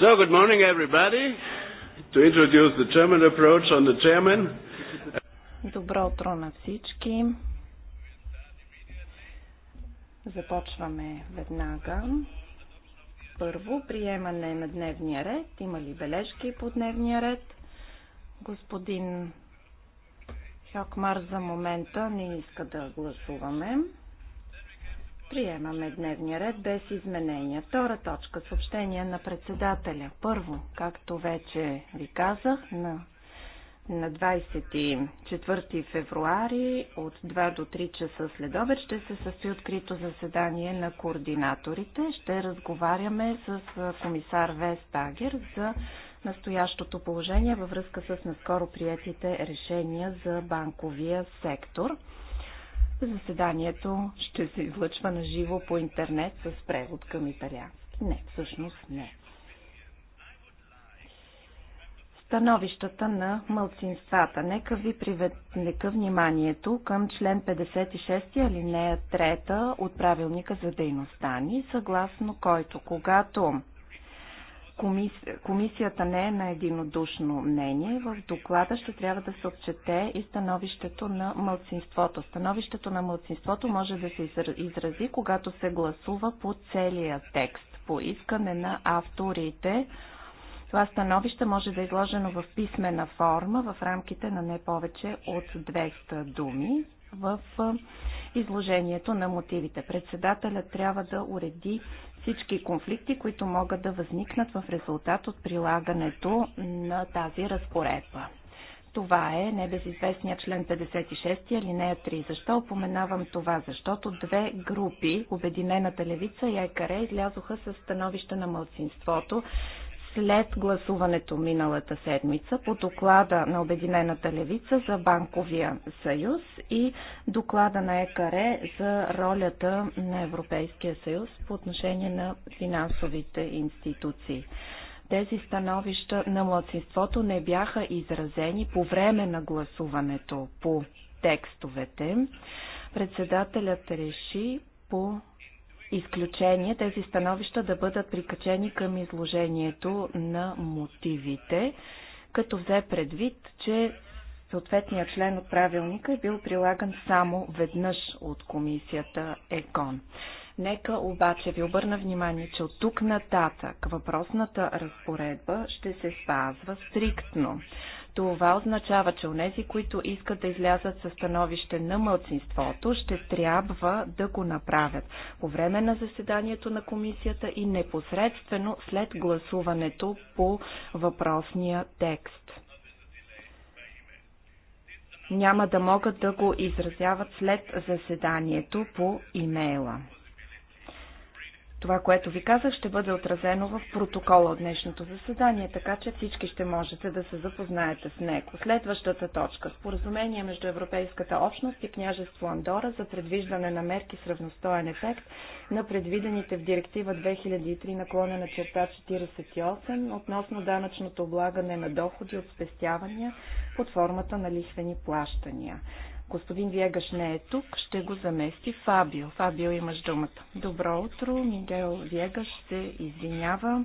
So, good morning, everybody. To introduce the German approach on the chairman. Добро утро на всички. Започваме веднага. Първо, приемане на дневния ред. Има ли бележки по дневния ред? Господин Хакмар за момента не иска да гласуваме. Приемаме дневния ред без изменения. Втора точка – съобщение на председателя. Първо, както вече ви казах, на, на 24 февруари от 2 до 3 часа след обед ще се състои открито заседание на координаторите. Ще разговаряме с комисар Вестагер за настоящото положение във връзка с наскоро приятите решения за банковия сектор. Заседанието ще се излъчва на живо по интернет с превод към италиански. Не, всъщност не. Становищата на мълцинствата. Нека ви привлека вниманието към член 56 алинея 3 от правилника за дейността ни, съгласно който когато Комис... Комисията не е на единодушно мнение. В доклада ще трябва да се отчете и становището на мълцинството. Становището на мълцинството може да се изрази, когато се гласува по целия текст, по искане на авторите. Това становище може да е изложено в писмена форма в рамките на не повече от 200 думи в изложението на мотивите. Председателят трябва да уреди всички конфликти, които могат да възникнат в резултат от прилагането на тази разпоредба. Това е небезизвестният член 56, алинея 3. Защо опоменавам това? Защото две групи, Обединената левица и Айкаре, излязоха с становища на мълцинството, след гласуването миналата седмица по доклада на Обединената левица за Банковия съюз и доклада на ЕКАРЕ за ролята на Европейския съюз по отношение на финансовите институции. Тези становища на младсинството не бяха изразени по време на гласуването по текстовете. Председателят реши по изключение тези становища да бъдат прикачени към изложението на мотивите, като взе предвид, че съответният член от правилника е бил прилаган само веднъж от комисията ЕКОН. Нека обаче ви обърна внимание, че от тук нататък въпросната разпоредба ще се спазва стриктно. Това означава, че онези, които искат да излязат със становище на мълцинството, ще трябва да го направят по време на заседанието на комисията и непосредствено след гласуването по въпросния текст няма да могат да го изразяват след заседанието по имейла. Това, което ви казах, ще бъде отразено в протокола от днешното заседание, така че всички ще можете да се запознаете с него. Следващата точка – споразумение между Европейската общност и княжество Андора за предвиждане на мерки с равностоен ефект на предвидените в директива 2003 наклона на черта 48 относно данъчното облагане на доходи от спестявания под формата на лихвени плащания. Господин Виегаш не е тук, ще го замести Фабио. Фабио, имаш думата. Добро утро, Мигел Виегаш се извинява.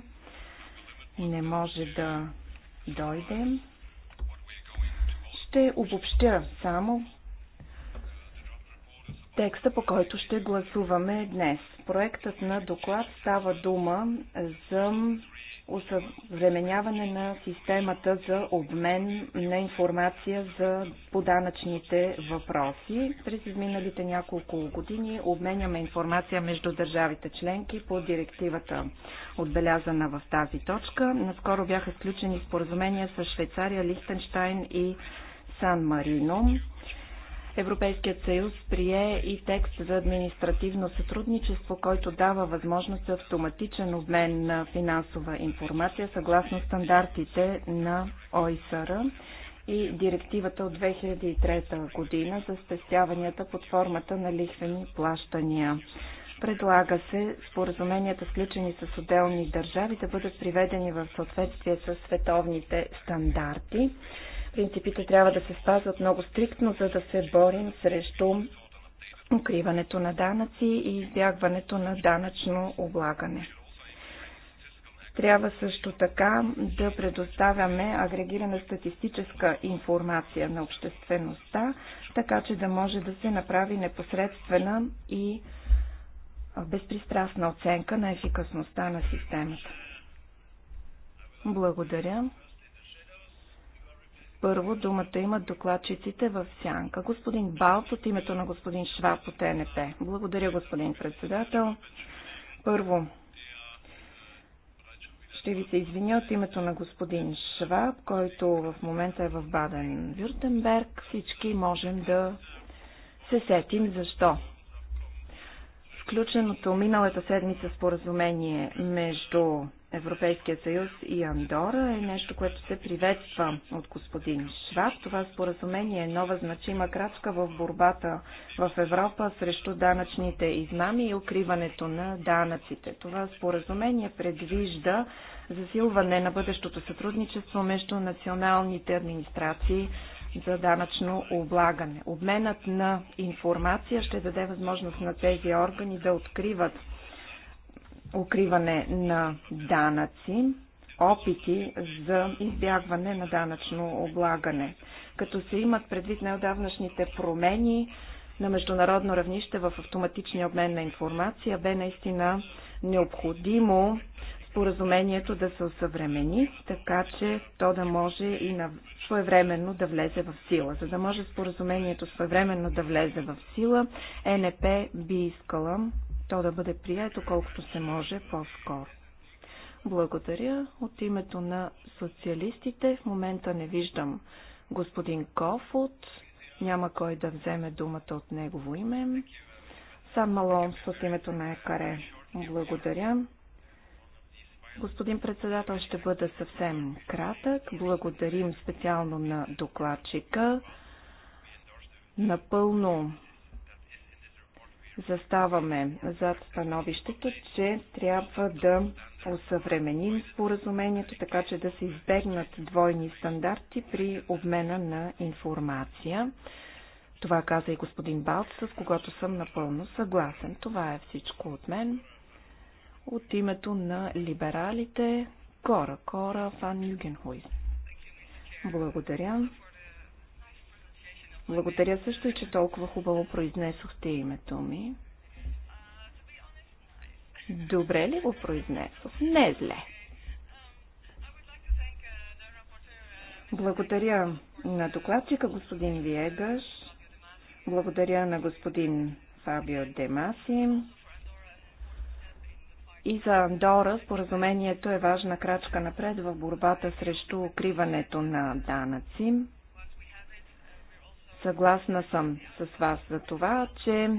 Не може да дойде. Ще обобщя само текста, по който ще гласуваме днес. Проектът на доклад става дума за усъвременяване на системата за обмен на информация за поданъчните въпроси. През изминалите няколко години обменяме информация между държавите членки по директивата, отбелязана в тази точка. Наскоро бяха сключени споразумения с Швейцария, Лихтенштайн и Сан Марино. Европейският съюз прие и текст за административно сътрудничество, който дава възможност за автоматичен обмен на финансова информация съгласно стандартите на ОИСР и директивата от 2003 година за спестяванията под формата на лихвени плащания. Предлага се споразуменията, сключени с отделни държави, да бъдат приведени в съответствие с световните стандарти. Принципите трябва да се спазват много стриктно, за да се борим срещу укриването на данъци и избягването на данъчно облагане. Трябва също така да предоставяме агрегирана статистическа информация на обществеността, така че да може да се направи непосредствена и безпристрастна оценка на ефикасността на системата. Благодаря. Първо думата имат докладчиците в сянка. Господин Балт от името на господин Шваб от НП. Благодаря, господин председател. Първо, ще ви се извиня от името на господин Шваб, който в момента е в Баден-Вюртенберг. Всички можем да се сетим защо. Включеното миналата седмица споразумение между Европейския съюз и Андора е нещо, което се приветства от господин Шваб. Това споразумение е нова значима крачка в борбата в Европа срещу данъчните измами и укриването на данъците. Това споразумение предвижда засилване на бъдещото сътрудничество между националните администрации за данъчно облагане. Обменът на информация ще даде възможност на тези органи да откриват укриване на данъци, опити за избягване на данъчно облагане. Като се имат предвид неодавнашните промени на международно равнище в автоматичния обмен на информация, бе наистина необходимо споразумението да се осъвремени, така че то да може и на своевременно да влезе в сила. За да може споразумението своевременно да влезе в сила, НП би искала то да бъде прието колкото се може по-скоро. Благодаря от името на социалистите. В момента не виждам господин Кофут, Няма кой да вземе думата от негово име. Сам Малон от името на Екаре. Благодаря. Господин председател, ще бъда съвсем кратък. Благодарим специално на докладчика. Напълно заставаме зад становището, че трябва да осъвременим споразумението, така че да се избегнат двойни стандарти при обмена на информация. Това каза и господин Балт, с когато съм напълно съгласен. Това е всичко от мен. От името на либералите Кора Кора Фан Югенхуй. Благодаря. Благодаря също и, че толкова хубаво произнесохте името ми. Добре ли го произнесох? Не зле. Благодаря на докладчика господин Виегаш. Благодаря на господин Фабио Демаси. И за Андора споразумението е важна крачка напред в борбата срещу укриването на данъци. Съгласна съм с вас за това, че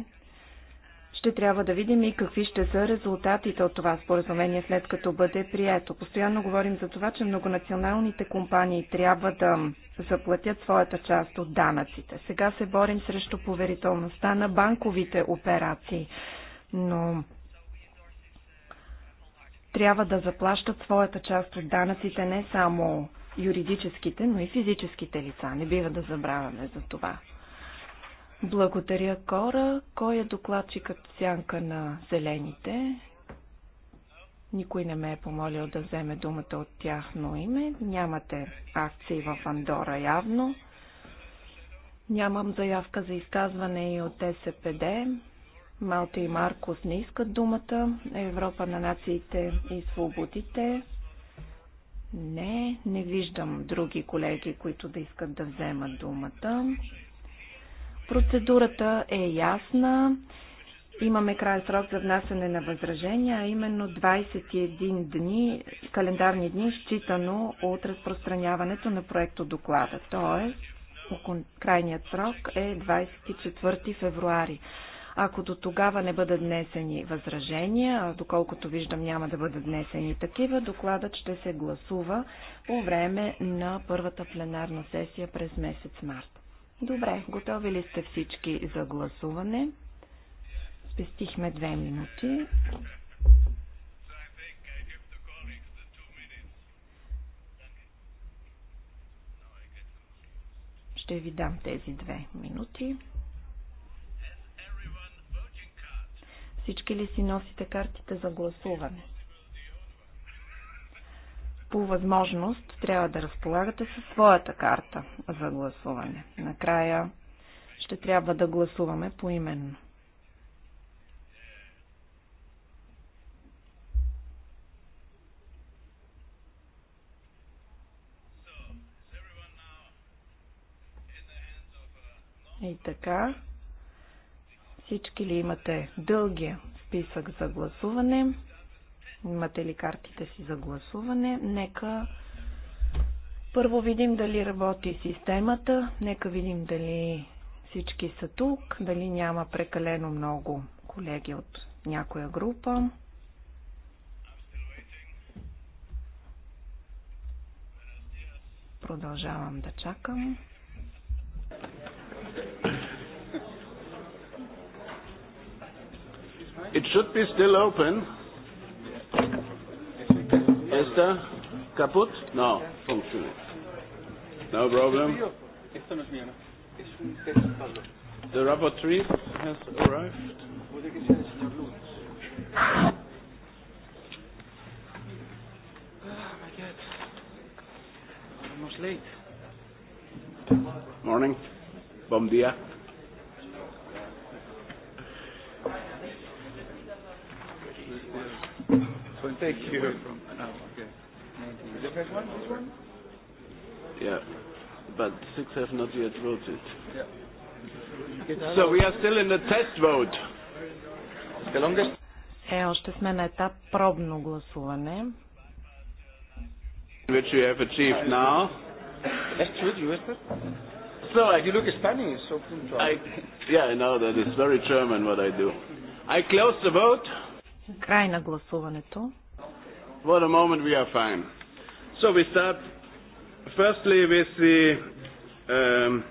ще трябва да видим и какви ще са резултатите от това споразумение, след като бъде прието. Постоянно говорим за това, че многонационалните компании трябва да заплатят своята част от данъците. Сега се борим срещу поверителността на банковите операции, но трябва да заплащат своята част от данъците не само юридическите, но и физическите лица. Не бива да забравяме за това. Благодаря, Кора. Кой е докладчикът в сянка на зелените? Никой не ме е помолил да вземе думата от тяхно име. Нямате акции в Андора явно. Нямам заявка за изказване и от СПД. Малта и Маркос не искат думата. Европа на нациите и свободите. Не, не виждам други колеги, които да искат да вземат думата. Процедурата е ясна. Имаме край срок за внасяне на възражения, а именно 21 дни, календарни дни, считано от разпространяването на проекто доклада. Тоест, крайният срок е 24 февруари. Ако до тогава не бъдат внесени възражения, а доколкото виждам няма да бъдат внесени такива, докладът ще се гласува по време на първата пленарна сесия през месец март. Добре, готови ли сте всички за гласуване? Спестихме две минути. Ще ви дам тези две минути. Всички ли си носите картите за гласуване? По възможност трябва да разполагате със своята карта за гласуване. Накрая ще трябва да гласуваме поименно. И така, всички ли имате дългия списък за гласуване? Имате ли картите си за гласуване? Нека първо видим дали работи системата, нека видим дали всички са тук, дали няма прекалено много колеги от някоя група. Продължавам да чакам. It should be still open. Esther? Kaputt? No, funktioniert. No problem. The rubber tree has arrived. Oh my god. Almost late. Morning. Bom dia. Thank you. from Okay. one, this one? Yeah, but six have not yet voted. Yeah. So we are still in the test vote. The longest... Е, още сме на етап пробно гласуване. Which you have achieved now. That's true, you So I, you look Spanish, so I, yeah, I know that it's very German what I do. I close the vote. Край на гласуването. What a moment we are fine. So we start firstly with the um,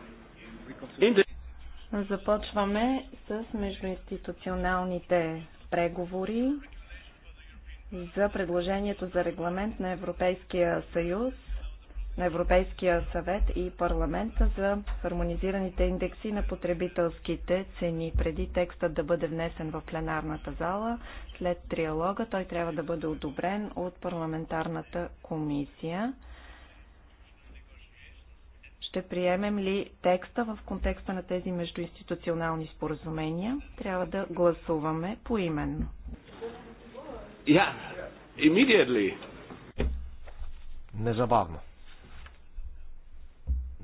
Започваме с междуинституционалните преговори за предложението за регламент на Европейския съюз, на Европейския съвет и парламента за хармонизираните индекси на потребителските цени. Преди текстът да бъде внесен в пленарната зала, след триалога. Той трябва да бъде одобрен от парламентарната комисия. Ще приемем ли текста в контекста на тези междуинституционални споразумения? Трябва да гласуваме поименно. Yeah, Незабавно.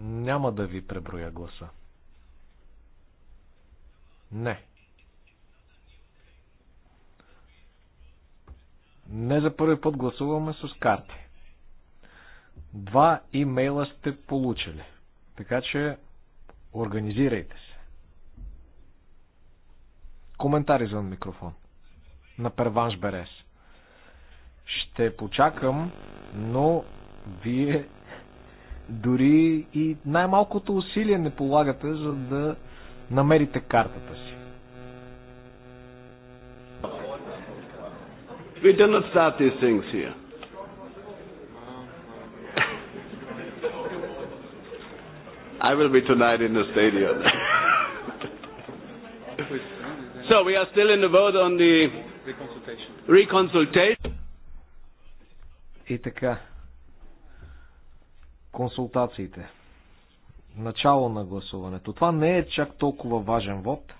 Няма да ви преброя гласа. Не. Не за първи път гласуваме с карти. Два имейла сте получили. Така че организирайте се. Коментар извън микрофон. На Перванш Берес. Ще почакам, но вие дори и най-малкото усилие не полагате, за да намерите картата си. We do not start these things here. I will be tonight in the stadium. so we are still in the vote on the reconsultation. И така. Консултациите. Начало на гласуването. Това не е чак толкова важен вод.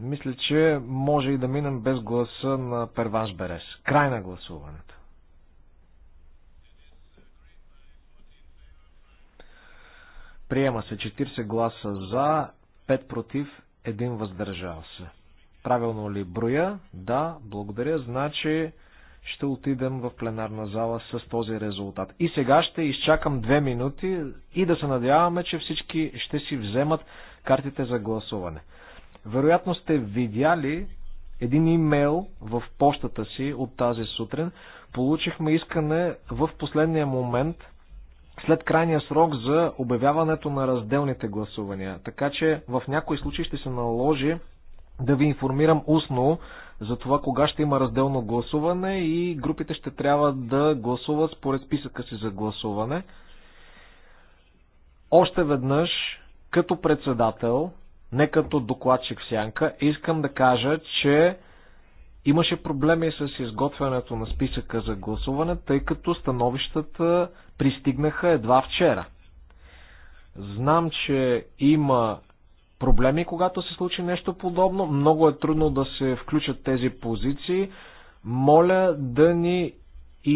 Мисля, че може и да минем без гласа на Перваш Береш. Край на гласуването. Приема се 40 гласа за, 5 против, 1 въздържал се. Правилно ли броя? Да, благодаря. Значи ще отидем в пленарна зала с този резултат. И сега ще изчакам 2 минути и да се надяваме, че всички ще си вземат картите за гласуване. Вероятно сте видяли един имейл в почтата си от тази сутрин. Получихме искане в последния момент след крайния срок за обявяването на разделните гласувания. Така че в някои случаи ще се наложи да ви информирам устно за това кога ще има разделно гласуване и групите ще трябва да гласуват според списъка си за гласуване. Още веднъж, като председател, не като докладчик в сянка. Искам да кажа, че имаше проблеми с изготвянето на списъка за гласуване, тъй като становищата пристигнаха едва вчера. Знам, че има проблеми, когато се случи нещо подобно. Много е трудно да се включат тези позиции. Моля да ни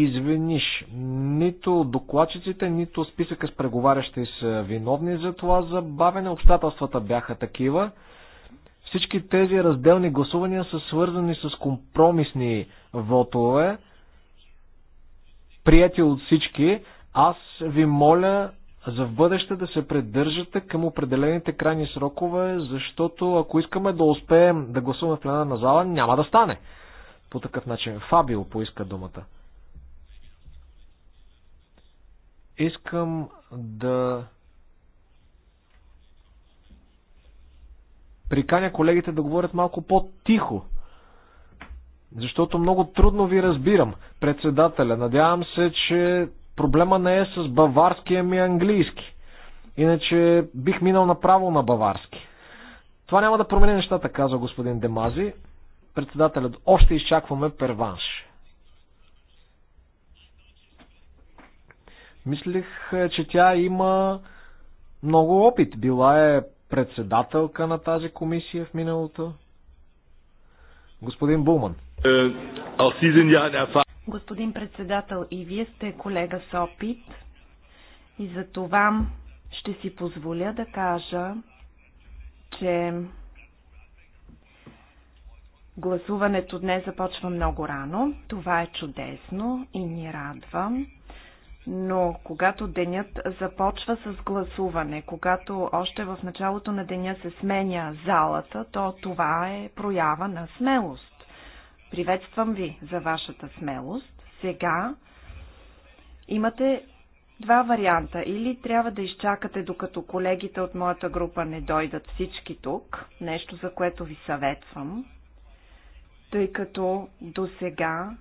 извиниш. Нито докладчиците, нито списъка с преговарящи са виновни за това забавене. Обстоятелствата бяха такива. Всички тези разделни гласувания са свързани с компромисни вотове, прияти от всички. Аз ви моля за в бъдеще да се придържате към определените крайни срокове, защото ако искаме да успеем да гласуваме в пленарна зала, няма да стане. По такъв начин. Фабио поиска думата. Искам да приканя колегите да говорят малко по-тихо, защото много трудно ви разбирам, председателя. Надявам се, че проблема не е с баварския ми английски. Иначе бих минал направо на баварски. Това няма да промени нещата, казва господин Демази. Председателят, още изчакваме перванш. Мислех, е, че тя има много опит. Била е председателка на тази комисия в миналото. Господин Булман. Е, Господин председател, и вие сте колега с опит и за това ще си позволя да кажа, че гласуването днес започва много рано. Това е чудесно и ни радвам но когато денят започва с гласуване, когато още в началото на деня се сменя залата, то това е проява на смелост. Приветствам ви за вашата смелост. Сега имате два варианта. Или трябва да изчакате, докато колегите от моята група не дойдат всички тук, нещо за което ви съветвам, тъй като до сега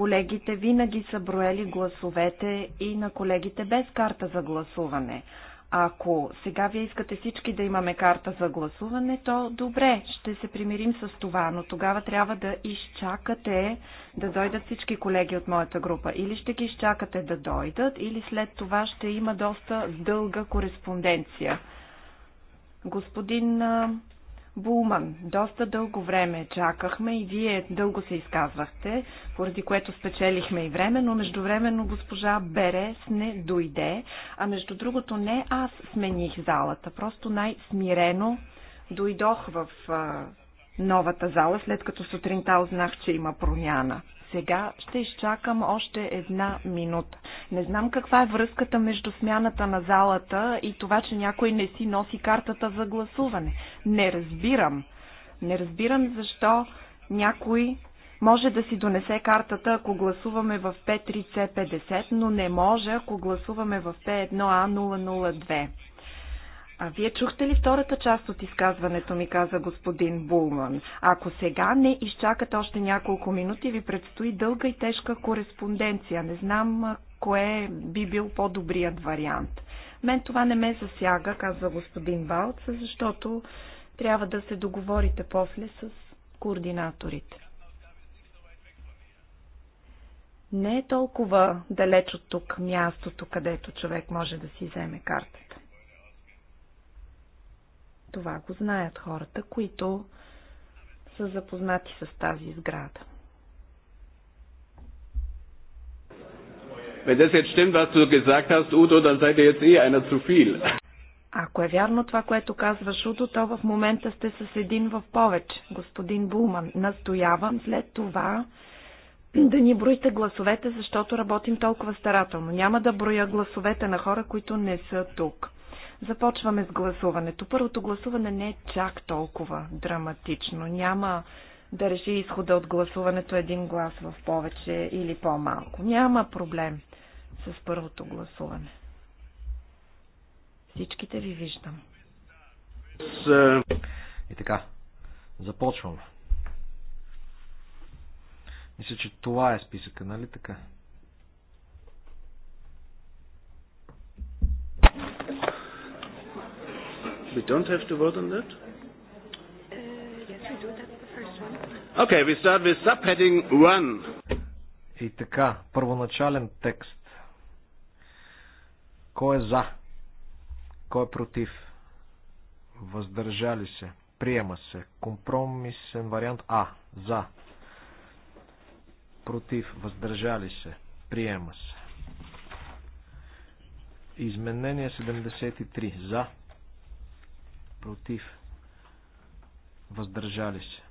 колегите винаги са броели гласовете и на колегите без карта за гласуване. Ако сега вие искате всички да имаме карта за гласуване, то добре, ще се примирим с това, но тогава трябва да изчакате да дойдат всички колеги от моята група. Или ще ги изчакате да дойдат, или след това ще има доста дълга кореспонденция. Господин Булман. Доста дълго време чакахме и вие дълго се изказвахте, поради което спечелихме и време, но междувременно госпожа Берес не дойде, а между другото не аз смених залата, просто най-смирено дойдох в новата зала, след като сутринта узнах, че има промяна. Сега ще изчакам още една минута. Не знам каква е връзката между смяната на залата и това, че някой не си носи картата за гласуване. Не разбирам. Не разбирам защо някой може да си донесе картата, ако гласуваме в P3C50, но не може, ако гласуваме в P1A002. А вие чухте ли втората част от изказването ми, каза господин Булман? Ако сега не изчакате още няколко минути, ви предстои дълга и тежка кореспонденция. Не знам кое би бил по-добрият вариант. Мен това не ме засяга, казва господин Балц, защото трябва да се договорите после с координаторите. Не е толкова далеч от тук мястото, където човек може да си вземе картата. Това го знаят хората, които са запознати с тази сграда. stimmt, was du gesagt hast, Udo, dann seid ihr jetzt eh einer zu viel. Ако е вярно това, което казва Шудо, то в момента сте с един в повече. Господин Булман, настоявам след това да ни броите гласовете, защото работим толкова старателно. Няма да броя гласовете на хора, които не са тук. Започваме с гласуването. Първото гласуване не е чак толкова драматично. Няма да реши изхода от гласуването един глас в повече или по-малко. Няма проблем с първото гласуване. Всичките ви виждам. И така, започвам. Мисля, че това е списъка, нали така? We don't have to vote on that? Uh, okay, we start with subheading 1. И така, първоначален текст. Кой е за? Кой е против? Въздържали се. Приема се. Компромисен вариант А. За. Против. Въздържали се. Приема се. Изменение 73. За против, въздържали се,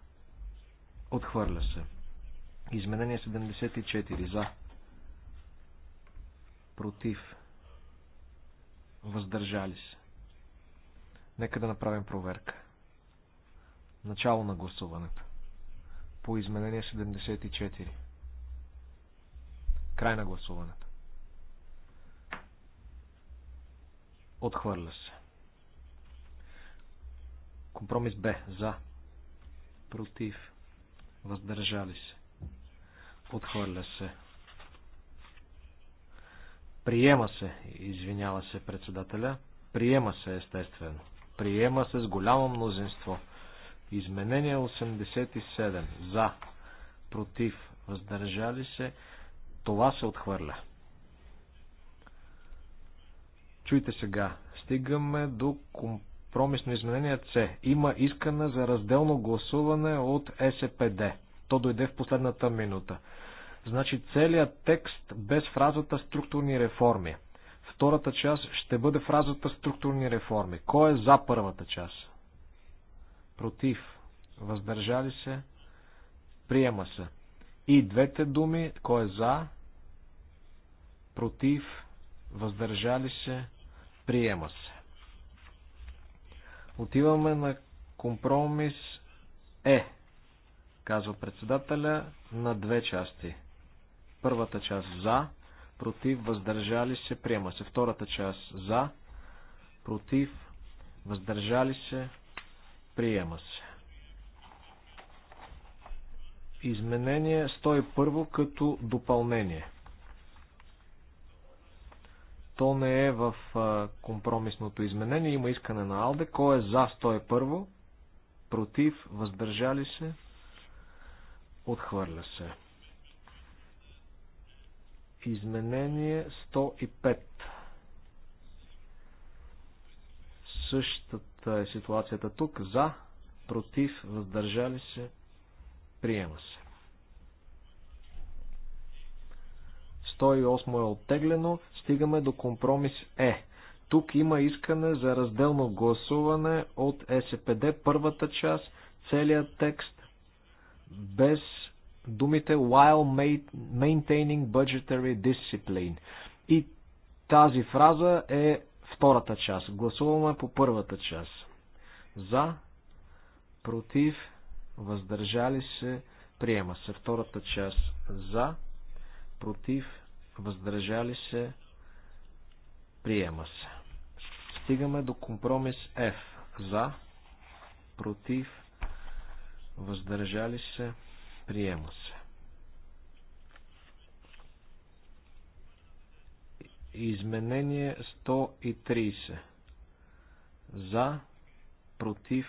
отхвърля се. Изменение 74 за, против, въздържали се. Нека да направим проверка. Начало на гласуването. По изменение 74. Край на гласуването. Отхвърля се. Компромис Б. За. Против. Въздържали се. Отхвърля се. Приема се, извинява се председателя. Приема се, естествено. Приема се с голямо мнозинство. Изменение 87. За. Против. Въздържали се. Това се отхвърля. Чуйте сега. Стигаме до компромис на изменение С. Има искане за разделно гласуване от СПД. То дойде в последната минута. Значи целият текст без фразата структурни реформи. Втората част ще бъде фразата структурни реформи. Кой е за първата част? Против. Въздържали се. Приема се. И двете думи. Кой е за? Против. Въздържали се. Приема се. Отиваме на компромис Е, казва председателя, на две части. Първата част за, против, въздържали се, приема се. Втората част за, против, въздържали се, приема се. Изменение 101 като допълнение то не е в компромисното изменение. Има искане на Алде. Кой е за 101? Е против? Въздържали се? Отхвърля се. Изменение 105. Същата е ситуацията тук. За, против, въздържали се, приема се. 108 е оттеглено. Стигаме до компромис Е. Тук има искане за разделно гласуване от СПД, първата част, целият текст, без думите while maintaining budgetary discipline. И тази фраза е втората част. Гласуваме по първата част. За, против, въздържали се, приема се. Втората част за, против, въздържали се, приема се. Стигаме до компромис F. За, против, въздържали се, приема се. Изменение 130. За, против,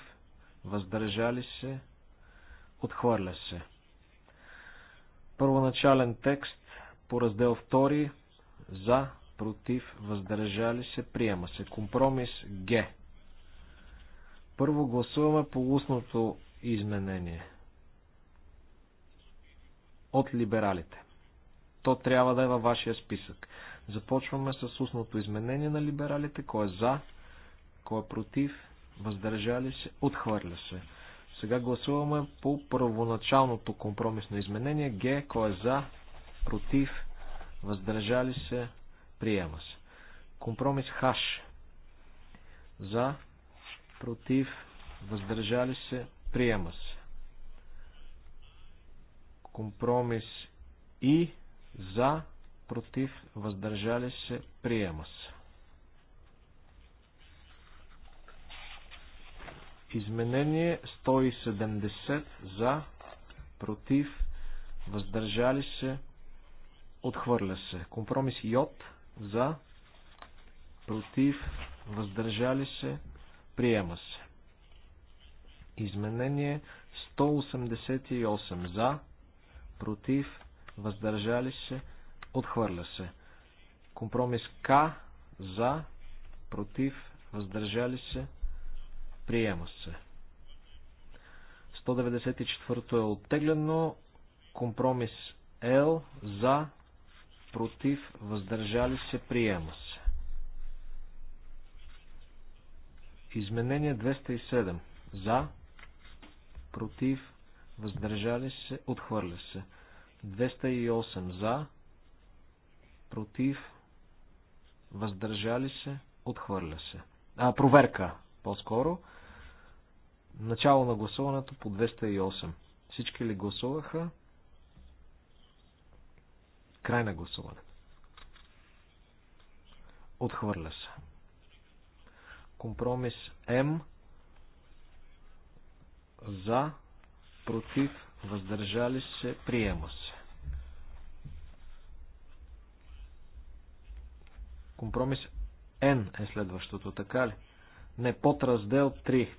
въздържали се, отхвърля се. Първоначален текст по раздел 2 за, против, въздържали се, приема се. Компромис Г. Първо гласуваме по устното изменение от либералите. То трябва да е във вашия списък. Започваме с устното изменение на либералите. Кой е за, кой е против, въздържали се, отхвърля се. Сега гласуваме по първоначалното компромисно изменение. Г, кой е за, против, въздържали се, приема се. Компромис хаш. За, против, въздържали се, приема се. Компромис и за, против, въздържали се, приема се. Изменение 170 за, против, въздържали се, Отхвърля се. Компромис Йод за, против, въздържали се, приема се. Изменение 188 за, против, въздържали се, отхвърля се. Компромис К за, против, въздържали се, приема се. 194 е оттеглено, компромис Л за, против, въздържали се, приема се. Изменение 207. За, против, въздържали се, отхвърля се. 208. За, против, въздържали се, отхвърля се. А, проверка, по-скоро. Начало на гласуването по 208. Всички ли гласуваха? Край на гласуване. Отхвърля се. Компромис М за, против, въздържали се, приема се. Компромис Н е следващото, така ли? Не, под раздел 3.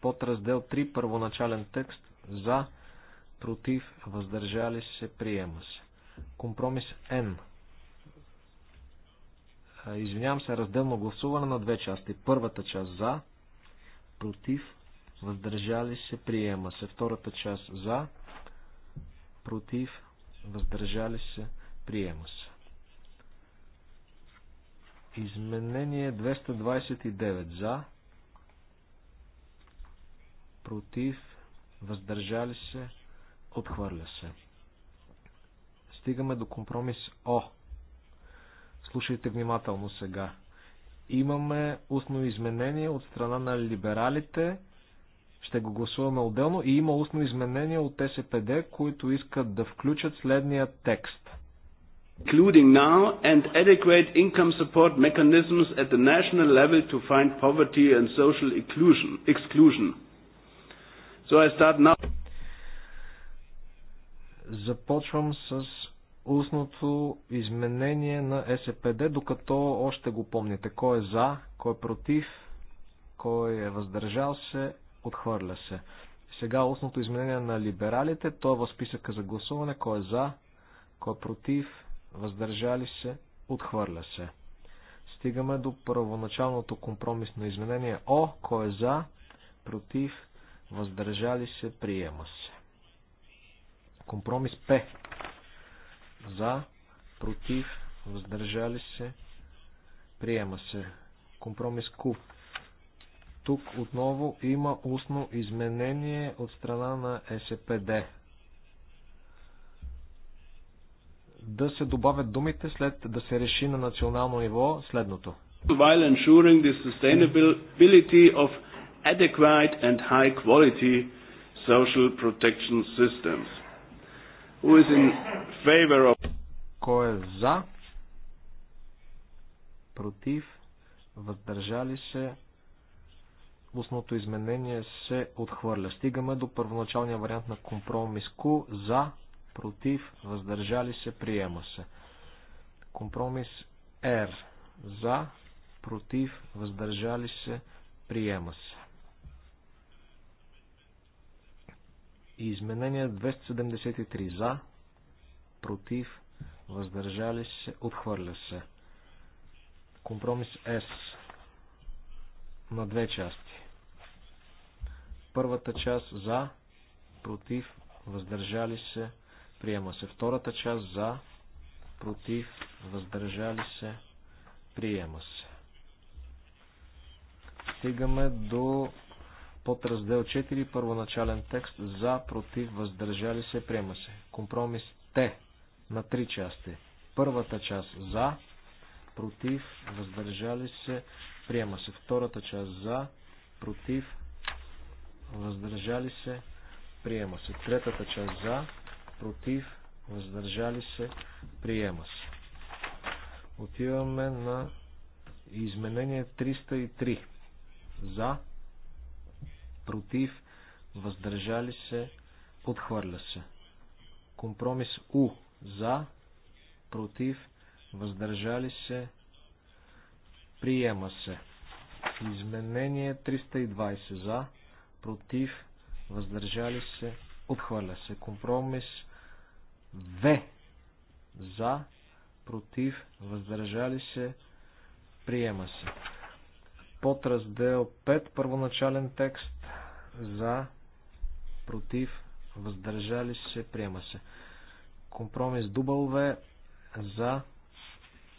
Под раздел 3, първоначален текст, за, против, въздържали се, приема се. Компромис N. Извинявам се, разделно гласуване на две части. Първата част за, против, въздържали се, приема се. Втората част за, против, въздържали се, приема се. Изменение 229 за, против, въздържали се, отхвърля се стигаме до компромис О. Слушайте внимателно сега. Имаме устно изменение от страна на либералите. Ще го гласуваме отделно. И има устно изменение от СПД, които искат да включат следния текст. Including now and adequate income support mechanisms at the national level to find poverty and social exclusion. So I start now. Започвам с устното изменение на СПД, докато още го помните. Кой е за, кой е против, кой е въздържал се, отхвърля се. Сега устното изменение на либералите, то е в списъка за гласуване, кой е за, кой е против, въздържали се, отхвърля се. Стигаме до първоначалното компромисно изменение О, кой е за, против, въздържали се, приема се. Компромис П, за, против, въздържали се, приема се. Компромис Q. Тук отново има устно изменение от страна на СПД. Да се добавят думите след да се реши на национално ниво следното. While ensuring the sustainability of adequate and high quality social protection systems. Who is in favor of... Кой е за? Против? Въздържали се? Устното изменение се отхвърля. Стигаме до първоначалния вариант на компромис Q. За? Против? Въздържали се? Приема се. Компромис R. За? Против? Въздържали се? Приема се. И Изменение 273 за, против, въздържали се, отхвърля се. Компромис С на две части. Първата част за, против, въздържали се, приема се. Втората част за, против, въздържали се, приема се. Стигаме до под раздел 4, първоначален текст, за, против, въздържали се, приема се. Компромис Т на три части. Първата част за, против, въздържали се, приема се. Втората част за, против, въздържали се, приема се. Третата част за, против, въздържали се, приема се. Отиваме на изменение 303. За, против, въздържали се, подхвърля се. Компромис У за, против, въздържали се, приема се. Изменение 320 за, против, въздържали се, отхвърля се. Компромис В за, против, въздържали се, приема се. Под раздел 5, първоначален текст, за, против, въздържали се, приема се. Компромис W, за,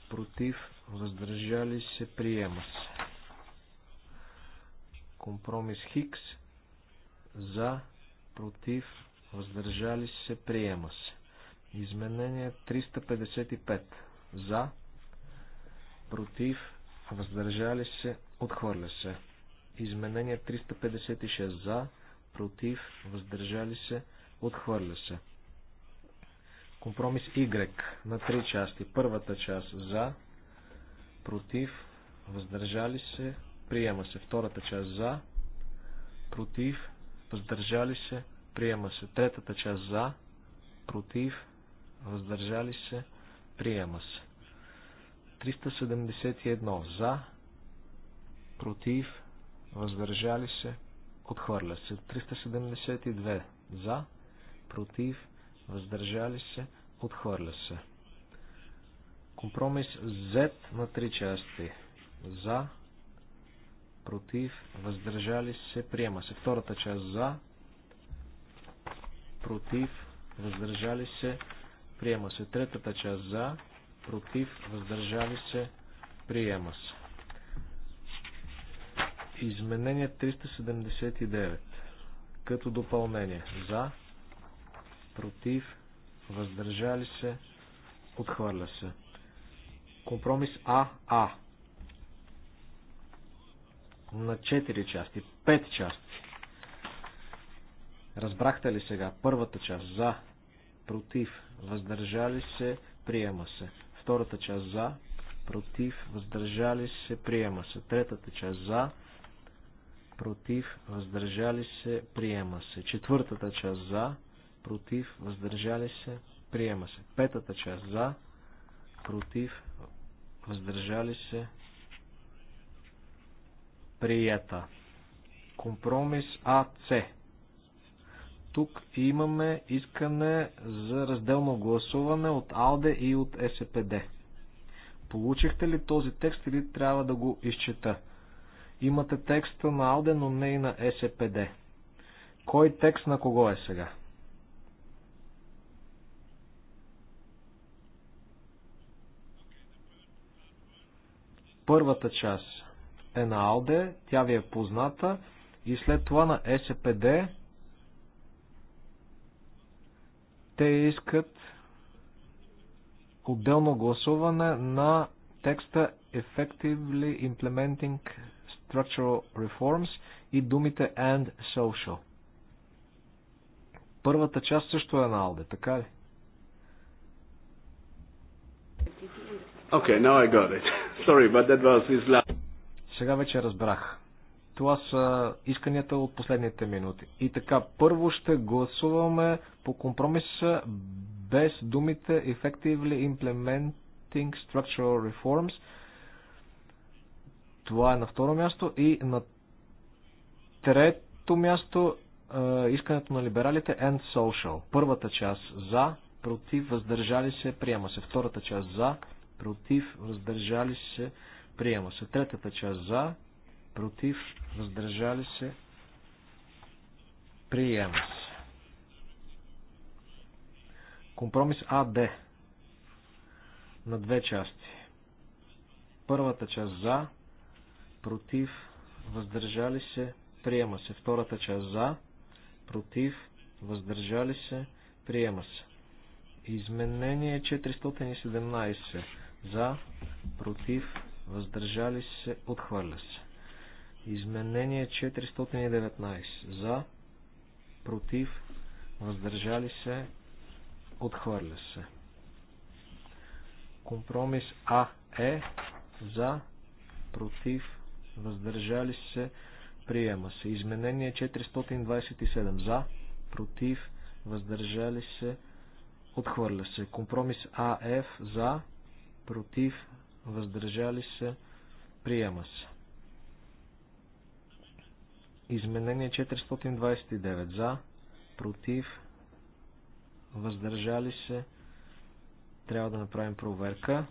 против, въздържали се, приема се. Компромис Хикс, за, против, въздържали се, приема се. Изменение 355. За, против, въздържали се, Отхвърля се. Изменение 356 за, против, въздържали се, отхвърля се. Компромис Y на три части. Първата част за, против, въздържали се, приема се. Втората част за, против, въздържали се, приема се. Третата част за, против, въздържали се, приема се. 371 за, против, въздържали се, отхвърля се. 372 за, против, въздържали се, отхвърля се. Компромис Z на три части. За, против, въздържали се, приема се. Втората част за, против, въздържали се, приема се. Третата част за, против, въздържали се, приема се. Изменение 379 като допълнение. За, против, въздържали се, отхвърля се. Компромис А. на 4 части, 5 части. Разбрахте ли сега? Първата част за, против, въздържали се, приема се. Втората част за, против, въздържали се, приема се. Третата част за, против, въздържали се, приема се. Четвъртата част за, против, въздържали се, приема се. Петата част за, против, въздържали се, прията. Компромис АЦ. Тук имаме искане за разделно гласуване от АЛДЕ и от СПД. Получихте ли този текст или трябва да го изчета? Имате текста на Алде, но не и на СПД. Е Кой текст на кого е сега? Първата част е на Алде, тя ви е позната и след това на СПД е те искат отделно гласуване на текста Effectively Implementing structural reforms и думите and social. Първата част също е на Алде, така ли? Okay, now I got it. Sorry, but that was his last. Сега вече разбрах. Това са исканията от последните минути. И така, първо ще гласуваме по компромиса без думите effectively implementing structural reforms – това е на второ място и на трето място е, искането на либералите and social. Първата част за, против, въздържали се, приема се. Втората част за, против, въздържали се, приема се. Третата част за, против, въздържали се, приема се. Компромис АД на две части. Първата част за, против, въздържали се, приема се. Втората част за, против, въздържали се, приема се. Изменение 417 за, против, въздържали се, отхвърля се. Изменение 419 за, против, въздържали се, отхвърля се. Компромис А е за, против, въздържали се, приема се. Изменение 427 за, против, въздържали се, отхвърля се. Компромис АФ за, против, въздържали се, приема се. Изменение 429 за, против, въздържали се, трябва да направим проверка.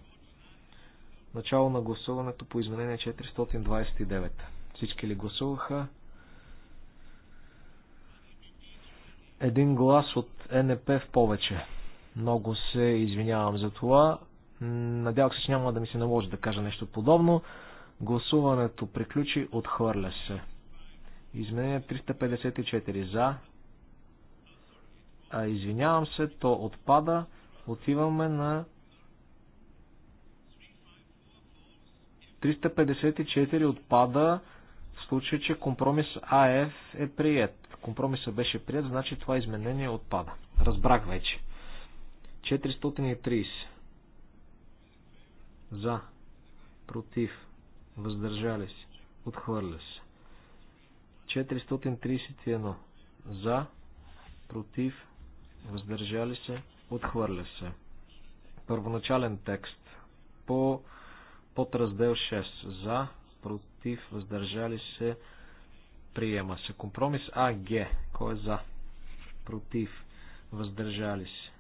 Начало на гласуването по изменение 429. Всички ли гласуваха? Един глас от НП в повече. Много се извинявам за това. Надявах се, че няма да ми се наложи да кажа нещо подобно. Гласуването приключи, отхвърля се. Изменение 354 за. А, извинявам се, то отпада. Отиваме на 354 отпада в случай, че компромис АФ е прият. Компромисът беше прият, значи това изменение отпада. Разбрах вече. 430. За. Против. Въздържали се. Отхвърля се. 431. За. Против. Въздържали се. Отхвърля се. Първоначален текст. По под раздел 6. За, против, въздържали се, приема се. Компромис А Г. Кой е за? Против, въздържали се,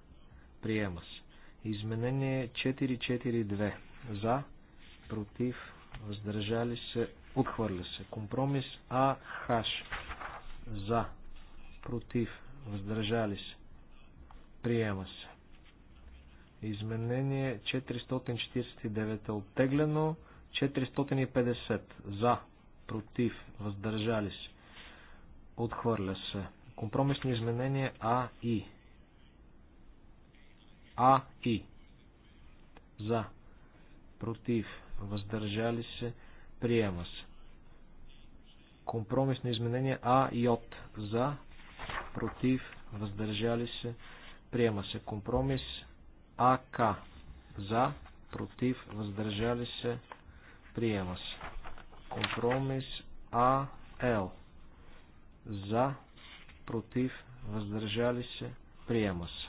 приема се. Изменение 442. За, против, въздържали се, отхвърля се. Компромис АХ. За, против, въздържали се, приема се. Изменение 449 е оттеглено. 450 за, против, въздържали се. Отхвърля се. Компромисно изменение А и. А и. За. Против. Въздържали се. Приема се. Компромисно изменение А и от. За. Против. Въздържали се. Приема се. Компромис АК за, против, въздържали се, приема се. Компромис АЛ за, против, въздържали се, приема се.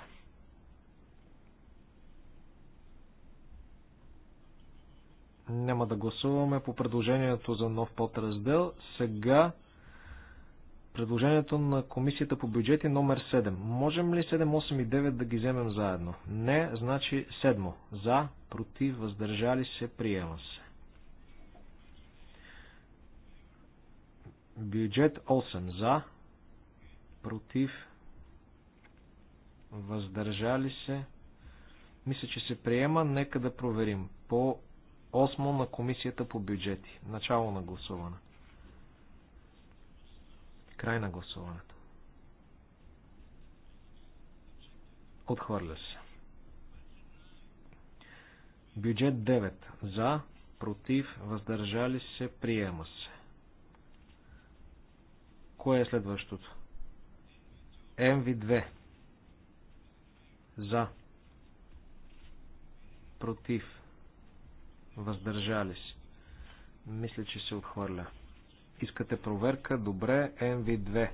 Няма да гласуваме по предложението за нов подраздел. Сега Предложението на Комисията по бюджети номер 7. Можем ли 7, 8 и 9 да ги вземем заедно? Не, значи 7. За, против, въздържали се, приема се. Бюджет 8. За, против, въздържали се. Мисля, че се приема. Нека да проверим. По 8 на Комисията по бюджети. Начало на гласуване. Край на гласуването. Отхвърля се. Бюджет 9. За, против, въздържали се, приема се. Кое е следващото? МВ2. За. Против. Въздържали се. Мисля, че се отхвърля. Искате проверка? Добре. МВ2.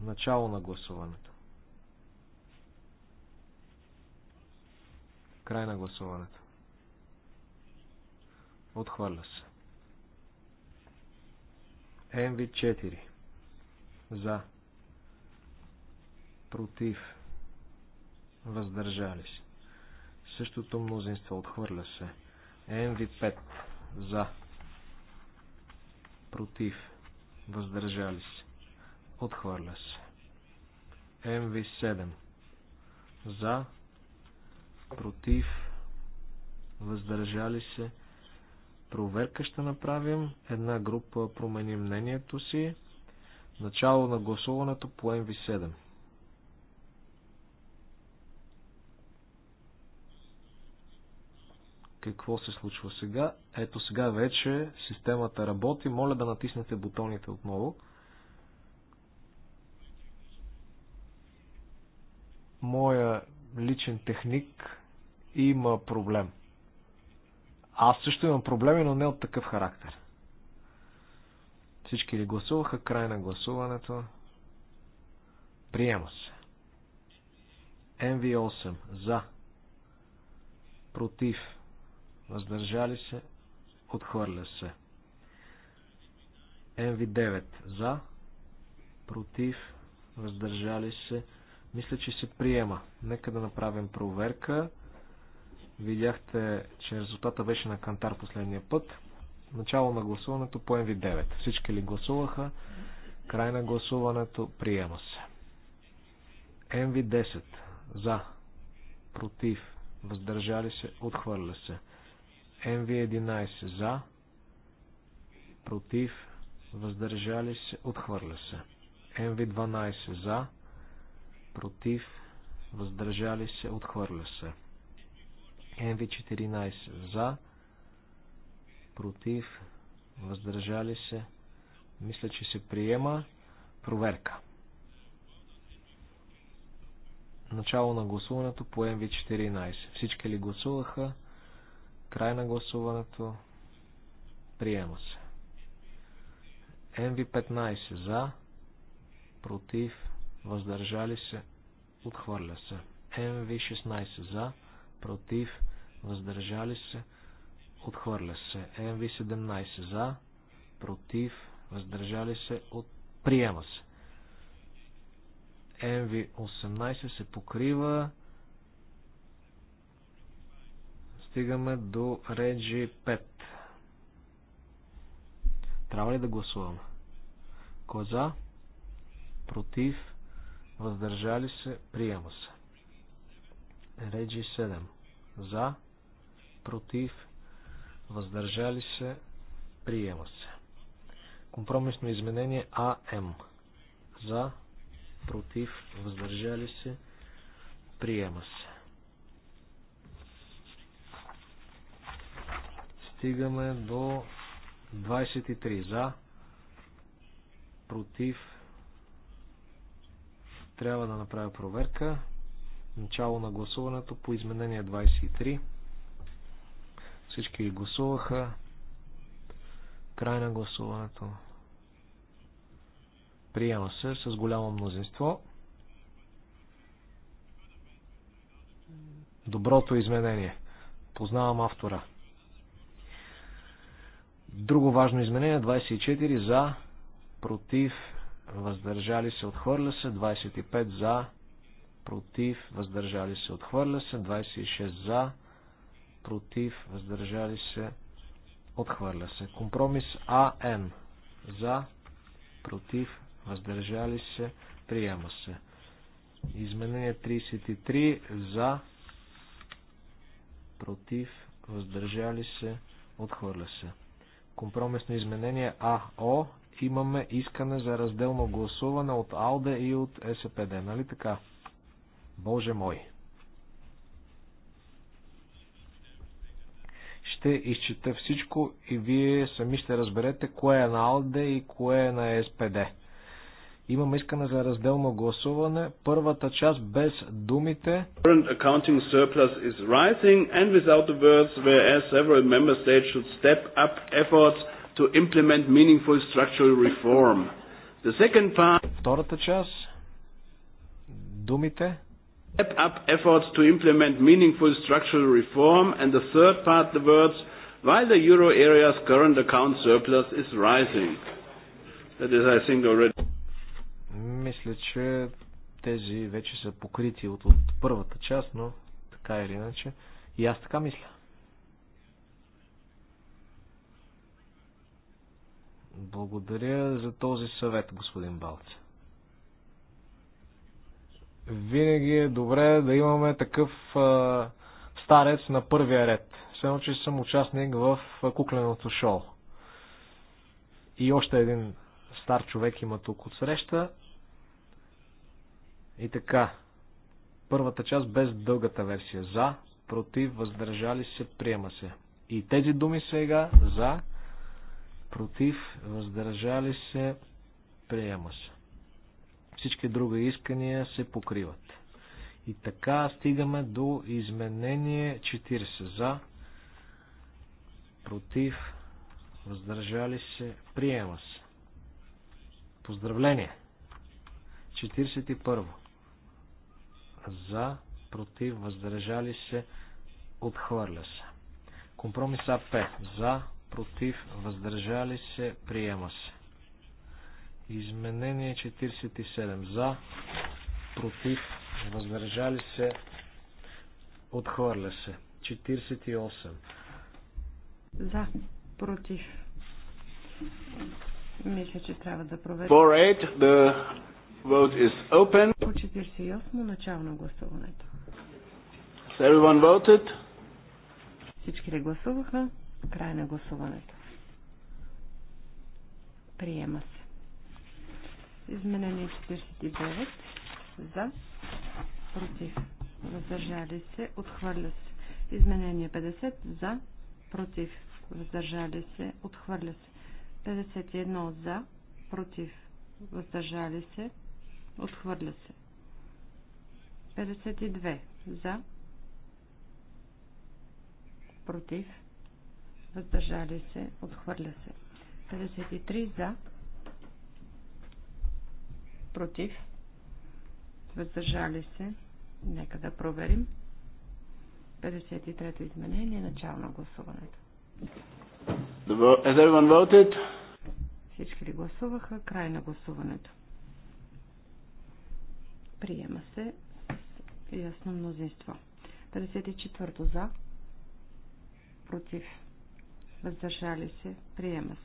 Начало на гласуването. Край на гласуването. Отхвърля се. МВ4. За. Против. Въздържали се. Същото мнозинство. Отхвърля се. МВ5. За против, въздържали се, отхвърля се. МВ7 за, против, въздържали се. Проверка ще направим. Една група промени мнението си. Начало на гласуването по МВ7. какво се случва сега. Ето сега вече системата работи. Моля да натиснете бутоните отново. Моя личен техник има проблем. Аз също имам проблеми, но не от такъв характер. Всички ли гласуваха? Край на гласуването. Приема се. MV8. За. Против въздържали се, отхвърля се. МВ9 за, против, въздържали се, мисля, че се приема. Нека да направим проверка. Видяхте, че резултата беше на Кантар последния път. Начало на гласуването по МВ9. Всички ли гласуваха? Край на гласуването приема се. МВ10 за, против, въздържали се, отхвърля се. МВ11 за, против, въздържали се, отхвърля се. МВ12 за, против, въздържали се, отхвърля се. МВ14 за, против, въздържали се, мисля, че се приема проверка. Начало на гласуването по МВ14. Всички ли гласуваха? Край на гласуването. Приема се. МВ-15 за, против, въздържали се, отхвърля се. МВ-16 за, против, въздържали се, отхвърля се. МВ-17 за, против, въздържали се, от... приема се. МВ-18 се покрива стигаме до Реджи 5. Трябва ли да гласуваме? Коза, против, въздържали се, приема се. Реджи 7. За, против, въздържали се, приема се. Компромисно изменение АМ. За, против, въздържали се, приема се. стигаме до 23 за, против, трябва да направя проверка. Начало на гласуването по изменение 23. Всички гласуваха. Край на гласуването. Приема се с голямо мнозинство. Доброто изменение. Познавам автора. Друго важно изменение 24 за, против, въздържали се, отхвърля се, 25 за, против, въздържали се, отхвърля се, 26 за, против, въздържали се, отхвърля се. Компромис АН за, против, въздържали се, приема се. Изменение 33 за, против, въздържали се, отхвърля се. Компромисно изменение АО имаме искане за разделно гласуване от АЛДЕ и от СПД, нали така? Боже мой! Ще изчета всичко и вие сами ще разберете кое е на АЛДЕ и кое е на СПД. Имаме искане за разделно гласуване. Първата част без думите. Current accounting surplus is rising and without the words whereas several member states should step up efforts to implement meaningful structural reform. The second part. Втората част. Думите. Step up efforts to implement meaningful structural reform and the third part the words while the euro area's current account surplus is rising. That is, I think, already. Мисля, че тези вече са покрити от, от първата част, но така или иначе. И аз така мисля. Благодаря за този съвет, господин Балце. Винаги е добре да имаме такъв а, старец на първия ред. Само, че съм участник в кукленото шоу. И още един стар човек има тук от среща. И така, първата част без дългата версия. За, против, въздържали се, приема се. И тези думи сега за, против, въздържали се, приема се. Всички други искания се покриват. И така стигаме до изменение 40 за, против, въздържали се, приема се. Поздравление! 41 за, против, въздържали се, отхвърля се. Компромис А5. за, против, въздържали се, приема се. Изменение 47 за, против, въздържали се, отхвърля се. 48 за, против. Мисля, че трябва да проверим. Vote is open. 48 начало на гласуването. everyone voted? Всички ли гласуваха? Край на гласуването. Приема се. Изменение 49. За. Против. Въздържали се. Отхвърля се. Изменение 50. За. Против. Въздържали се. Отхвърля се. 51. За. Против. Въздържали се. Отхвърля се. 52. За. Против. Въздържали се. Отхвърля се. 53. За. Против. Въздържали се. Нека да проверим. 53-то изменение. Начало на гласуването. Has everyone voted? Всички ли гласуваха? Край на гласуването. Приема се с ясно мнозинство. 54-то за. Против. Въздържали се. Приема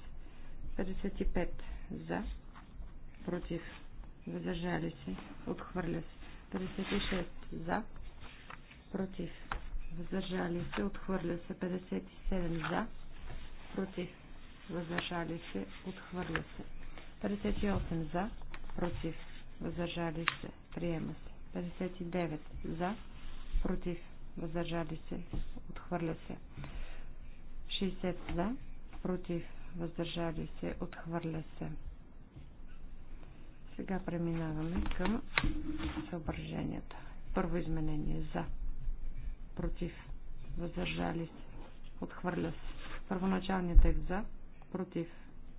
се. 55 за. Против. Въздържали се. Отхвърля се. 56 за. Против. Въздържали се. Отхвърля се. 57 за. Против. Въздържали се. Отхвърля се. 58 за. Против. Въздържали се. Приема се. 59. За. Против. Въздържали се. Отхвърля се. 60. За. Против. Въздържали се. Отхвърля се. Сега преминаваме към съображенията. Първо изменение. За. Против. Въздържали се. Отхвърля се. Първоначалният текст за. Против.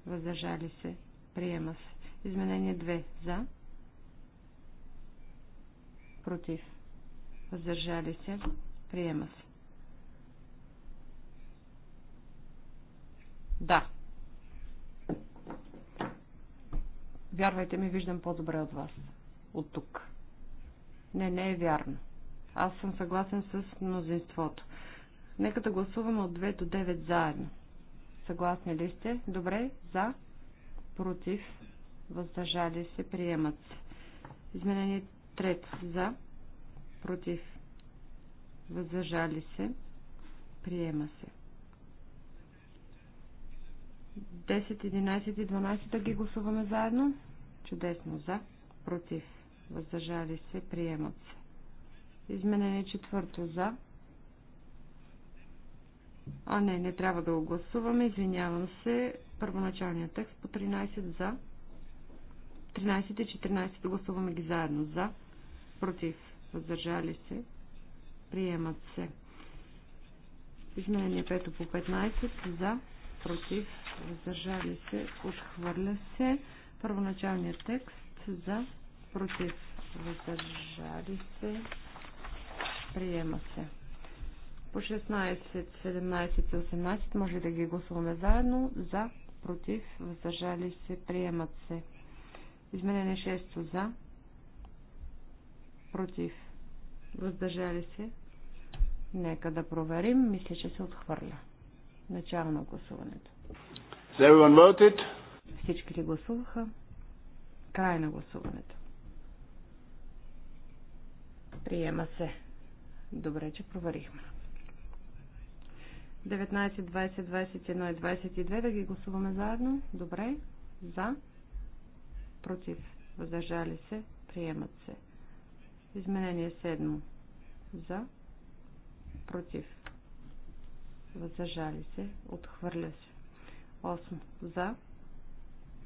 Въздържали се. Приема се. Изменение 2. За против, въздържали се, приема се. Да. Вярвайте ми, виждам по-добре от вас. От тук. Не, не е вярно. Аз съм съгласен с мнозинството. Нека да гласуваме от 2 до 9 заедно. Съгласни ли сте? Добре, за, против, въздържали се, приемат се. Изменението. 3 за, против, въздържали се, приема се. 10, 11 и 12 да ги гласуваме заедно. Чудесно за, против, въздържали се, приемат се. Изменение четвърто за. А не, не трябва да го гласуваме, извинявам се. Първоначалният текст по 13 за. 13 и 14 гласуваме ги заедно за против, въздържали се, приемат се. Изменение 5 по 15 за, против, въздържали се, отхвърля се. Първоначалният текст за, против, въздържали се, приема се. По 16, 17 и 18 може да ги гласуваме заедно. За, против, въздържали се, приемат се. Изменение 6 за, против, въздържали се. Нека да проверим. Мисля, че се отхвърля. Начало на гласуването. Всички ли гласуваха? Край на гласуването. Приема се. Добре, че проверихме. 19, 20, 21 и 22 да ги гласуваме заедно. Добре. За. Против. Въздържали се. Приемат се. Изменение 7. За. Против. Въздържали се. Отхвърля се. 8. За.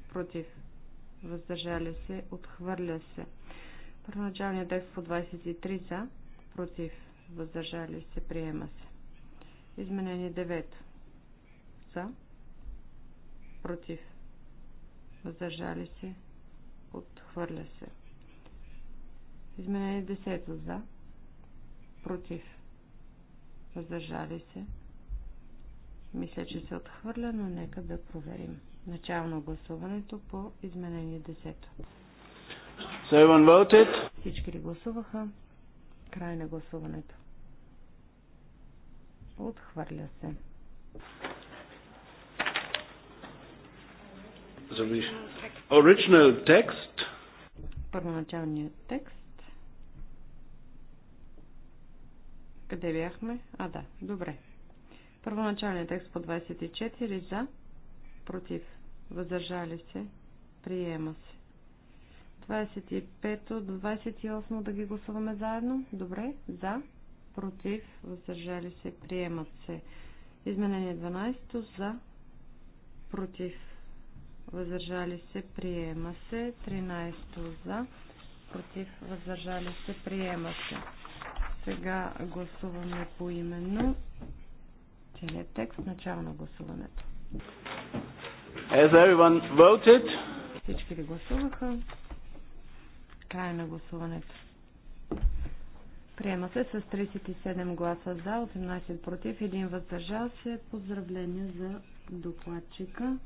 Против. Въздържали се. Отхвърля се. Първоначалният текст по 23 за. Против. Въздържали се. Приема се. Изменение 9. За. Против. Въздържали се. Отхвърля се. Изменение 10 за. Против. Въздържали се. Мисля, че се отхвърля, но нека да проверим. Начално гласуването по изменение 10. So Всички ли гласуваха? Край на гласуването. Отхвърля се. original text. Първоначалният текст. Къде бяхме? А, да. Добре. Първоначалният текст по 24 за, против, въздържали се, приема се. 25 от 28 да ги гласуваме заедно. Добре. За, против, въздържали се, приемат се. Изменение 12 за, против, въздържали се, приема се. 13 за, против, въздържали се, приема се. Сега гласуваме по именно целият текст, начало на гласуването. As everyone voted. Всички ли гласуваха? Край на гласуването. Приема се с 37 гласа за, 18 против, 1 въздържал се. Поздравления за докладчика.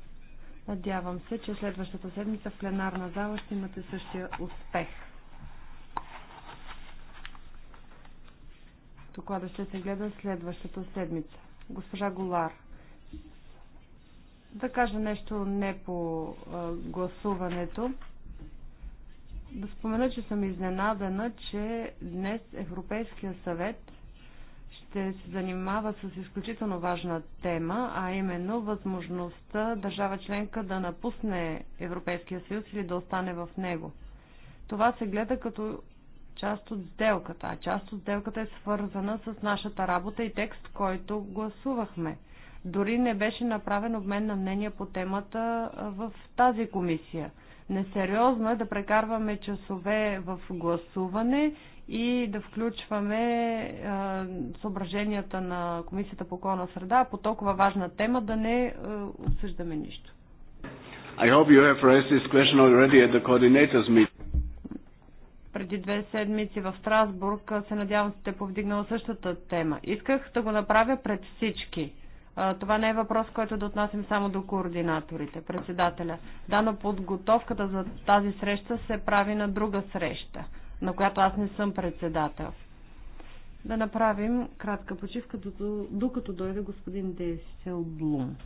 Надявам се, че следващата седмица в пленарна зала ще имате същия успех. Доклада ще се гледа следващата седмица. Госпожа Голар, да кажа нещо не по а, гласуването. Да спомена, че съм изненадана, че днес Европейския съвет ще се занимава с изключително важна тема, а именно възможността държава членка да напусне Европейския съюз или да остане в него. Това се гледа като част от сделката. А част от сделката е свързана с нашата работа и текст, който гласувахме. Дори не беше направен обмен на мнение по темата в тази комисия. Несериозно е да прекарваме часове в гласуване и да включваме е, съображенията на Комисията по околна среда по толкова важна тема да не е, обсъждаме нищо. I hope you have raised this question already at the coordinators meeting преди две седмици в Страсбург, се надявам сте повдигнала същата тема. Исках да го направя пред всички. Това не е въпрос, който да отнасям само до координаторите, председателя. Да, но подготовката за тази среща се прави на друга среща, на която аз не съм председател. Да направим кратка почивка, докато дойде господин Десел Блум.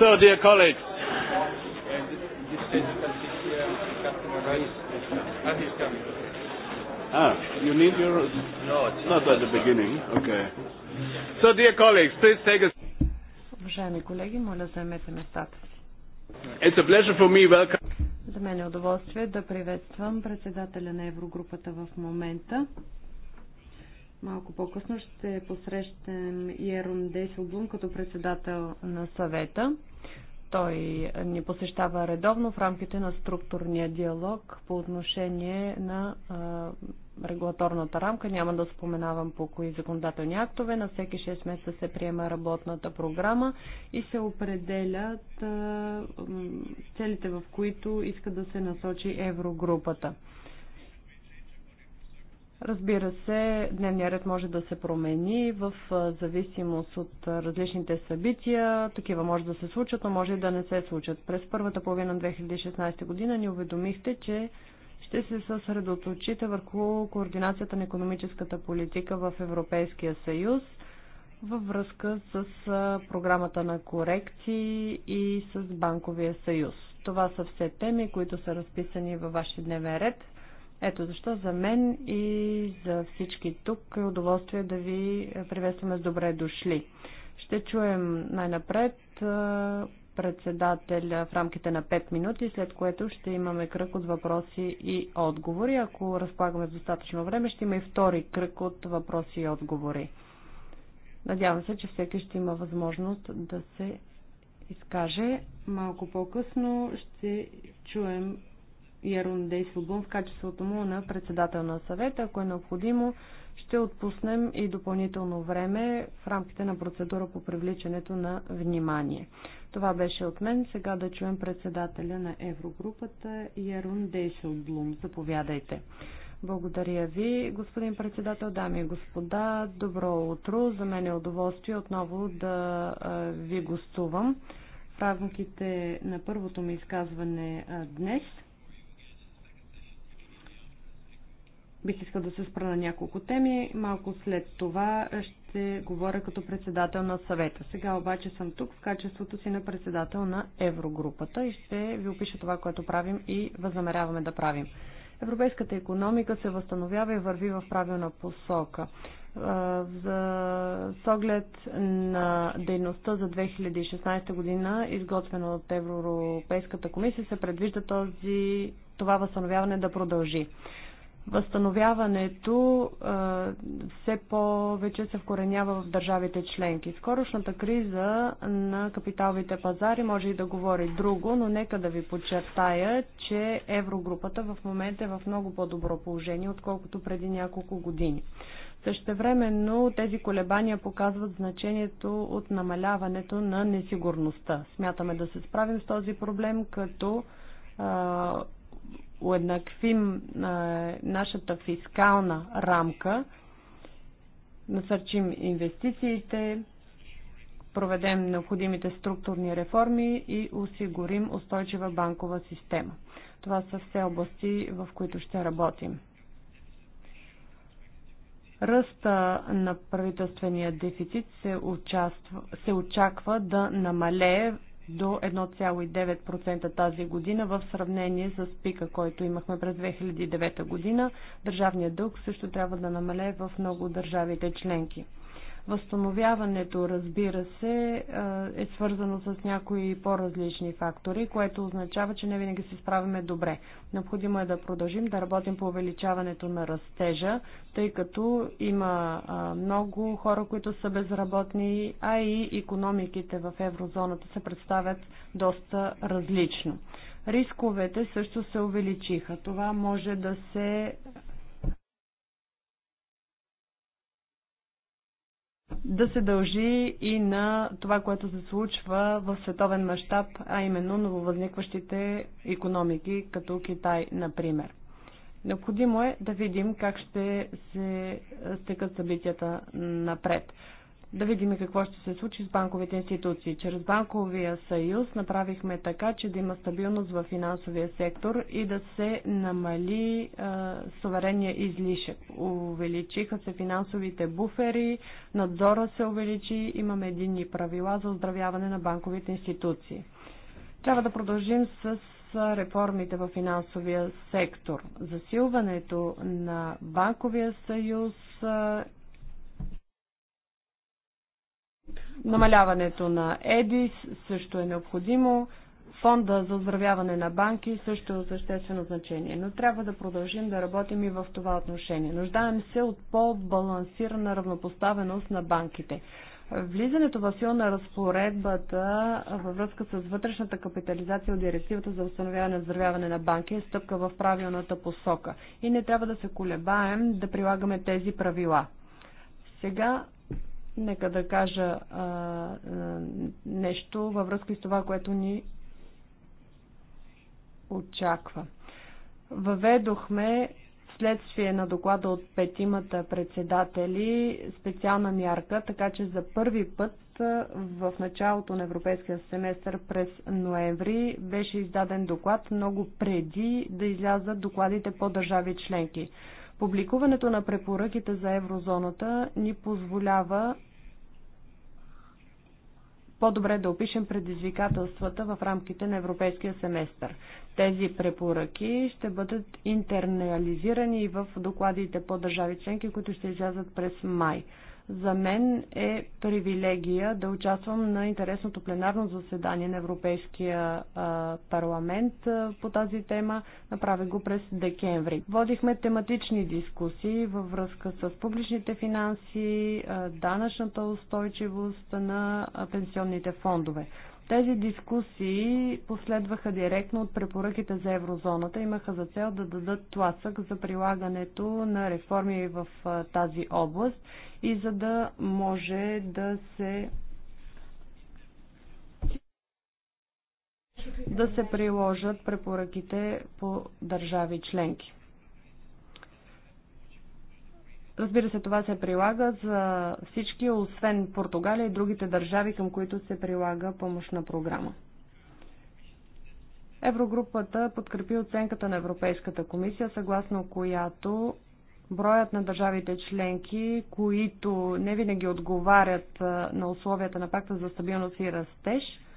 so, dear colleagues. Ah, you need your. No, it's not at the beginning. Okay. So, dear colleagues, please take a. Уважаеми колеги, моля заемете местата си. За мен е удоволствие да приветствам председателя на Еврогрупата в момента, Малко по-късно ще посрещнем Ерон Дейселблум като председател на съвета. Той ни посещава редовно в рамките на структурния диалог по отношение на а, регулаторната рамка. Няма да споменавам по кои законодателни актове. На всеки 6 месеца се приема работната програма и се определят а, целите, в които иска да се насочи еврогрупата. Разбира се, дневният ред може да се промени в зависимост от различните събития. Такива може да се случат, но може и да не се случат. През първата половина на 2016 година ни уведомихте, че ще се съсредоточите върху координацията на економическата политика в Европейския съюз във връзка с програмата на корекции и с Банковия съюз. Това са все теми, които са разписани във вашия дневен ред. Ето защо за мен и за всички тук е удоволствие да ви приветстваме с добре дошли. Ще чуем най-напред председателя в рамките на 5 минути, след което ще имаме кръг от въпроси и отговори. Ако разполагаме с достатъчно време, ще има и втори кръг от въпроси и отговори. Надявам се, че всеки ще има възможност да се изкаже. Малко по-късно ще чуем Ярундей Слугун в качеството му на председател на съвета. Ако е необходимо, ще отпуснем и допълнително време в рамките на процедура по привличането на внимание. Това беше от мен. Сега да чуем председателя на Еврогрупата Ярун Дейселблум. Заповядайте. Благодаря ви, господин председател, дами и господа. Добро утро. За мен е удоволствие отново да ви гостувам в рамките на първото ми изказване днес – Бих искал да се спра на няколко теми. Малко след това ще говоря като председател на съвета. Сега обаче съм тук в качеството си на председател на Еврогрупата и ще ви опиша това, което правим и възнамеряваме да правим. Европейската економика се възстановява и върви в правилна посока. За, с оглед на дейността за 2016 година, изготвена от Европейската комисия, се предвижда този, това възстановяване да продължи възстановяването все повече се вкоренява в държавите членки. Скорошната криза на капиталовите пазари може и да говори друго, но нека да ви подчертая, че еврогрупата в момента е в много по-добро положение, отколкото преди няколко години. Същевременно тези колебания показват значението от намаляването на несигурността. Смятаме да се справим с този проблем, като уеднаквим нашата фискална рамка, насърчим инвестициите, проведем необходимите структурни реформи и осигурим устойчива банкова система. Това са все области, в които ще работим. Ръста на правителствения дефицит се, участва, се очаква да намалее до 1,9% тази година в сравнение с пика, който имахме през 2009 година. Държавният дълг също трябва да намалее в много държавите членки. Възстановяването, разбира се, е свързано с някои по-различни фактори, което означава, че не винаги се справяме добре. Необходимо е да продължим да работим по увеличаването на растежа, тъй като има много хора, които са безработни, а и економиките в еврозоната се представят доста различно. Рисковете също се увеличиха. Това може да се да се дължи и на това, което се случва в световен мащаб, а именно нововъзникващите економики, като Китай, например. Необходимо е да видим как ще се стекат събитията напред да видим какво ще се случи с банковите институции. Чрез банковия съюз направихме така, че да има стабилност в финансовия сектор и да се намали суверения излишък. Увеличиха се финансовите буфери, надзора се увеличи, имаме единни правила за оздравяване на банковите институции. Трябва да продължим с реформите в финансовия сектор. Засилването на банковия съюз Намаляването на ЕДИС също е необходимо. Фонда за оздравяване на банки също е от съществено значение, но трябва да продължим да работим и в това отношение. Нуждаем се от по-балансирана равнопоставеност на банките. Влизането в сила на разпоредбата във връзка с вътрешната капитализация от директивата за установяване и оздравяване на банки е стъпка в правилната посока и не трябва да се колебаем да прилагаме тези правила. Сега Нека да кажа а, а, нещо във връзка с това, което ни очаква. Въведохме следствие на доклада от петимата председатели специална мярка, така че за първи път в началото на европейския семестър през ноември беше издаден доклад много преди да излязат докладите по държави членки. Публикуването на препоръките за еврозоната ни позволява по-добре да опишем предизвикателствата в рамките на европейския семестър. Тези препоръки ще бъдат интернализирани и в докладите по държави членки, които ще излязат през май. За мен е привилегия да участвам на интересното пленарно заседание на Европейския парламент по тази тема. Направих го през декември. Водихме тематични дискусии във връзка с публичните финанси, данъчната устойчивост на пенсионните фондове. Тези дискусии последваха директно от препоръките за еврозоната, имаха за цел да дадат тласък за прилагането на реформи в тази област и за да може да се да се приложат препоръките по държави членки. Разбира се, това се прилага за всички, освен Португалия и другите държави, към които се прилага помощна програма. Еврогрупата подкрепи оценката на Европейската комисия, съгласно която броят на държавите членки, които не винаги отговарят на условията на пакта за стабилност и растеж –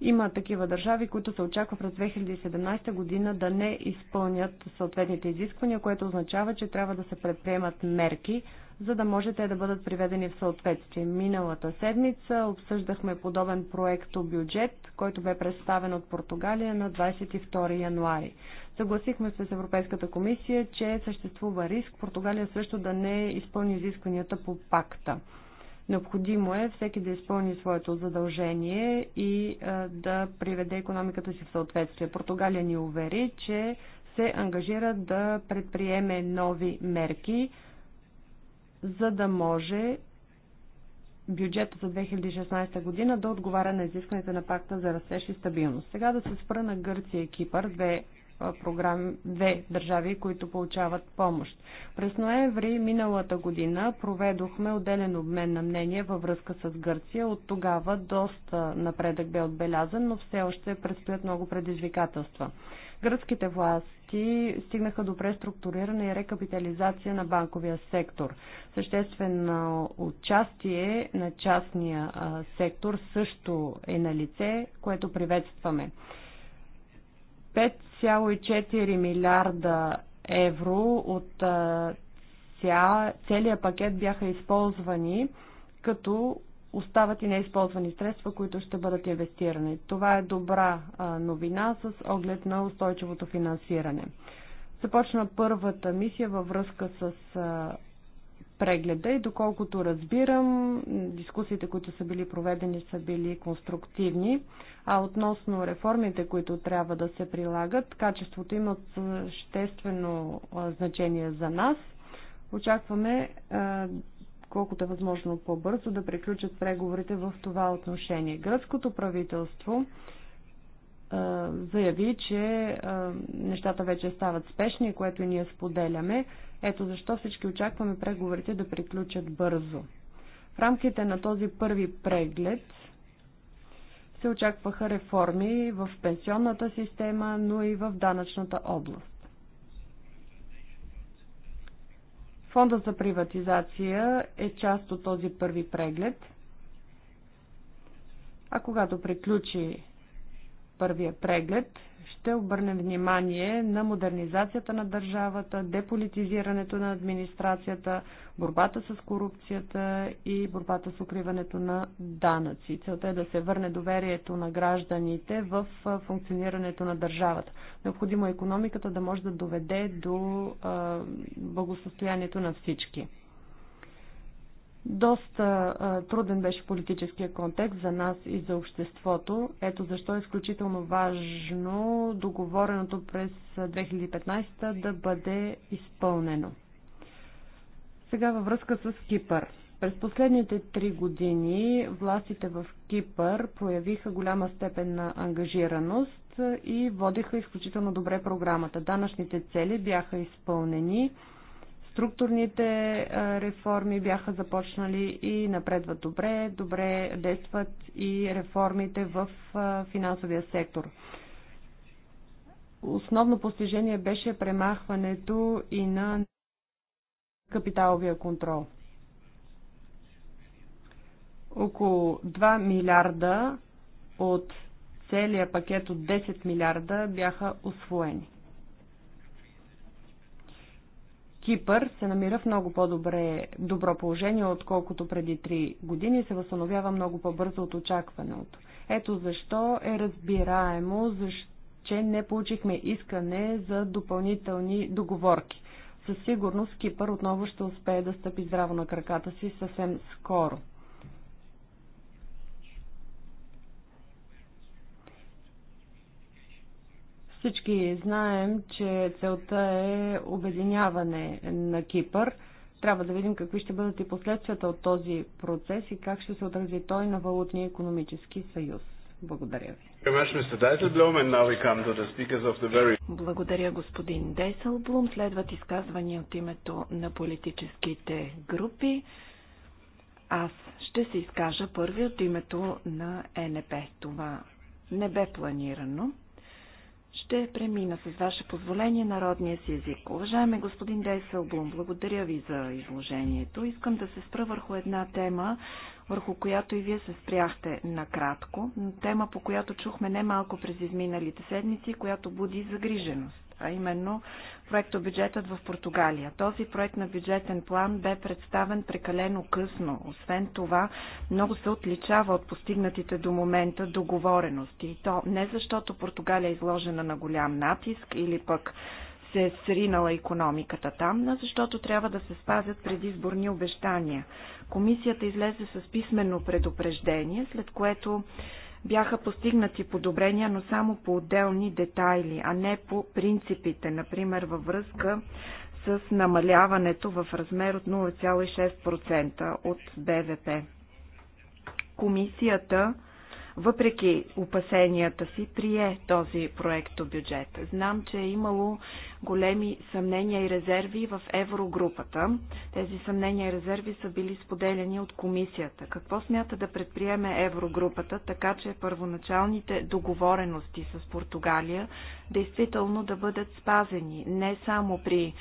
има такива държави, които се очаква през 2017 година да не изпълнят съответните изисквания, което означава, че трябва да се предприемат мерки, за да може те да бъдат приведени в съответствие. Миналата седмица обсъждахме подобен проект бюджет, който бе представен от Португалия на 22 януари. Съгласихме се с Европейската комисия, че съществува риск Португалия също да не изпълни изискванията по пакта. Необходимо е всеки да изпълни своето задължение и да приведе економиката си в съответствие. Португалия ни увери, че се ангажира да предприеме нови мерки, за да може бюджета за 2016 година да отговаря на изискването на пакта за растеж и стабилност. Сега да се спра на Гърция и Кипър, две програм, две държави, които получават помощ. През ноември миналата година проведохме отделен обмен на мнение във връзка с Гърция. От тогава доста напредък бе отбелязан, но все още предстоят много предизвикателства. Гръцките власти стигнаха до преструктуриране и рекапитализация на банковия сектор. Съществено участие на частния сектор също е на лице, което приветстваме. 5,4 милиарда евро от целият пакет бяха използвани, като остават и неизползвани средства, които ще бъдат инвестирани. Това е добра новина с оглед на устойчивото финансиране. Започна първата мисия във връзка с прегледа и доколкото разбирам, дискусиите, които са били проведени, са били конструктивни, а относно реформите, които трябва да се прилагат, качеството има е съществено значение за нас. Очакваме колкото е възможно по-бързо да приключат преговорите в това отношение. Гръцкото правителство заяви, че нещата вече стават спешни, което и ние споделяме. Ето защо всички очакваме преговорите да приключат бързо. В рамките на този първи преглед се очакваха реформи в пенсионната система, но и в данъчната област. Фонда за приватизация е част от този първи преглед, а когато приключи първия преглед, ще обърнем внимание на модернизацията на държавата, деполитизирането на администрацията, борбата с корупцията и борбата с укриването на данъци. Целта е да се върне доверието на гражданите в функционирането на държавата. Необходимо е економиката да може да доведе до благосостоянието на всички. Доста а, труден беше политическия контекст за нас и за обществото. Ето защо е изключително важно договореното през 2015 да бъде изпълнено. Сега във връзка с Кипър. През последните три години властите в Кипър проявиха голяма степен на ангажираност и водиха изключително добре програмата. Данъчните цели бяха изпълнени Структурните реформи бяха започнали и напредват добре. Добре действат и реформите в финансовия сектор. Основно постижение беше премахването и на капиталовия контрол. Около 2 милиарда от целия пакет от 10 милиарда бяха освоени. Кипър се намира в много по-добре добро положение, отколкото преди 3 години се възстановява много по-бързо от очакваното. Ето защо е разбираемо, защо че не получихме искане за допълнителни договорки. Със сигурност Кипър отново ще успее да стъпи здраво на краката си съвсем скоро. Всички знаем, че целта е обединяване на Кипър. Трябва да видим какви ще бъдат и последствията от този процес и как ще се отрази той на валутния економически съюз. Благодаря ви. Благодаря, господин Дейселблум. Следват изказвания от името на политическите групи. Аз ще се изкажа първи от името на НП. Това не бе планирано. Ще премина с ваше позволение народния си език. Уважаеми господин Дейселблум, благодаря ви за изложението. Искам да се спра върху една тема, върху която и вие се спряхте накратко. Тема, по която чухме немалко през изминалите седмици, която буди загриженост а именно проекто бюджетът в Португалия. Този проект на бюджетен план бе представен прекалено късно. Освен това, много се отличава от постигнатите до момента договорености. И то не защото Португалия е изложена на голям натиск или пък се е сринала економиката там, но защото трябва да се спазят предизборни обещания. Комисията излезе с писменно предупреждение, след което бяха постигнати подобрения, но само по отделни детайли, а не по принципите, например във връзка с намаляването в размер от 0,6% от БВП. Комисията въпреки опасенията си, прие този проекто бюджет. Знам, че е имало големи съмнения и резерви в еврогрупата. Тези съмнения и резерви са били споделени от комисията. Какво смята да предприеме еврогрупата, така че първоначалните договорености с Португалия действително да бъдат спазени не само при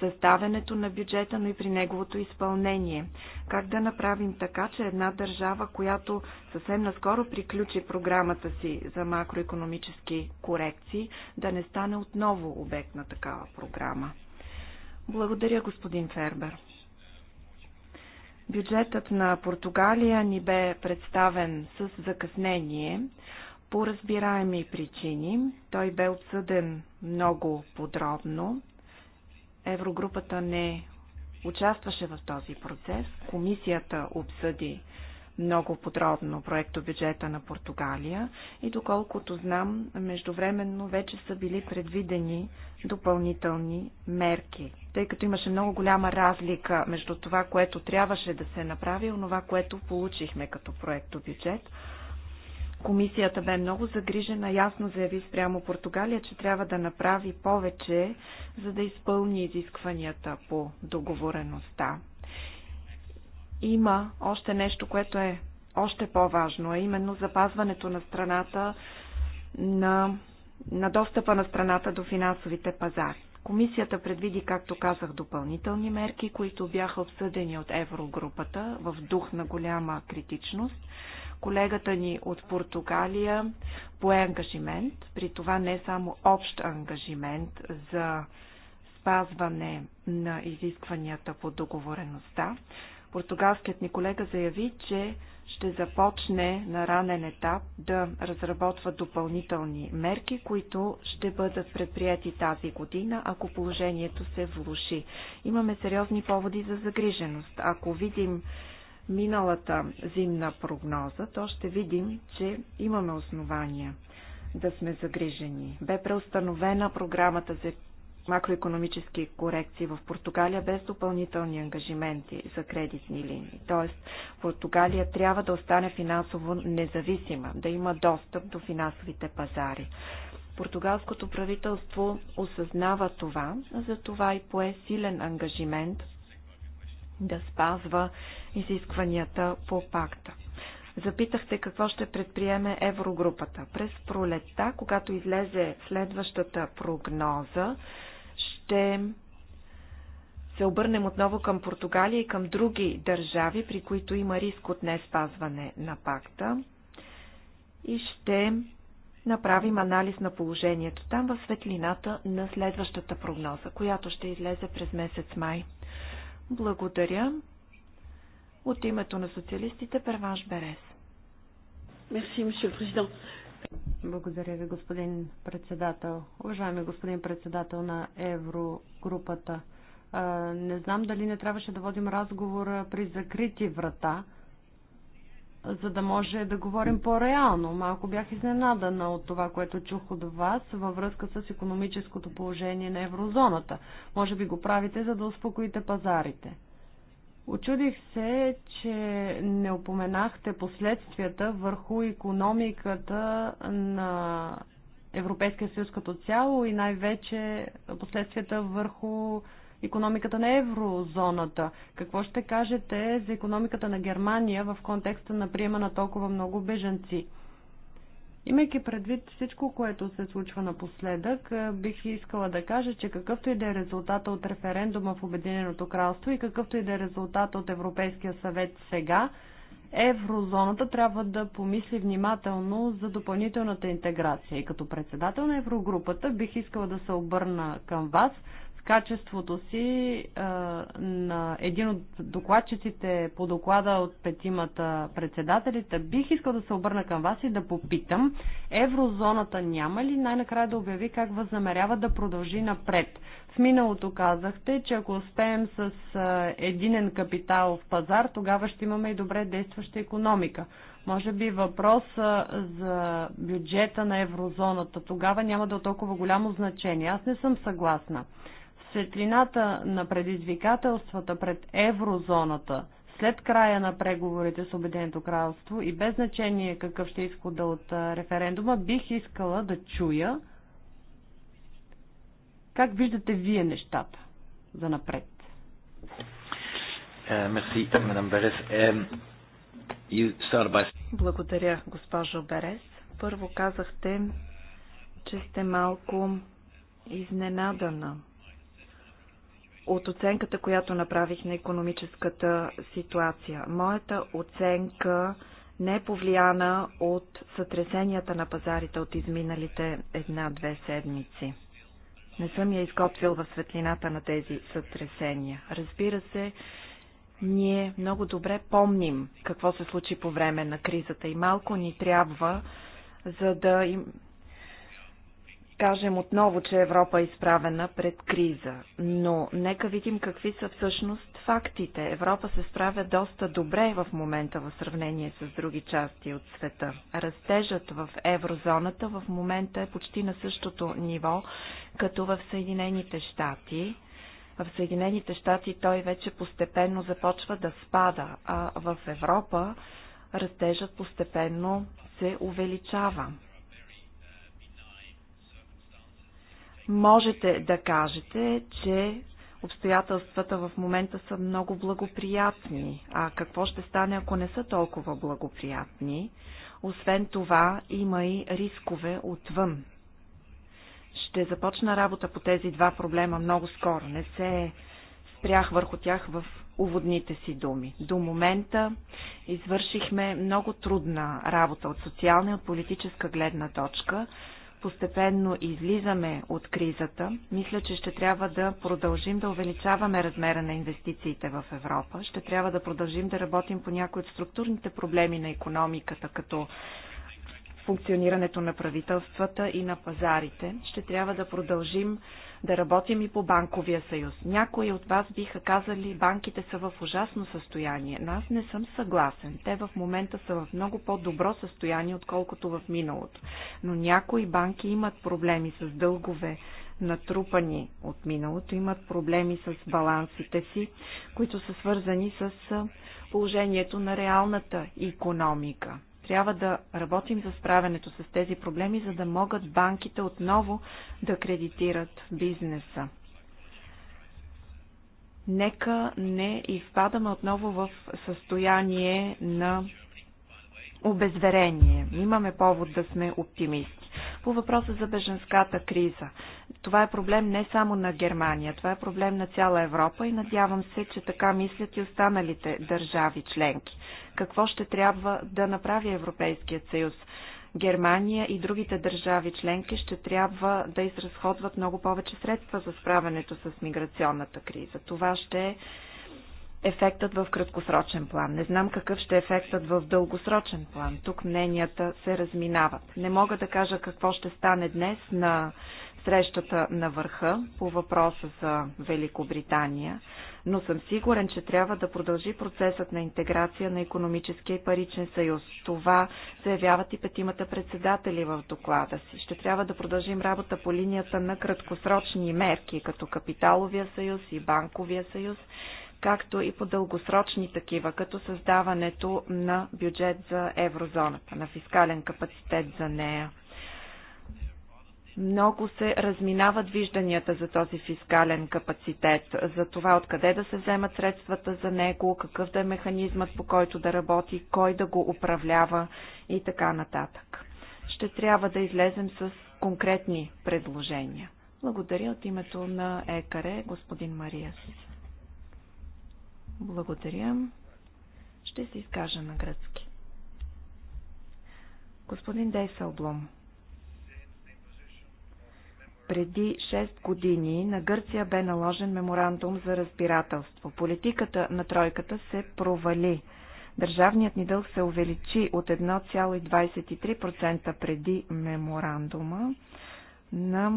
съставянето на бюджета, но и при неговото изпълнение. Как да направим така, че една държава, която съвсем наскоро приключи програмата си за макроекономически корекции, да не стане отново обект на такава програма? Благодаря, господин Фербер. Бюджетът на Португалия ни бе представен с закъснение по разбираеми причини. Той бе обсъден много подробно. Еврогрупата не участваше в този процес. Комисията обсъди много подробно проекто бюджета на Португалия и доколкото знам, междувременно вече са били предвидени допълнителни мерки, тъй като имаше много голяма разлика между това, което трябваше да се направи и това, което получихме като проекто бюджет. Комисията бе много загрижена, ясно заяви спрямо Португалия, че трябва да направи повече, за да изпълни изискванията по договореността. Има още нещо, което е още по-важно, а е именно запазването на страната на, на достъпа на страната до финансовите пазари. Комисията предвиди, както казах, допълнителни мерки, които бяха обсъдени от еврогрупата в дух на голяма критичност. Колегата ни от Португалия пое ангажимент, при това не само общ ангажимент за спазване на изискванията по договореността. Португалският ни колега заяви, че ще започне на ранен етап да разработва допълнителни мерки, които ще бъдат предприяти тази година, ако положението се влуши. Имаме сериозни поводи за загриженост. Ако видим, миналата зимна прогноза, то ще видим, че имаме основания да сме загрижени. Бе преустановена програмата за макроекономически корекции в Португалия без допълнителни ангажименти за кредитни линии. Тоест, Португалия трябва да остане финансово независима, да има достъп до финансовите пазари. Португалското правителство осъзнава това, затова и пое силен ангажимент да спазва изискванията по пакта. Запитахте какво ще предприеме Еврогрупата. През пролетта, когато излезе следващата прогноза, ще се обърнем отново към Португалия и към други държави, при които има риск от не спазване на пакта и ще направим анализ на положението там в светлината на следващата прогноза, която ще излезе през месец май. Благодаря. От името на социалистите Перванш Берес. Мерси, мисъл президент. Благодаря ви, господин председател. Уважаеми господин председател на Еврогрупата, не знам дали не трябваше да водим разговор при закрити врата, за да може да говорим по-реално. Малко бях изненадана от това, което чух от вас във връзка с економическото положение на еврозоната. Може би го правите, за да успокоите пазарите. Очудих се, че не упоменахте последствията върху економиката на Европейския съюз като цяло и най-вече последствията върху економиката на еврозоната. Какво ще кажете за економиката на Германия в контекста на приема на толкова много беженци? Имайки предвид всичко, което се случва напоследък, бих искала да кажа, че какъвто и да е резултата от референдума в Обединеното кралство и какъвто и да е резултата от Европейския съвет сега, еврозоната трябва да помисли внимателно за допълнителната интеграция. И като председател на еврогрупата бих искала да се обърна към вас качеството си на един от докладчиците по доклада от петимата председателите, бих искал да се обърна към вас и да попитам, еврозоната няма ли най-накрая да обяви как възнамерява да продължи напред? В миналото казахте, че ако успеем с единен капитал в пазар, тогава ще имаме и добре действаща економика. Може би въпрос за бюджета на еврозоната тогава няма да е толкова голямо значение. Аз не съм съгласна светлината на предизвикателствата пред еврозоната след края на преговорите с Обединеното кралство и без значение какъв ще е изхода от референдума, бих искала да чуя как виждате вие нещата за напред. Е, мерси, мадам Берес. Е, Благодаря, госпожо Берес. Първо казахте, че сте малко изненадана от оценката, която направих на економическата ситуация. Моята оценка не е повлияна от сътресенията на пазарите от изминалите една-две седмици. Не съм я изготвил в светлината на тези сътресения. Разбира се, ние много добре помним какво се случи по време на кризата и малко ни трябва, за да им кажем отново, че Европа е изправена пред криза, но нека видим какви са всъщност фактите. Европа се справя доста добре в момента в сравнение с други части от света. Растежът в еврозоната в момента е почти на същото ниво, като в Съединените щати. В Съединените щати той вече постепенно започва да спада, а в Европа растежът постепенно се увеличава. можете да кажете, че обстоятелствата в момента са много благоприятни. А какво ще стане, ако не са толкова благоприятни? Освен това, има и рискове отвън. Ще започна работа по тези два проблема много скоро. Не се спрях върху тях в уводните си думи. До момента извършихме много трудна работа от социална и от политическа гледна точка, постепенно излизаме от кризата, мисля, че ще трябва да продължим да увеличаваме размера на инвестициите в Европа. Ще трябва да продължим да работим по някои от структурните проблеми на економиката, като функционирането на правителствата и на пазарите. Ще трябва да продължим да работим и по банковия съюз. Някои от вас биха казали, банките са в ужасно състояние, но аз не съм съгласен. Те в момента са в много по-добро състояние, отколкото в миналото. Но някои банки имат проблеми с дългове, натрупани от миналото, имат проблеми с балансите си, които са свързани с положението на реалната економика. Трябва да работим за справянето с тези проблеми, за да могат банките отново да кредитират бизнеса. Нека не изпадаме отново в състояние на обезверение. Имаме повод да сме оптимисти. По въпроса за беженската криза. Това е проблем не само на Германия, това е проблем на цяла Европа и надявам се, че така мислят и останалите държави членки. Какво ще трябва да направи Европейският съюз? Германия и другите държави членки ще трябва да изразходват много повече средства за справянето с миграционната криза. Това ще е ефектът в краткосрочен план. Не знам какъв ще е ефектът в дългосрочен план. Тук мненията се разминават. Не мога да кажа какво ще стане днес на срещата на върха по въпроса за Великобритания, но съм сигурен, че трябва да продължи процесът на интеграция на економическия и паричен съюз. Това заявяват и петимата председатели в доклада си. Ще трябва да продължим работа по линията на краткосрочни мерки, като капиталовия съюз и банковия съюз, както и по дългосрочни такива, като създаването на бюджет за еврозоната, на фискален капацитет за нея. Много се разминават вижданията за този фискален капацитет, за това откъде да се вземат средствата за него, какъв да е механизмът по който да работи, кой да го управлява и така нататък. Ще трябва да излезем с конкретни предложения. Благодаря от името на ЕКАРЕ, господин Мариас. Благодаря. Ще се изкажа на гръцки. Господин Дейселблом, преди 6 години на Гърция бе наложен меморандум за разбирателство. Политиката на тройката се провали. Държавният ни дълг се увеличи от 1,23% преди меморандума на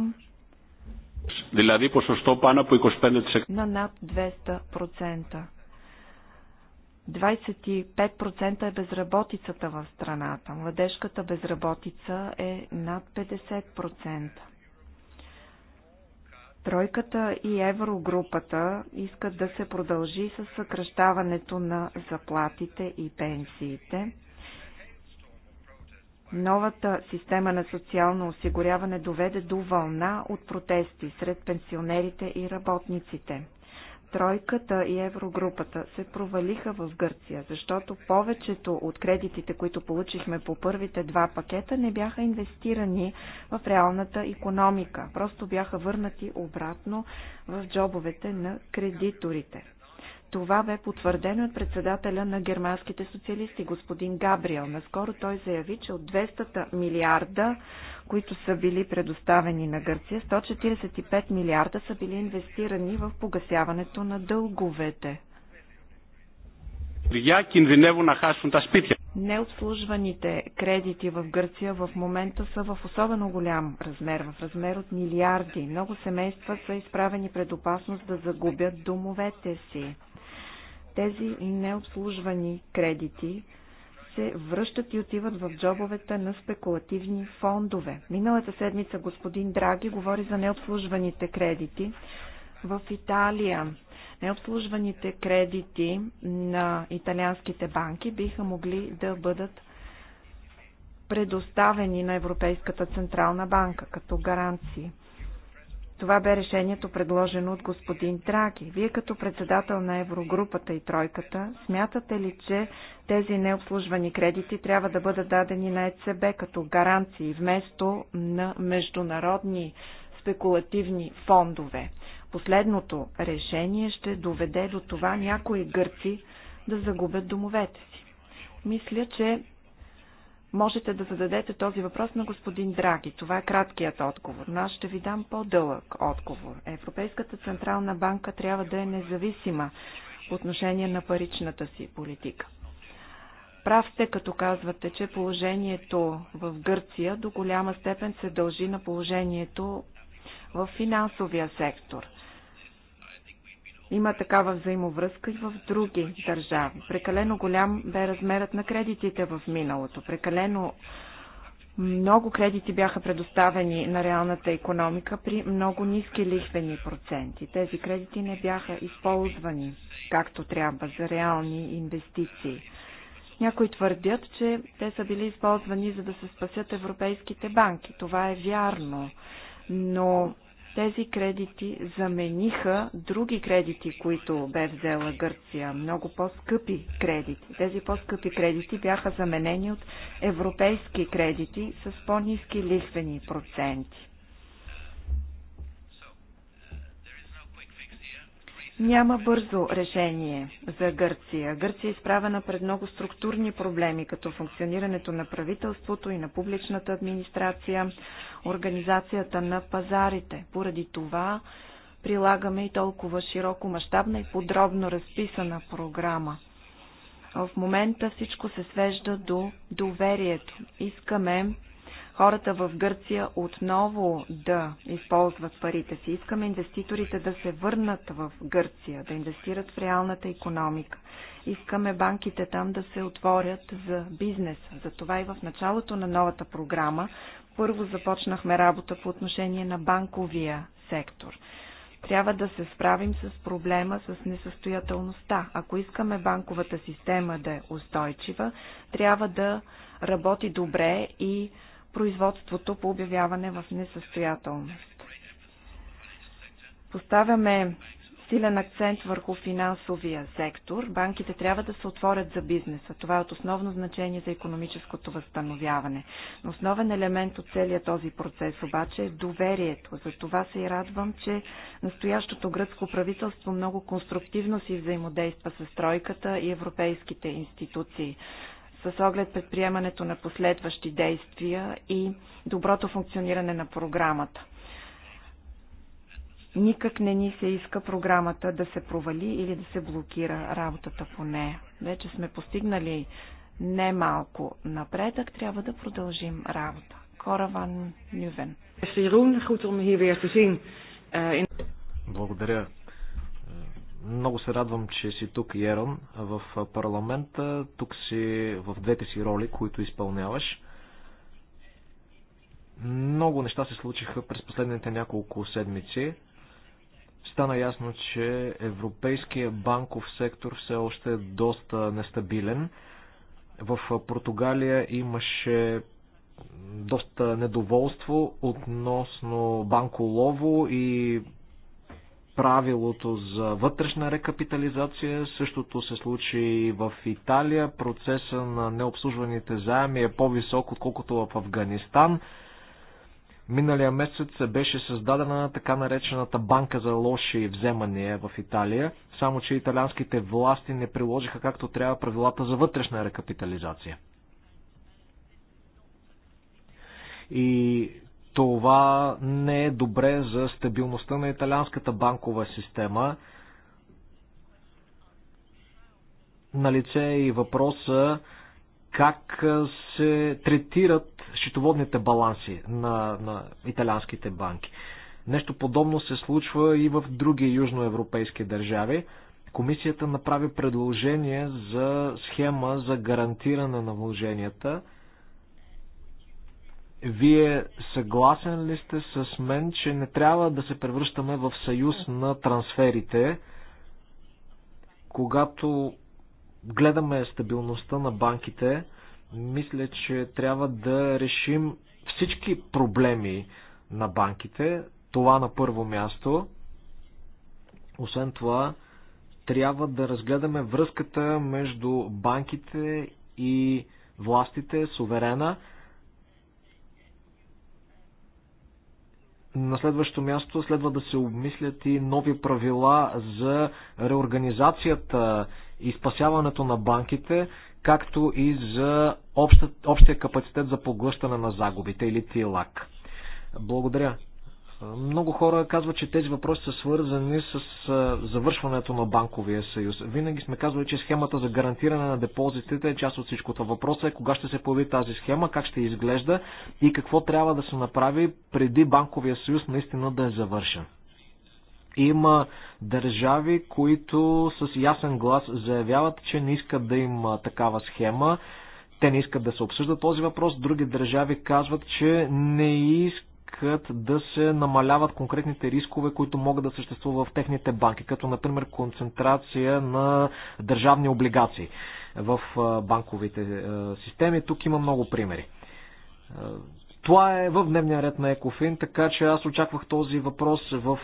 на над 200%. 25% е безработицата в страната. Младежката безработица е над 50%. Тройката и еврогрупата искат да се продължи с съкръщаването на заплатите и пенсиите. Новата система на социално осигуряване доведе до вълна от протести сред пенсионерите и работниците. Тройката и Еврогрупата се провалиха в Гърция, защото повечето от кредитите, които получихме по първите два пакета, не бяха инвестирани в реалната економика. Просто бяха върнати обратно в джобовете на кредиторите. Това бе потвърдено от председателя на германските социалисти, господин Габриел. Наскоро той заяви, че от 200 милиарда, които са били предоставени на Гърция, 145 милиарда са били инвестирани в погасяването на дълговете. Необслужваните кредити в Гърция в момента са в особено голям размер, в размер от милиарди. Много семейства са изправени пред опасност да загубят домовете си. Тези необслужвани кредити се връщат и отиват в джобовете на спекулативни фондове. Миналата седмица господин Драги говори за необслужваните кредити в Италия. Необслужваните кредити на италианските банки биха могли да бъдат предоставени на Европейската централна банка като гаранции. Това бе решението предложено от господин Траки. Вие като председател на Еврогрупата и Тройката, смятате ли, че тези необслужвани кредити трябва да бъдат дадени на ЕЦБ като гаранции вместо на международни спекулативни фондове? Последното решение ще доведе до това някои гърци да загубят домовете си. Мисля, че Можете да зададете този въпрос на господин Драги. Това е краткият отговор, но аз ще ви дам по-дълъг отговор. Европейската Централна банка трябва да е независима по отношение на паричната си политика. Прав сте, като казвате, че положението в Гърция до голяма степен се дължи на положението в финансовия сектор – има такава взаимовръзка и в други държави. Прекалено голям бе размерът на кредитите в миналото. Прекалено много кредити бяха предоставени на реалната економика при много ниски лихвени проценти. Тези кредити не бяха използвани както трябва за реални инвестиции. Някои твърдят, че те са били използвани за да се спасят европейските банки. Това е вярно, но тези кредити замениха други кредити, които бе взела Гърция, много по-скъпи кредити. Тези по-скъпи кредити бяха заменени от европейски кредити с по-низки лихвени проценти. Няма бързо решение за Гърция. Гърция е изправена пред много структурни проблеми, като функционирането на правителството и на публичната администрация, организацията на пазарите. Поради това прилагаме и толкова широко мащабна и подробно разписана програма. В момента всичко се свежда до доверието. Искаме хората в Гърция отново да използват парите си. Искаме инвеститорите да се върнат в Гърция, да инвестират в реалната економика. Искаме банките там да се отворят за бизнес. Затова и в началото на новата програма първо започнахме работа по отношение на банковия сектор трябва да се справим с проблема с несъстоятелността. Ако искаме банковата система да е устойчива, трябва да работи добре и производството по обявяване в несъстоятелност. Поставяме силен акцент върху финансовия сектор. Банките трябва да се отворят за бизнеса. Това е от основно значение за економическото възстановяване. Но основен елемент от целият този процес обаче е доверието. За това се и радвам, че настоящото гръцко правителство много конструктивно си взаимодейства с тройката и европейските институции с оглед предприемането на последващи действия и доброто функциониране на програмата. Никак не ни се иска програмата да се провали или да се блокира работата по нея. Вече сме постигнали немалко напредък, трябва да продължим работа. Кораван Нювен. Благодаря, много се радвам, че си тук, Ерон, в парламента. Тук си в двете си роли, които изпълняваш. Много неща се случиха през последните няколко седмици. Стана ясно, че европейския банков сектор все още е доста нестабилен. В Португалия имаше доста недоволство относно банколово и правилото за вътрешна рекапитализация. Същото се случи и в Италия. Процеса на необслужваните заеми е по-висок, отколкото в Афганистан. Миналия месец беше създадена така наречената банка за лоши вземания в Италия, само че италианските власти не приложиха както трябва правилата за вътрешна рекапитализация. И това не е добре за стабилността на италианската банкова система. Налице е и въпроса как се третират счетоводните баланси на, на италианските банки. Нещо подобно се случва и в други южноевропейски държави. Комисията направи предложение за схема за гарантиране на вложенията – вие съгласен ли сте с мен, че не трябва да се превръщаме в съюз на трансферите, когато гледаме стабилността на банките, мисля, че трябва да решим всички проблеми на банките. Това на първо място. Освен това, трябва да разгледаме връзката между банките и властите, суверена. На следващо място следва да се обмислят и нови правила за реорганизацията и спасяването на банките, както и за общия капацитет за поглъщане на загубите или ТИЛАК. Благодаря. Много хора казват, че тези въпроси са свързани с завършването на банковия съюз. Винаги сме казвали, че схемата за гарантиране на депозитите е част от това. Въпросът е кога ще се появи тази схема, как ще изглежда и какво трябва да се направи преди банковия съюз наистина да е завършен. Има държави, които с ясен глас заявяват, че не искат да има такава схема. Те не искат да се обсъжда този въпрос. Други държави казват, че не искат искат да се намаляват конкретните рискове, които могат да съществуват в техните банки, като например концентрация на държавни облигации в банковите системи. Тук има много примери. Това е в дневния ред на Екофин, така че аз очаквах този въпрос в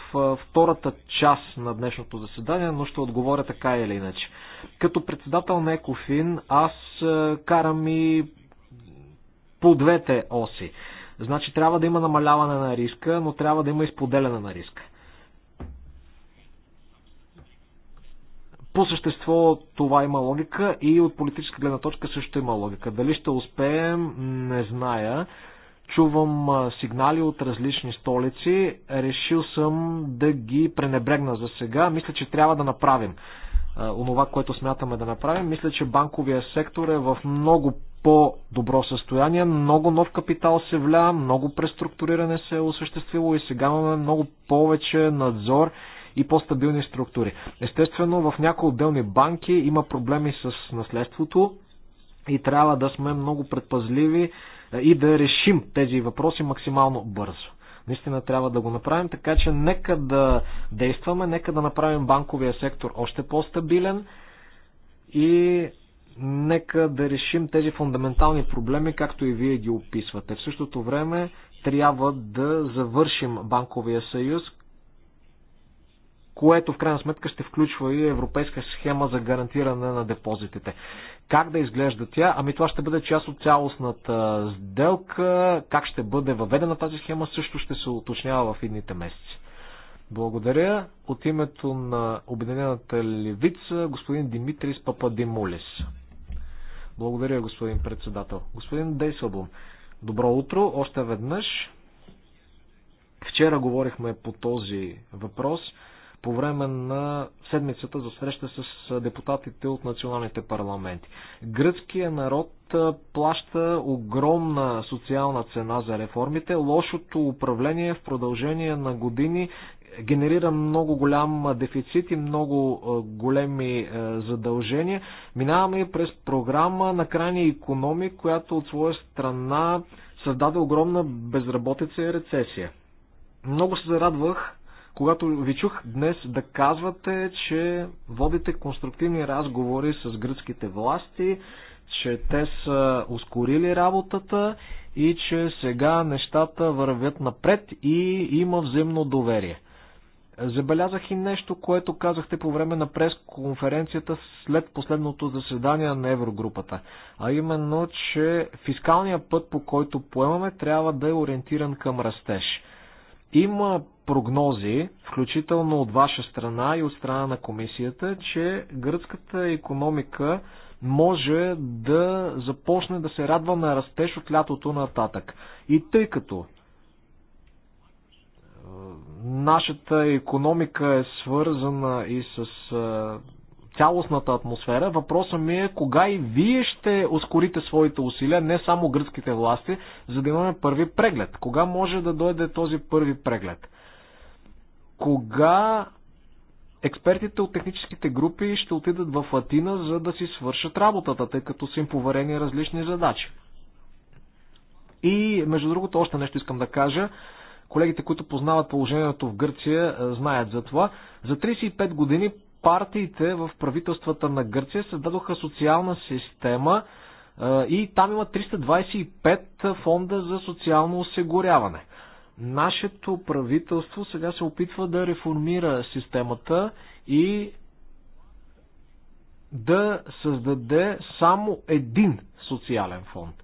втората част на днешното заседание, но ще отговоря така или иначе. Като председател на Екофин, аз карам и по двете оси. Значи трябва да има намаляване на риска, но трябва да има и споделяне на риска. По същество това има логика и от политическа гледна точка също има логика. Дали ще успеем, не зная. Чувам сигнали от различни столици. Решил съм да ги пренебрегна за сега. Мисля, че трябва да направим онова, което смятаме да направим. Мисля, че банковия сектор е в много по-добро състояние. Много нов капитал се вля, много преструктуриране се е осъществило и сега имаме много повече надзор и по-стабилни структури. Естествено, в някои отделни банки има проблеми с наследството и трябва да сме много предпазливи е, и да решим тези въпроси максимално бързо. Наистина трябва да го направим, така че нека да действаме, нека да направим банковия сектор още по-стабилен и нека да решим тези фундаментални проблеми, както и вие ги описвате. В същото време трябва да завършим банковия съюз, което в крайна сметка ще включва и европейска схема за гарантиране на депозитите. Как да изглежда тя? Ами това ще бъде част от цялостната сделка. Как ще бъде въведена тази схема също ще се уточнява в идните месеци. Благодаря. От името на Обединената левица господин Димитрис Пападимулис. Благодаря, господин председател. Господин Дейсълбум, добро утро още веднъж. Вчера говорихме по този въпрос по време на седмицата за среща с депутатите от националните парламенти. Гръцкият народ плаща огромна социална цена за реформите. Лошото управление в продължение на години генерира много голям дефицит и много големи задължения. Минаваме и през програма на крайни економи, която от своя страна създаде огромна безработица и рецесия. Много се зарадвах, когато ви чух днес да казвате, че водите конструктивни разговори с гръцките власти, че те са ускорили работата и че сега нещата вървят напред и има взаимно доверие. Забелязах и нещо, което казахте по време на пресконференцията след последното заседание на Еврогрупата, а именно, че фискалният път, по който поемаме, трябва да е ориентиран към растеж. Има прогнози, включително от ваша страна и от страна на комисията, че гръцката економика може да започне да се радва на растеж от лятото нататък. И тъй като Нашата економика е свързана и с цялостната атмосфера. Въпросът ми е кога и вие ще ускорите своите усилия, не само гръцките власти, за да имаме първи преглед. Кога може да дойде този първи преглед? Кога експертите от техническите групи ще отидат в Атина, за да си свършат работата, тъй като са им поверени различни задачи. И, между другото, още нещо искам да кажа. Колегите, които познават положението в Гърция, е, знаят за това. За 35 години партиите в правителствата на Гърция създадоха социална система е, и там има 325 фонда за социално осигуряване. Нашето правителство сега се опитва да реформира системата и да създаде само един социален фонд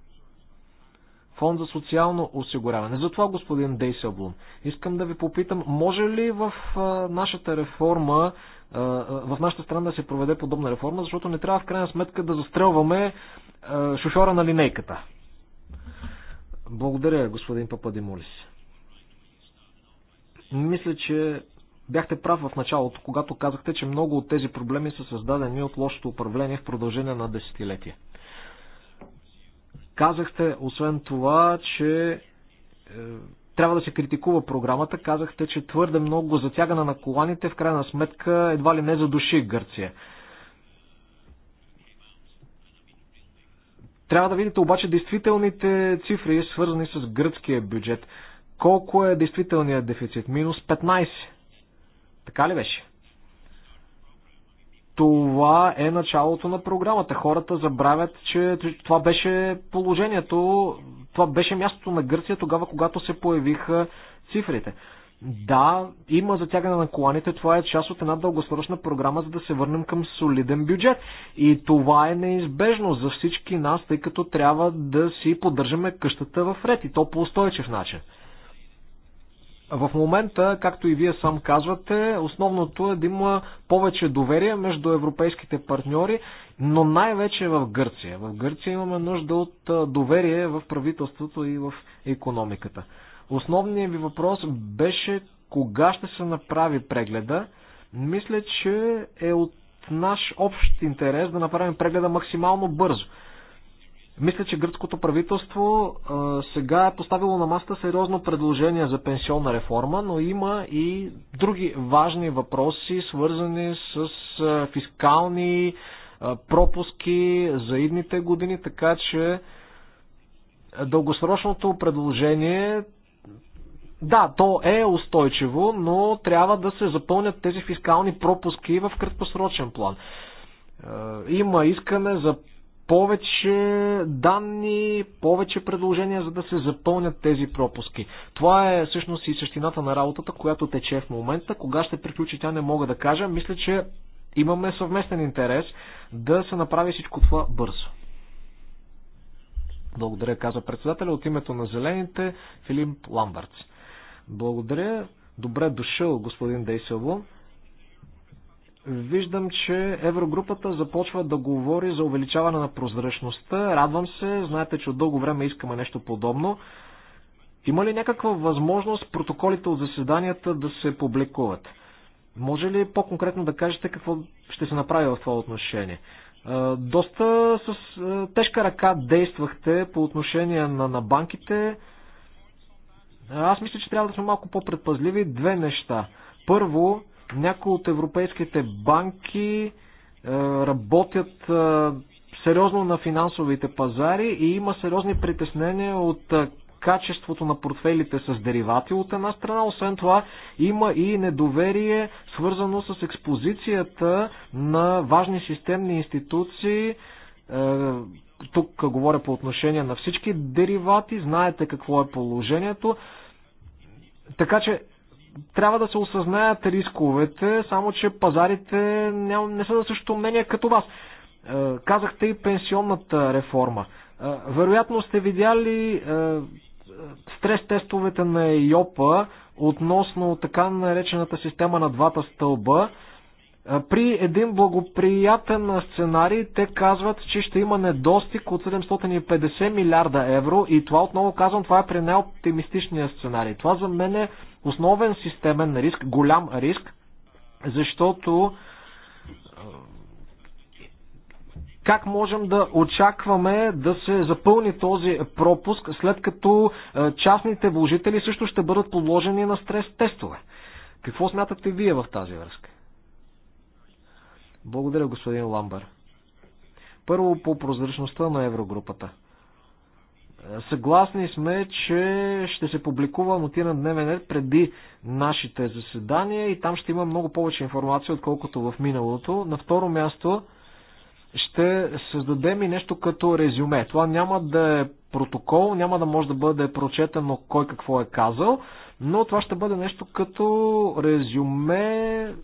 фонд за социално осигуряване. Затова, господин Дейсълблум, искам да ви попитам, може ли в нашата реформа, в нашата страна да се проведе подобна реформа, защото не трябва в крайна сметка да застрелваме шофьора на линейката. Благодаря, господин Пападимолис. Мисля, че бяхте прав в началото, когато казахте, че много от тези проблеми са създадени от лошото управление в продължение на десетилетия. Казахте, освен това, че е, трябва да се критикува програмата. Казахте, че твърде много затягане на коланите в крайна сметка едва ли не задуши Гърция. Трябва да видите обаче действителните цифри, свързани с гръцкия бюджет. Колко е действителният дефицит? Минус 15. Така ли беше? това е началото на програмата. Хората забравят, че това беше положението, това беше мястото на Гърция тогава, когато се появиха цифрите. Да, има затягане на коланите, това е част от една дългосрочна програма, за да се върнем към солиден бюджет. И това е неизбежно за всички нас, тъй като трябва да си поддържаме къщата в ред и то по устойчив начин. В момента, както и вие сам казвате, основното е да има повече доверие между европейските партньори, но най-вече в Гърция. В Гърция имаме нужда от доверие в правителството и в економиката. Основният ви въпрос беше кога ще се направи прегледа. Мисля, че е от наш общ интерес да направим прегледа максимално бързо. Мисля, че гръцкото правителство а, сега е поставило на маста сериозно предложение за пенсионна реформа, но има и други важни въпроси, свързани с а, фискални а, пропуски за идните години, така че дългосрочното предложение да, то е устойчиво, но трябва да се запълнят тези фискални пропуски в краткосрочен план. Има искане за повече данни, повече предложения, за да се запълнят тези пропуски. Това е всъщност и същината на работата, която тече в момента. Кога ще приключи тя не мога да кажа. Мисля, че имаме съвместен интерес да се направи всичко това бързо. Благодаря, каза председателя. От името на зелените Филип Ламбърц. Благодаря. Добре дошъл, господин Дейсело виждам, че Еврогрупата започва да говори за увеличаване на прозрачността. Радвам се, знаете, че от дълго време искаме нещо подобно. Има ли някаква възможност протоколите от заседанията да се публикуват? Може ли по-конкретно да кажете какво ще се направи в това отношение? Доста с тежка ръка действахте по отношение на, на банките. Аз мисля, че трябва да сме малко по-предпазливи. Две неща. Първо, някои от европейските банки е, работят е, сериозно на финансовите пазари и има сериозни притеснения от е, качеството на портфелите с деривати от една страна. Освен това има и недоверие, свързано с експозицията на важни системни институции. Тук говоря по отношение на всички деривати. Знаете какво е положението. Така че трябва да се осъзнаят рисковете, само че пазарите не, не са за същото мнение като вас. Е, казахте и пенсионната реформа. Е, вероятно сте видяли е, стрес тестовете на ЙОПА относно така наречената система на двата стълба. При един благоприятен сценарий те казват, че ще има недостиг от 750 милиарда евро и това отново казвам, това е при най-оптимистичния сценарий. Това за мен е основен системен риск, голям риск, защото е, как можем да очакваме да се запълни този пропуск, след като е, частните вложители също ще бъдат подложени на стрес тестове? Какво смятате вие в тази връзка? Благодаря, господин Ламбър. Първо по прозрачността на Еврогрупата – Съгласни сме, че ще се публикува нотиран дневен ред преди нашите заседания и там ще има много повече информация, отколкото в миналото. На второ място ще създадем и нещо като резюме. Това няма да е протокол, няма да може да бъде прочетено кой какво е казал, но това ще бъде нещо като резюме,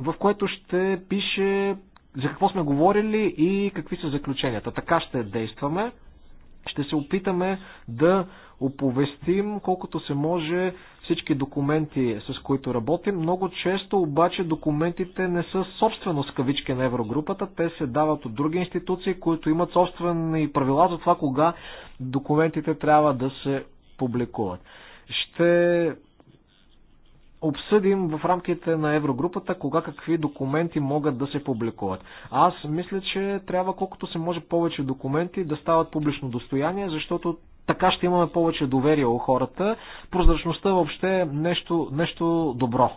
в което ще пише за какво сме говорили и какви са заключенията. Така ще действаме. Ще се опитаме да оповестим колкото се може всички документи, с които работим. Много често обаче документите не са собственост кавички на Еврогрупата. Те се дават от други институции, които имат собствени правила за това кога документите трябва да се публикуват. Ще обсъдим в рамките на Еврогрупата кога какви документи могат да се публикуват. Аз мисля, че трябва колкото се може повече документи да стават публично достояние, защото така ще имаме повече доверие у хората. Прозрачността въобще е нещо, нещо добро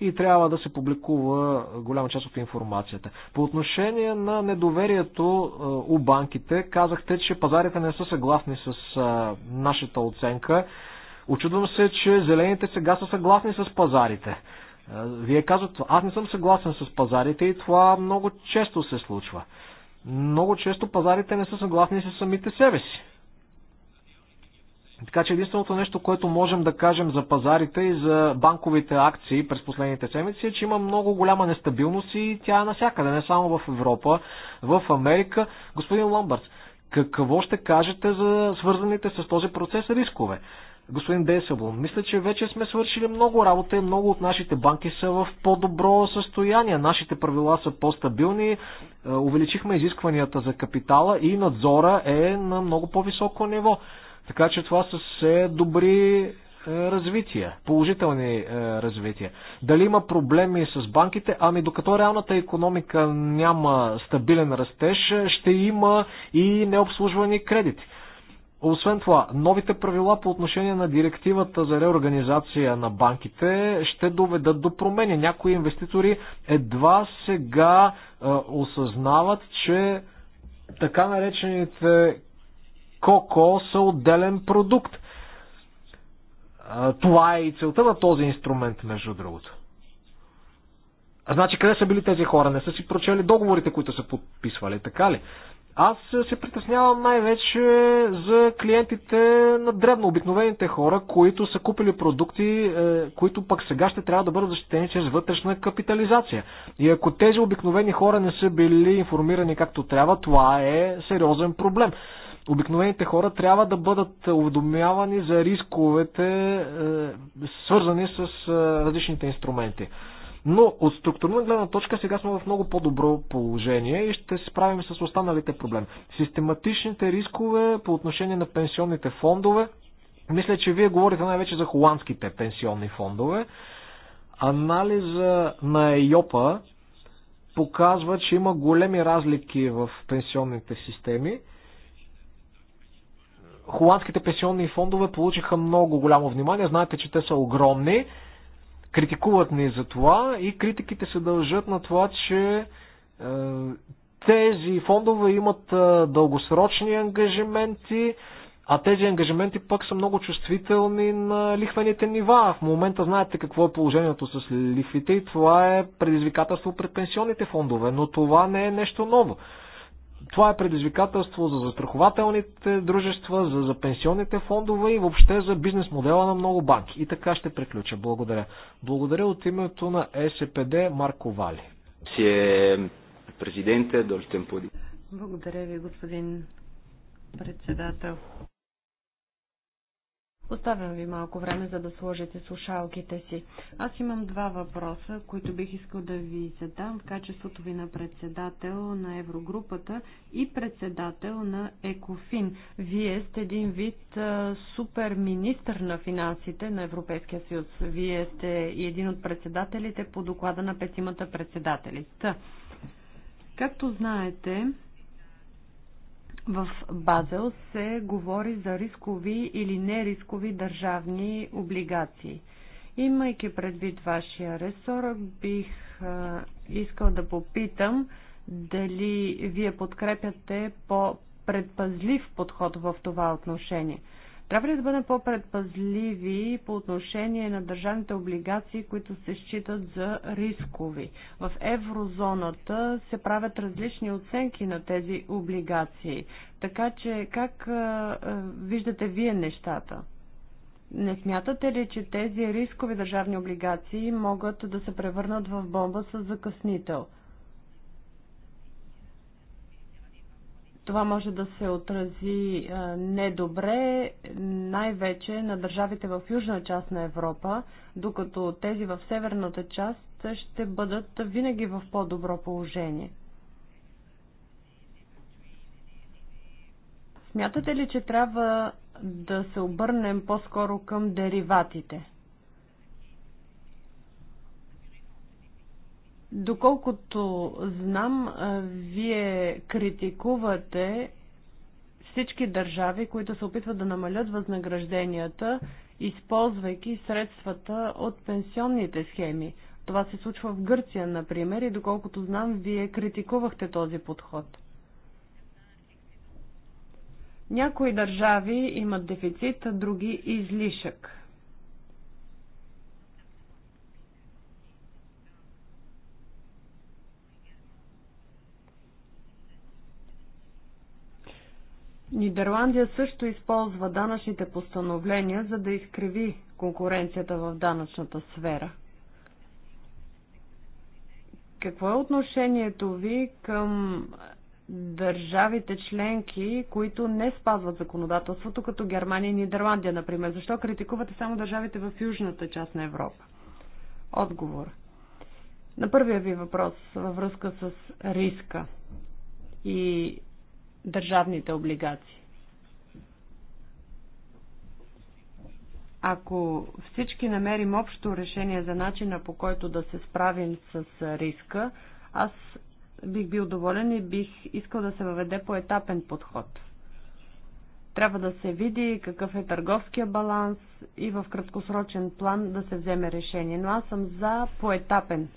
и трябва да се публикува голяма част от информацията. По отношение на недоверието е, у банките, казахте, че пазарите не са съгласни с е, нашата оценка. Очудвам се, че зелените сега са съгласни с пазарите. Е, вие казвате, аз не съм съгласен с пазарите и това много често се случва. Много често пазарите не са съгласни с самите себе си. Така че единственото нещо, което можем да кажем за пазарите и за банковите акции през последните седмици е, че има много голяма нестабилност и тя е навсякъде, не само в Европа, в Америка. Господин Ламбъртс, какво ще кажете за свързаните с този процес рискове? господин Дейселблом. Мисля, че вече сме свършили много работа и много от нашите банки са в по-добро състояние. Нашите правила са по-стабилни, е, увеличихме изискванията за капитала и надзора е на много по-високо ниво. Така че това са все добри е, развития, положителни е, развития. Дали има проблеми с банките? Ами докато реалната економика няма стабилен растеж, ще има и необслужвани кредити. Освен това, новите правила по отношение на директивата за реорганизация на банките ще доведат до промени. Някои инвеститори едва сега е, осъзнават, че така наречените КОКО са отделен продукт. Е, това е и целта на този инструмент, между другото. А значи къде са били тези хора? Не са си прочели договорите, които са подписвали, така ли? Аз се притеснявам най-вече за клиентите на дребно, обикновените хора, които са купили продукти, е, които пък сега ще трябва да бъдат защитени чрез вътрешна капитализация. И ако тези обикновени хора не са били информирани както трябва, това е сериозен проблем. Обикновените хора трябва да бъдат уведомявани за рисковете, е, свързани с е, различните инструменти. Но от структурна гледна точка сега сме в много по-добро положение и ще се справим с останалите проблеми. Систематичните рискове по отношение на пенсионните фондове, мисля, че вие говорите най-вече за холандските пенсионни фондове. Анализа на ЕЙОПА показва, че има големи разлики в пенсионните системи. Холандските пенсионни фондове получиха много голямо внимание. Знаете, че те са огромни. Критикуват ни за това и критиките се дължат на това, че е, тези фондове имат е, дългосрочни ангажименти, а тези ангажименти пък са много чувствителни на лихвените нива. В момента знаете какво е положението с лихвите и това е предизвикателство пред пенсионните фондове, но това не е нещо ново. Това е предизвикателство за застрахователните дружества, за, за пенсионните фондове и въобще за бизнес модела на много банки. И така ще приключа. Благодаря. Благодаря от името на е СПД Марко Вали. Е Благодаря ви, господин председател. Оставям ви малко време, за да сложите слушалките си. Аз имам два въпроса, които бих искал да ви задам в качеството ви на председател на Еврогрупата и председател на ЕКОФИН. Вие сте един вид супер министр на финансите на Европейския съюз. Вие сте и един от председателите по доклада на петимата председатели. Както знаете, в Базел се говори за рискови или нерискови държавни облигации. Имайки предвид вашия ресор, бих а, искал да попитам дали вие подкрепяте по предпазлив подход в това отношение. Трябва ли да бъдем по-предпазливи по отношение на държавните облигации, които се считат за рискови? В еврозоната се правят различни оценки на тези облигации. Така че как виждате вие нещата? Не смятате ли, че тези рискови държавни облигации могат да се превърнат в бомба с закъснител? това може да се отрази недобре, най-вече на държавите в южна част на Европа, докато тези в северната част ще бъдат винаги в по-добро положение. Смятате ли, че трябва да се обърнем по-скоро към дериватите? Доколкото знам, вие критикувате всички държави, които се опитват да намалят възнагражденията, използвайки средствата от пенсионните схеми. Това се случва в Гърция, например, и доколкото знам, вие критикувахте този подход. Някои държави имат дефицит, а други излишък. Нидерландия също използва данъчните постановления, за да изкриви конкуренцията в данъчната сфера. Какво е отношението ви към държавите членки, които не спазват законодателството, като Германия и Нидерландия, например? Защо критикувате само държавите в южната част на Европа? Отговор. На първия ви въпрос във връзка с риска и държавните облигации. Ако всички намерим общо решение за начина по който да се справим с риска, аз бих бил доволен и бих искал да се въведе поетапен подход. Трябва да се види какъв е търговския баланс и в краткосрочен план да се вземе решение. Но аз съм за поетапен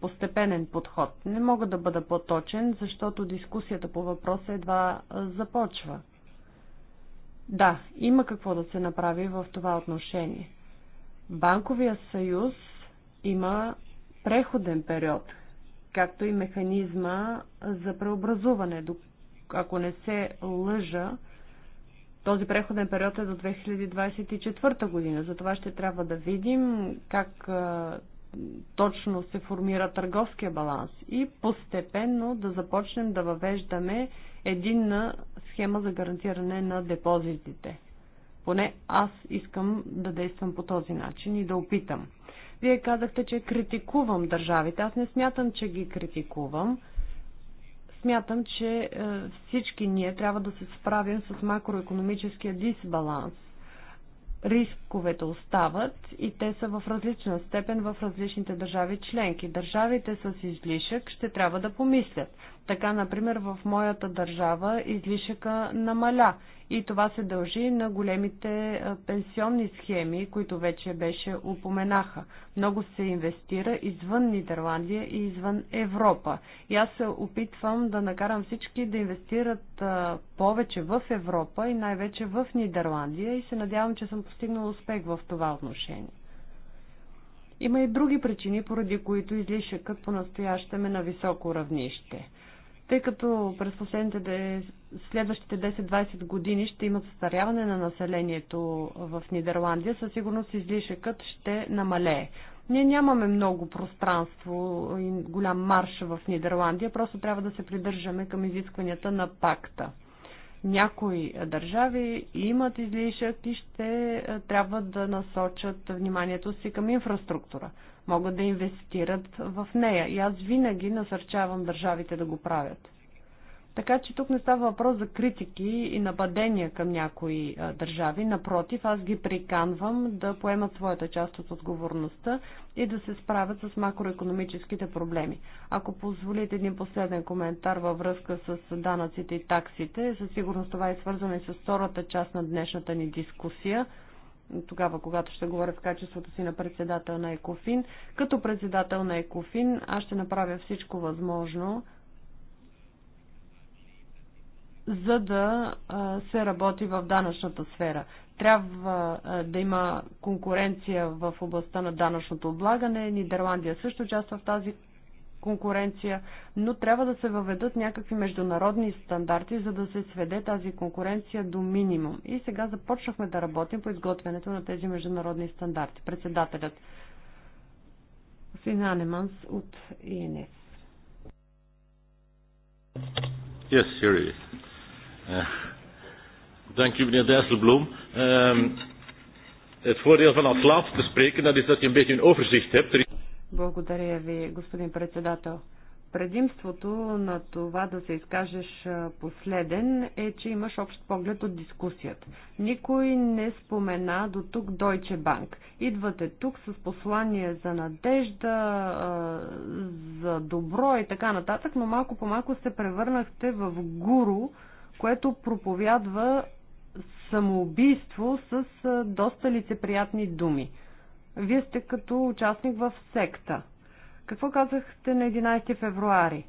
постепенен подход. Не мога да бъда по-точен, защото дискусията по въпроса едва започва. Да, има какво да се направи в това отношение. Банковия съюз има преходен период, както и механизма за преобразуване. Ако не се лъжа, този преходен период е до 2024 година. Затова ще трябва да видим как точно се формира търговския баланс и постепенно да започнем да въвеждаме единна схема за гарантиране на депозитите. Поне аз искам да действам по този начин и да опитам. Вие казахте, че критикувам държавите. Аз не смятам, че ги критикувам. Смятам, че е, всички ние трябва да се справим с макроекономическия дисбаланс рисковете остават и те са в различна степен в различните държави членки. Държавите с излишък ще трябва да помислят така, например, в моята държава излишъка намаля и това се дължи на големите е, пенсионни схеми, които вече беше упоменаха. Много се инвестира извън Нидерландия и извън Европа. И аз се опитвам да накарам всички да инвестират е, повече в Европа и най-вече в Нидерландия и се надявам, че съм постигнал успех в това отношение. Има и други причини, поради които излишъкът по-настоящем е на високо равнище. Тъй като през последните следващите 10-20 години ще имат състаряване на населението в Нидерландия, със сигурност излишъкът ще намалее. Ние нямаме много пространство и голям марш в Нидерландия, просто трябва да се придържаме към изискванията на пакта. Някои държави имат излишък и ще е, трябва да насочат вниманието си към инфраструктура. Могат да инвестират в нея. И аз винаги насърчавам държавите да го правят. Така че тук не става въпрос за критики и нападения към някои държави. Напротив, аз ги приканвам да поемат своята част от отговорността и да се справят с макроекономическите проблеми. Ако позволите един последен коментар във връзка с данъците и таксите, със сигурност това е свързано и с втората част на днешната ни дискусия тогава, когато ще говоря в качеството си на председател на Екофин. Като председател на Екофин, аз ще направя всичко възможно, за да се работи в данъчната сфера. Трябва да има конкуренция в областта на данъчното облагане. Нидерландия също участва в тази конкуренция, но трябва да се въведат някакви международни стандарти, за да се сведе тази конкуренция до минимум. И сега започнахме да работим по изготвянето на тези международни стандарти. Председателят Господин Анеманс от ИНС. Yes, Eh, dank u, meneer Dijsselbloem. Um, het voordeel van als laatste spreken, dat is dat je een beetje een overzicht hebt. Er Благодаря ви, господин председател. Предимството на това да се изкажеш е, последен е, че имаш общ поглед от дискусията. Никой не спомена до тук Deutsche Bank. Идвате тук с послание за надежда, е, за добро и така нататък, но малко по малко се превърнахте в гуру което проповядва самоубийство с доста лицеприятни думи. Вие сте като участник в секта. Какво казахте на 11 февруари?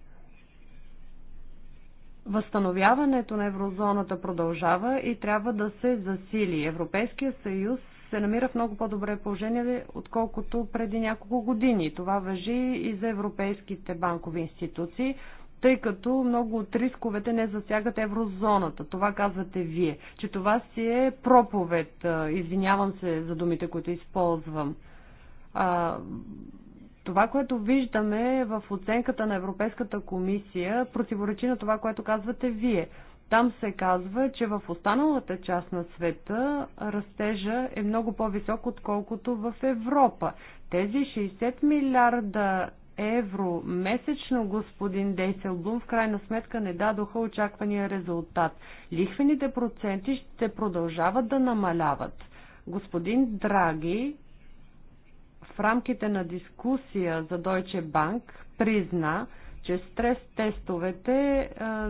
Възстановяването на еврозоната продължава и трябва да се засили. Европейския съюз се намира в много по-добре положение, отколкото преди няколко години. Това въжи и за европейските банкови институции тъй като много от рисковете не засягат еврозоната. Това казвате вие, че това си е проповед. Извинявам се за думите, които използвам. А, това, което виждаме в оценката на Европейската комисия, противоречи на това, което казвате вие. Там се казва, че в останалата част на света растежа е много по-висок, отколкото в Европа. Тези 60 милиарда евро месечно, господин Дейселблум, в крайна сметка не дадоха очаквания резултат. Лихвените проценти ще продължават да намаляват. Господин Драги в рамките на дискусия за Deutsche Bank призна, че стрес тестовете а,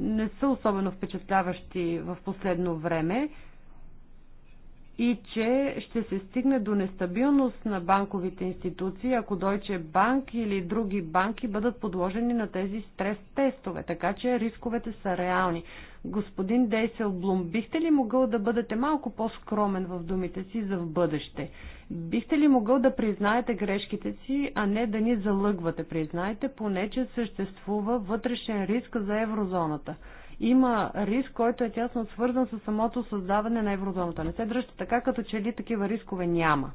не са особено впечатляващи в последно време и че ще се стигне до нестабилност на банковите институции, ако Deutsche Bank или други банки бъдат подложени на тези стрес тестове, така че рисковете са реални. Господин Дейсел Блум, бихте ли могъл да бъдете малко по-скромен в думите си за в бъдеще? Бихте ли могъл да признаете грешките си, а не да ни залъгвате? Признайте поне, че съществува вътрешен риск за еврозоната има риск, който е тясно свързан с самото създаване на еврозоната. Не се дръжте така, като че ли такива рискове няма.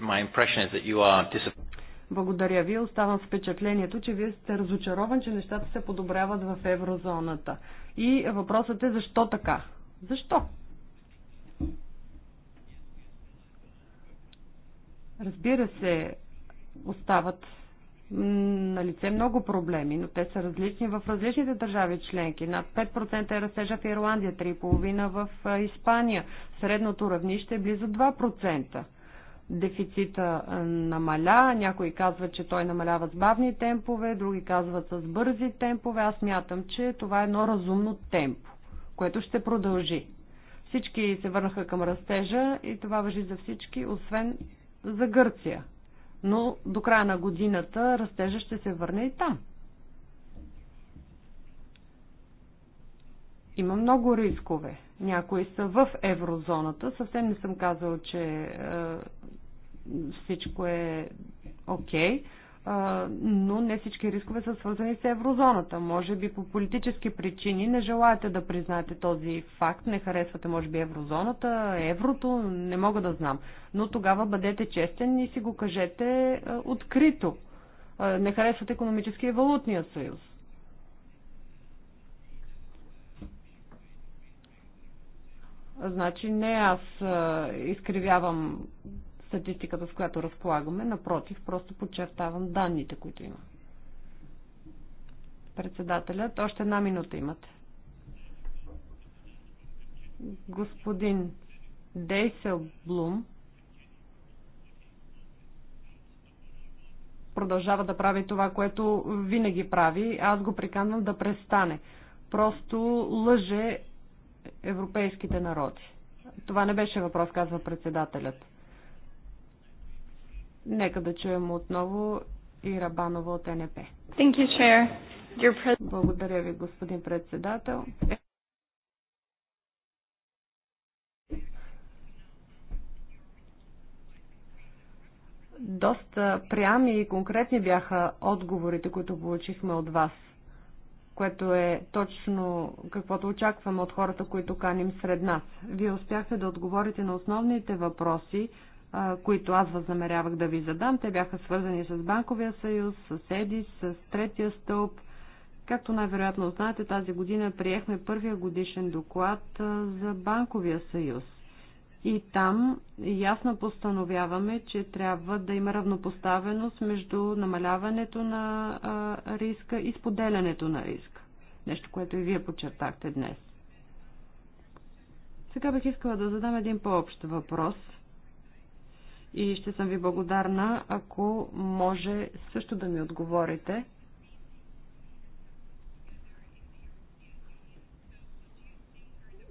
Are... Благодаря ви. Оставам с впечатлението, че вие сте разочарован, че нещата се подобряват в еврозоната. И въпросът е защо така? Защо? Разбира се, остават на лице много проблеми, но те са различни в различните държави членки. Над 5% е растежа в Ирландия, 3,5% в Испания. Средното равнище е близо 2% дефицита намаля. Някои казват, че той намалява с бавни темпове, други казват с бързи темпове. Аз мятам, че това е едно разумно темпо, което ще продължи. Всички се върнаха към растежа и това въжи за всички, освен за Гърция но до края на годината растежа ще се върне и там. Има много рискове. Някои са в еврозоната. Съвсем не съм казал, че е, всичко е окей. Okay но не всички рискове са свързани с еврозоната. Може би по политически причини не желаете да признаете този факт, не харесвате може би еврозоната, еврото, не мога да знам. Но тогава бъдете честен и си го кажете открито. Не харесвате економически и валутния съюз. Значи не аз изкривявам статистиката, с която разполагаме. Напротив, просто подчертавам данните, които има. Председателят, още една минута имате. Господин Дейсел Блум продължава да прави това, което винаги прави. Аз го приканвам да престане. Просто лъже европейските народи. Това не беше въпрос, казва председателят. Нека да чуем отново и Рабанова от НП. Благодаря ви, господин председател. доста прями и конкретни бяха отговорите, които получихме от вас, което е точно каквото очакваме от хората, които каним сред нас. Вие успяхте да отговорите на основните въпроси, които аз възнамерявах да ви задам. Те бяха свързани с Банковия съюз, с ЕДИС, с третия стълб. Както най-вероятно знаете, тази година приехме първия годишен доклад за Банковия съюз. И там ясно постановяваме, че трябва да има равнопоставеност между намаляването на риска и споделянето на риска. Нещо, което и вие подчертахте днес. Сега бих искала да задам един по-общ въпрос – и ще съм ви благодарна, ако може също да ми отговорите.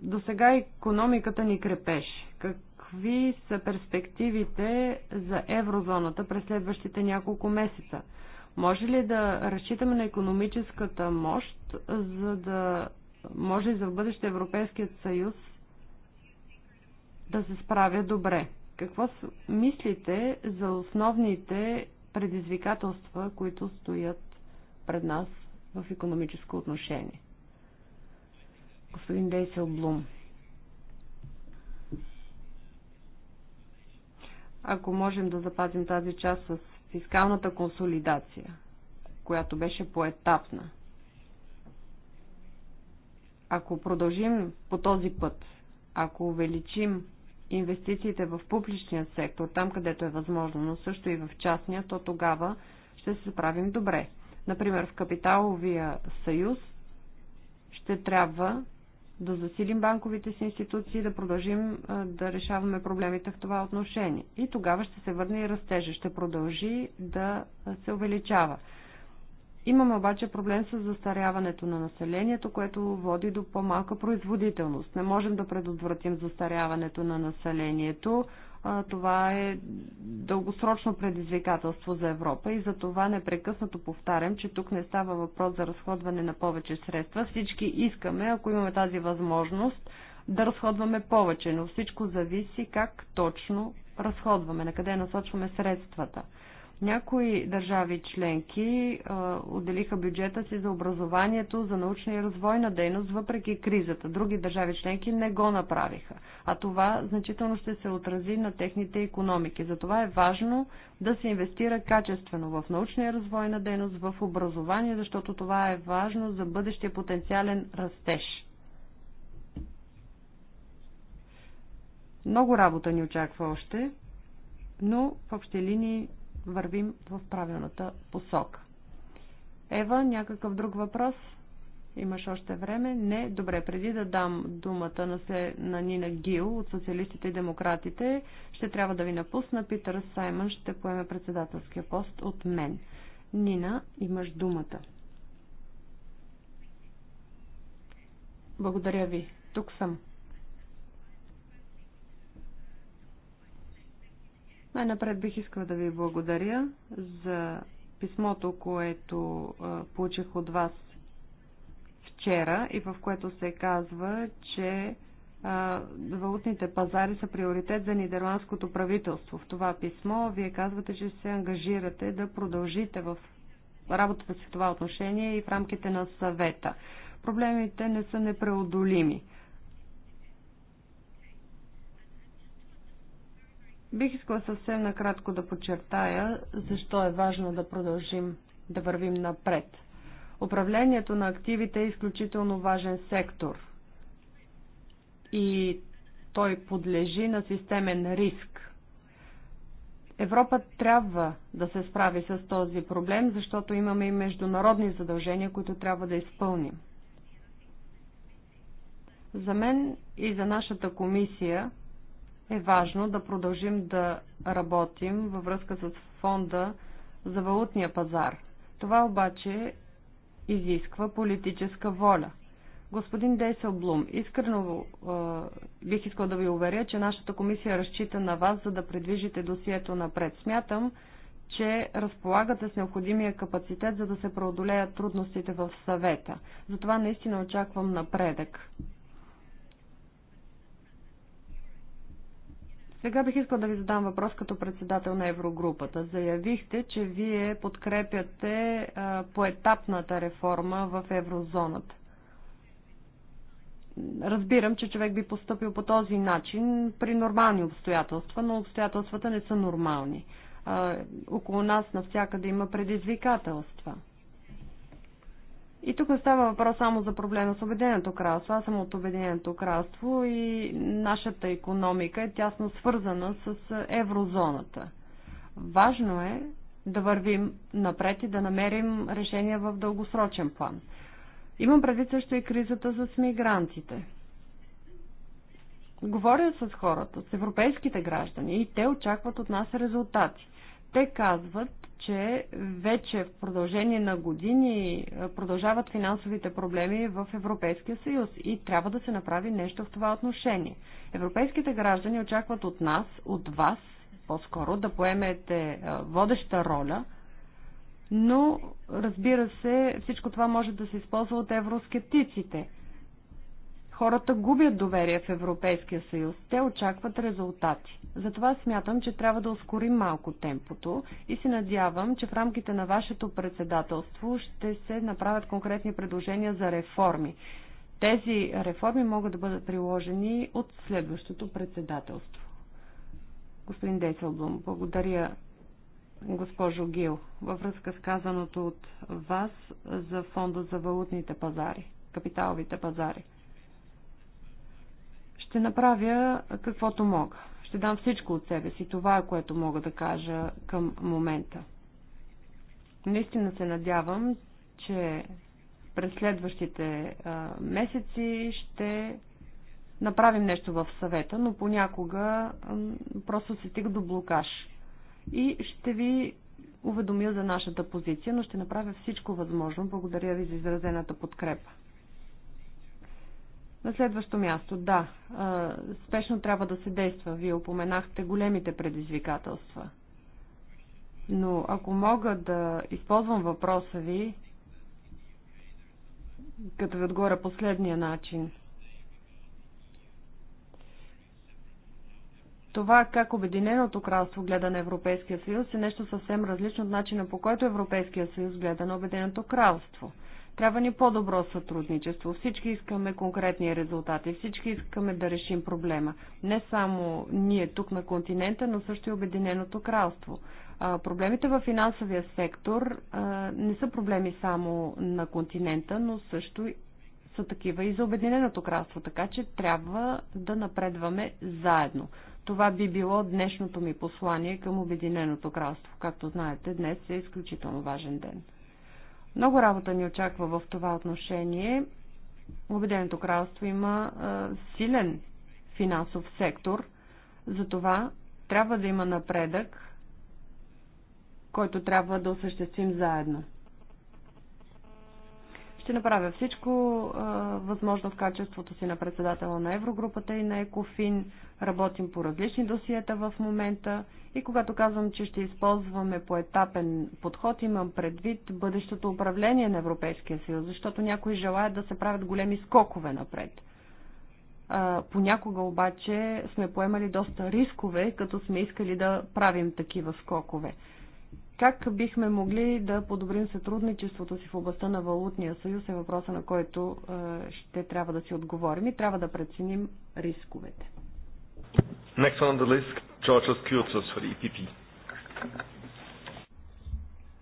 До сега економиката ни крепеше. Какви са перспективите за еврозоната през следващите няколко месеца? Може ли да разчитаме на економическата мощ, за да може и за бъдеще Европейският съюз да се справя добре? Какво мислите за основните предизвикателства, които стоят пред нас в економическо отношение? Господин Дейсел Блум. Ако можем да запазим тази част с фискалната консолидация, която беше поетапна, ако продължим по този път, ако увеличим инвестициите в публичния сектор, там където е възможно, но също и в частния, то тогава ще се справим добре. Например, в капиталовия съюз ще трябва да засилим банковите си институции, да продължим да решаваме проблемите в това отношение. И тогава ще се върне и растежа, ще продължи да се увеличава. Имаме обаче проблем с застаряването на населението, което води до по-малка производителност. Не можем да предотвратим застаряването на населението. Това е дългосрочно предизвикателство за Европа и за това непрекъснато повтарям, че тук не става въпрос за разходване на повече средства. Всички искаме, ако имаме тази възможност, да разходваме повече, но всичко зависи как точно разходваме, на къде насочваме средствата. Някои държави членки а, отделиха бюджета си за образованието, за научна и развойна дейност, въпреки кризата. Други държави членки не го направиха. А това значително ще се отрази на техните економики. Затова е важно да се инвестира качествено в научна и развойна дейност, в образование, защото това е важно за бъдещия потенциален растеж. Много работа ни очаква още, но в общи линии вървим в правилната посока. Ева, някакъв друг въпрос? Имаш още време? Не. Добре, преди да дам думата на, се, на Нина Гил от Социалистите и Демократите, ще трябва да ви напусна. Питър Саймън ще поеме председателския пост от мен. Нина, имаш думата. Благодаря ви. Тук съм. Най-напред бих искала да ви благодаря за писмото, което получих от вас вчера и в което се казва, че валутните пазари са приоритет за нидерландското правителство. В това писмо вие казвате, че се ангажирате да продължите в работата си в това отношение и в рамките на съвета. Проблемите не са непреодолими. Бих искала съвсем накратко да подчертая защо е важно да продължим да вървим напред. Управлението на активите е изключително важен сектор и той подлежи на системен риск. Европа трябва да се справи с този проблем, защото имаме и международни задължения, които трябва да изпълним. За мен и за нашата комисия е важно да продължим да работим във връзка с фонда за валутния пазар. Това обаче изисква политическа воля. Господин Дейселблум, искрено е, бих искал да ви уверя, че нашата комисия разчита на вас, за да предвижите досието напред. Смятам, че разполагате с необходимия капацитет, за да се преодолеят трудностите в съвета. Затова наистина очаквам напредък. Сега бих искал да ви задам въпрос като председател на Еврогрупата. Заявихте, че вие подкрепяте поетапната реформа в еврозоната. Разбирам, че човек би поступил по този начин при нормални обстоятелства, но обстоятелствата не са нормални. около нас навсякъде има предизвикателства – и тук не става въпрос само за проблема с Обединеното кралство. Аз съм от Обединеното кралство и нашата економика е тясно свързана с еврозоната. Важно е да вървим напред и да намерим решение в дългосрочен план. Имам предвид също и кризата с мигрантите. Говоря с хората, с европейските граждани и те очакват от нас резултати. Те казват, че вече в продължение на години продължават финансовите проблеми в Европейския съюз и трябва да се направи нещо в това отношение. Европейските граждани очакват от нас, от вас, по-скоро да поемете водеща роля, но разбира се, всичко това може да се използва от евроскептиците – Хората губят доверие в Европейския съюз. Те очакват резултати. Затова смятам, че трябва да ускорим малко темпото и се надявам, че в рамките на вашето председателство ще се направят конкретни предложения за реформи. Тези реформи могат да бъдат приложени от следващото председателство. Господин Дейселблум, благодаря госпожо Гил, във връзка с казаното от вас за фонда за валутните пазари, капиталовите пазари. Ще направя каквото мога. Ще дам всичко от себе си. Това е което мога да кажа към момента. Наистина се надявам, че през следващите а, месеци ще направим нещо в съвета, но понякога а, просто се стига до блокаж. И ще ви уведомя за нашата позиция, но ще направя всичко възможно. Благодаря ви за изразената подкрепа. На следващо място, да, спешно трябва да се действа. Вие упоменахте големите предизвикателства. Но ако мога да използвам въпроса ви, като ви отговоря последния начин. Това как Обединеното кралство гледа на Европейския съюз е нещо съвсем различно от начина по който Европейския съюз гледа на Обединеното кралство. Трябва ни по-добро сътрудничество. Всички искаме конкретни резултати. Всички искаме да решим проблема. Не само ние тук на континента, но също и Обединеното кралство. А, проблемите в финансовия сектор а, не са проблеми само на континента, но също са такива и за Обединеното кралство, така че трябва да напредваме заедно. Това би било днешното ми послание към Обединеното кралство. Както знаете, днес е изключително важен ден. Много работа ни очаква в това отношение. Обеденото кралство има силен финансов сектор, затова трябва да има напредък, който трябва да осъществим заедно ще направя всичко а, възможно в качеството си на председател на Еврогрупата и на Екофин. Работим по различни досиета в момента и когато казвам, че ще използваме поетапен подход, имам предвид бъдещото управление на Европейския съюз, защото някои желаят да се правят големи скокове напред. А, понякога обаче сме поемали доста рискове, като сме искали да правим такива скокове. Как бихме могли да подобрим сътрудничеството си в областта на валутния съюз е въпроса, на който е, ще трябва да си отговорим и трябва да преценим рисковете. Next on the list, for EPP.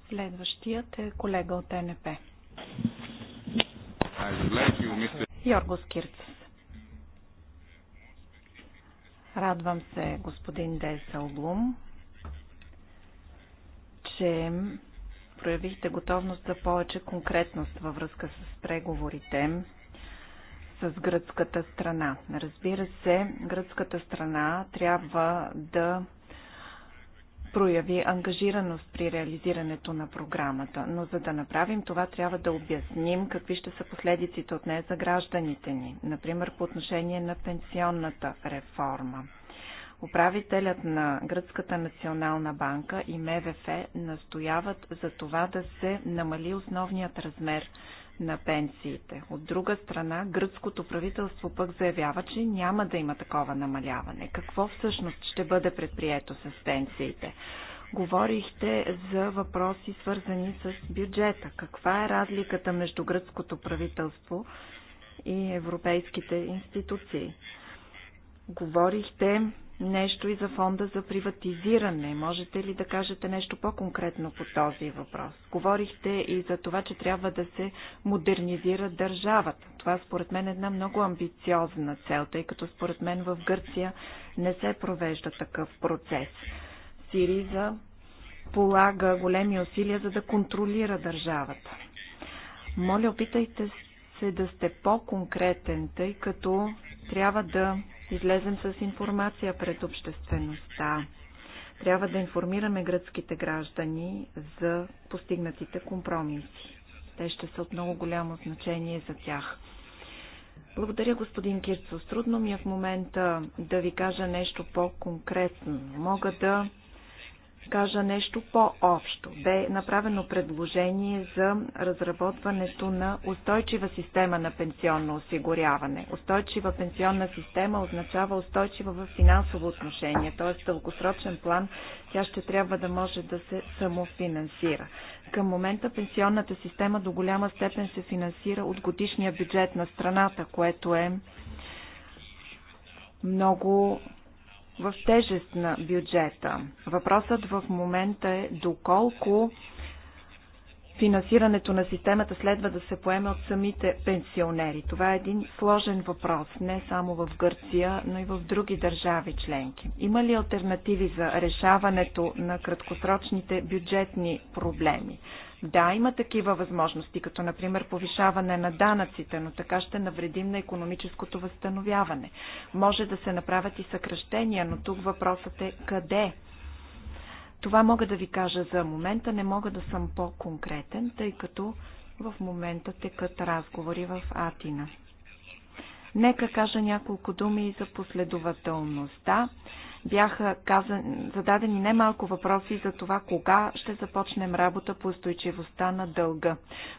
Следващият е колега от НП. Йоргос Кирцес. Радвам се, господин Дейсел Блум че проявихте готовност за повече конкретност във връзка с преговорите с гръцката страна. Разбира се, гръцката страна трябва да прояви ангажираност при реализирането на програмата, но за да направим това трябва да обясним какви ще са последиците от нея за гражданите ни, например по отношение на пенсионната реформа. Управителят на Гръцката национална банка и МВФ настояват за това да се намали основният размер на пенсиите. От друга страна, гръцкото правителство пък заявява, че няма да има такова намаляване. Какво всъщност ще бъде предприето с пенсиите? Говорихте за въпроси свързани с бюджета. Каква е разликата между гръцкото правителство и европейските институции? Говорихте нещо и за фонда за приватизиране. Можете ли да кажете нещо по-конкретно по този въпрос? Говорихте и за това, че трябва да се модернизира държавата. Това според мен е една много амбициозна цел, тъй като според мен в Гърция не се провежда такъв процес. Сириза полага големи усилия, за да контролира държавата. Моля, опитайте се да сте по-конкретен, тъй като трябва да излезем с информация пред обществеността. Трябва да информираме гръцките граждани за постигнатите компромиси. Те ще са от много голямо значение за тях. Благодаря, господин Кирцов, Трудно ми е в момента да ви кажа нещо по-конкретно. Мога да кажа нещо по-общо. Бе направено предложение за разработването на устойчива система на пенсионно осигуряване. Устойчива пенсионна система означава устойчива в финансово отношение, т.е. дългосрочен план тя ще трябва да може да се самофинансира. Към момента пенсионната система до голяма степен се финансира от годишния бюджет на страната, което е много в тежест на бюджета. Въпросът в момента е доколко финансирането на системата следва да се поеме от самите пенсионери. Това е един сложен въпрос, не само в Гърция, но и в други държави членки. Има ли альтернативи за решаването на краткосрочните бюджетни проблеми? Да, има такива възможности, като например повишаване на данъците, но така ще навредим на економическото възстановяване. Може да се направят и съкръщения, но тук въпросът е къде? Това мога да ви кажа за момента, не мога да съм по-конкретен, тъй като в момента текат разговори в Атина. Нека кажа няколко думи и за последователността. Да, бяха казани, зададени немалко въпроси за това кога ще започнем работа по устойчивостта на дълга.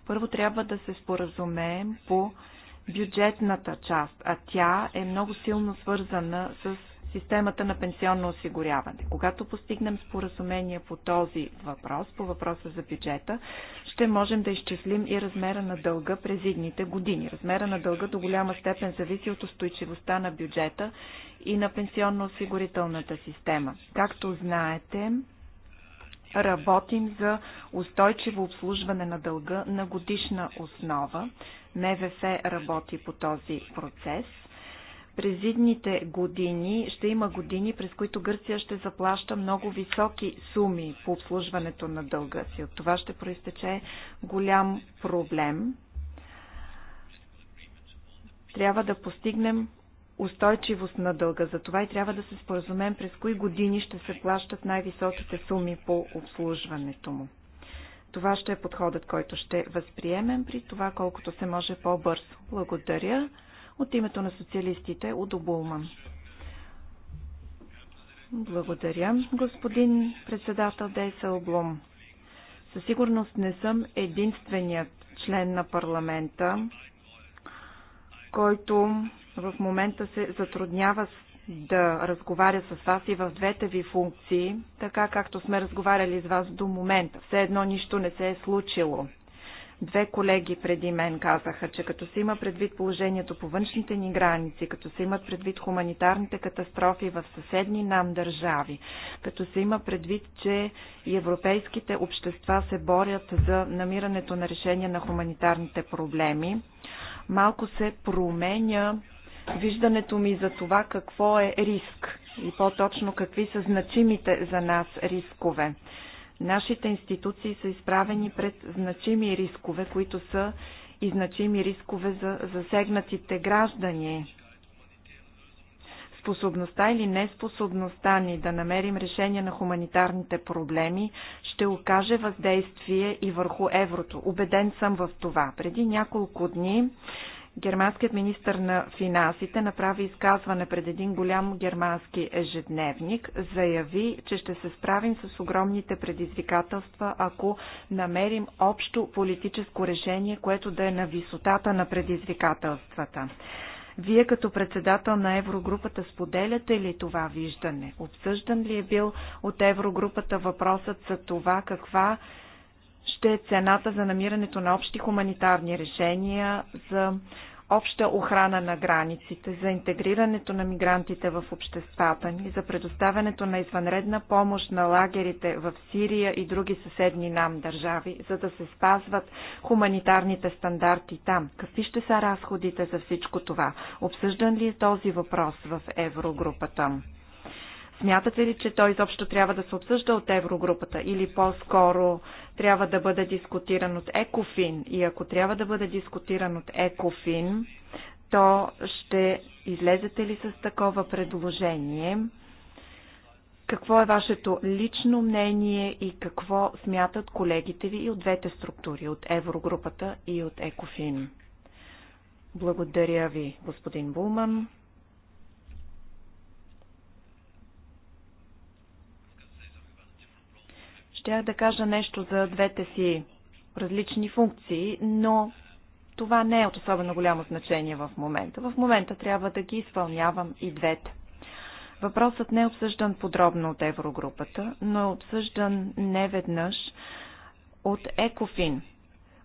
Първо трябва да се споразумеем по бюджетната част, а тя е много силно свързана с системата на пенсионно осигуряване. Когато постигнем споразумение по този въпрос, по въпроса за бюджета, ще можем да изчислим и размера на дълга през идните години. Размера на дълга до голяма степен зависи от устойчивостта на бюджета и на пенсионно-осигурителната система. Както знаете, работим за устойчиво обслужване на дълга на годишна основа. МВФ работи по този процес – през идните години ще има години, през които Гърция ще заплаща много високи суми по обслужването на дълга си. От това ще проистече голям проблем. Трябва да постигнем устойчивост на дълга. Затова и трябва да се споразумем през кои години ще се плащат най-високите суми по обслужването му. Това ще е подходът, който ще възприемем при това колкото се може по-бързо. Благодаря. От името на социалистите от Обулма. Благодаря, господин председател Дейсел Блум. Със сигурност не съм единственият член на парламента, който в момента се затруднява да разговаря с вас и в двете ви функции, така както сме разговаряли с вас до момента. Все едно нищо не се е случило. Две колеги преди мен казаха, че като се има предвид положението по външните ни граници, като се имат предвид хуманитарните катастрофи в съседни нам държави, като се има предвид, че и европейските общества се борят за намирането на решение на хуманитарните проблеми, малко се променя виждането ми за това какво е риск и по-точно какви са значимите за нас рискове. Нашите институции са изправени пред значими рискове, които са и значими рискове за засегнатите граждани. Способността или неспособността ни да намерим решение на хуманитарните проблеми ще окаже въздействие и върху еврото. Убеден съм в това. Преди няколко дни германският министр на финансите направи изказване пред един голям германски ежедневник. Заяви, че ще се справим с огромните предизвикателства, ако намерим общо политическо решение, което да е на висотата на предизвикателствата. Вие като председател на Еврогрупата споделяте ли това виждане? Обсъждан ли е бил от Еврогрупата въпросът за това каква ще е цената за намирането на общи хуманитарни решения за обща охрана на границите, за интегрирането на мигрантите в обществата ни, за предоставянето на извънредна помощ на лагерите в Сирия и други съседни нам държави, за да се спазват хуманитарните стандарти там. Какви ще са разходите за всичко това? Обсъждан ли е този въпрос в Еврогрупата? Смятате ли, че той изобщо трябва да се обсъжда от Еврогрупата или по-скоро трябва да бъде дискутиран от Екофин? И ако трябва да бъде дискутиран от Екофин, то ще излезете ли с такова предложение? Какво е вашето лично мнение и какво смятат колегите ви и от двете структури, от Еврогрупата и от Екофин? Благодаря ви, господин Булман. Щях да кажа нещо за двете си различни функции, но това не е от особено голямо значение в момента. В момента трябва да ги изпълнявам и двете. Въпросът не е обсъждан подробно от Еврогрупата, но е обсъждан неведнъж от Екофин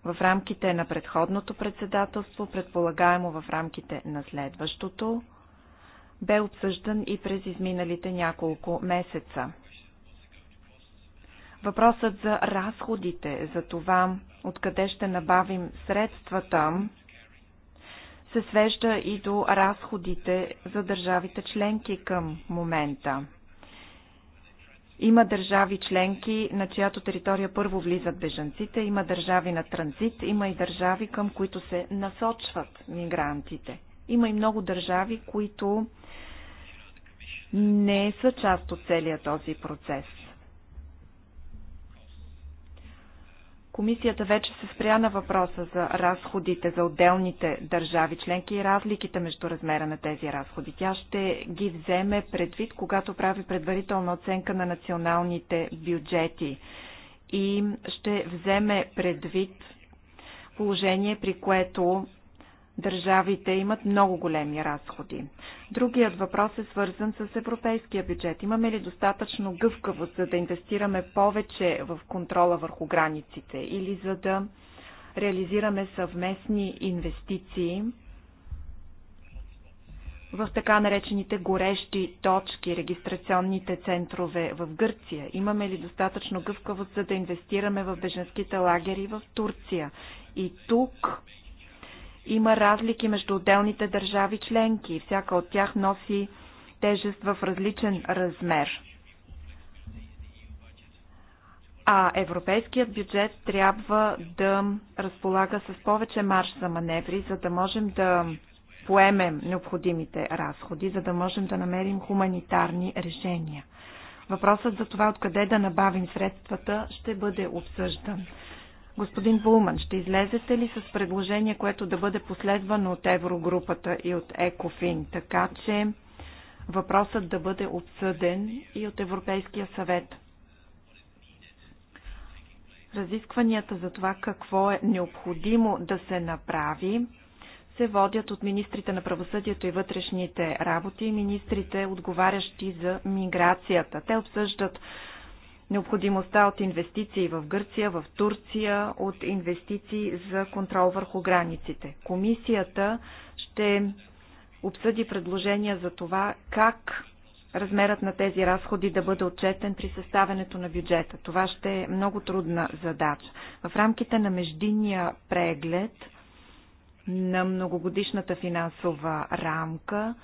в рамките на предходното председателство, предполагаемо в рамките на следващото, бе обсъждан и през изминалите няколко месеца. Въпросът за разходите, за това откъде ще набавим средствата, се свежда и до разходите за държавите членки към момента. Има държави членки, на чиято територия първо влизат бежанците, има държави на транзит, има и държави, към които се насочват мигрантите. Има и много държави, които не са част от целия този процес. Комисията вече се спря на въпроса за разходите за отделните държави членки и разликите между размера на тези разходи. Тя ще ги вземе предвид, когато прави предварителна оценка на националните бюджети и ще вземе предвид положение, при което държавите имат много големи разходи. Другият въпрос е свързан с европейския бюджет. Имаме ли достатъчно гъвкавост, за да инвестираме повече в контрола върху границите или за да реализираме съвместни инвестиции в така наречените горещи точки, регистрационните центрове в Гърция? Имаме ли достатъчно гъвкавост, за да инвестираме в беженските лагери в Турция? И тук има разлики между отделните държави членки. Всяка от тях носи тежест в различен размер. А европейският бюджет трябва да разполага с повече марш за маневри, за да можем да поемем необходимите разходи, за да можем да намерим хуманитарни решения. Въпросът за това откъде да набавим средствата ще бъде обсъждан. Господин Булман, ще излезете ли с предложение, което да бъде последвано от Еврогрупата и от ЕКОФИН, така че въпросът да бъде обсъден и от Европейския съвет? Разискванията за това какво е необходимо да се направи се водят от министрите на правосъдието и вътрешните работи и министрите, отговарящи за миграцията. Те обсъждат необходимостта от инвестиции в Гърция, в Турция, от инвестиции за контрол върху границите. Комисията ще обсъди предложения за това как размерът на тези разходи да бъде отчетен при съставянето на бюджета. Това ще е много трудна задача. В рамките на междинния преглед на многогодишната финансова рамка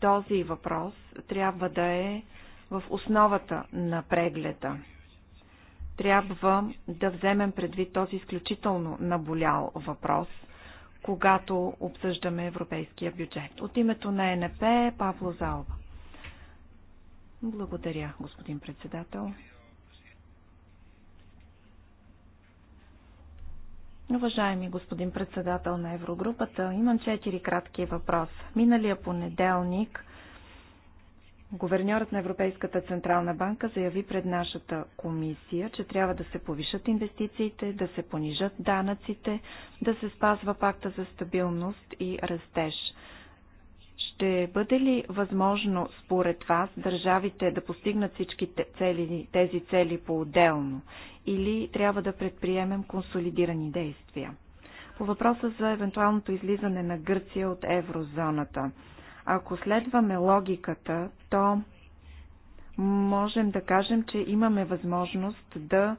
този въпрос трябва да е в основата на прегледа. Трябва да вземем предвид този изключително наболял въпрос, когато обсъждаме европейския бюджет. От името на ЕНП Павло Залба. Благодаря, господин председател. Уважаеми господин председател на Еврогрупата, имам четири кратки въпроса. Миналия понеделник Говерньорът на Европейската Централна банка заяви пред нашата комисия, че трябва да се повишат инвестициите, да се понижат данъците, да се спазва пакта за стабилност и растеж. Ще бъде ли възможно според вас държавите да постигнат всички цели, тези цели по-отделно или трябва да предприемем консолидирани действия? По въпроса за евентуалното излизане на Гърция от еврозоната – ако следваме логиката, то можем да кажем, че имаме възможност да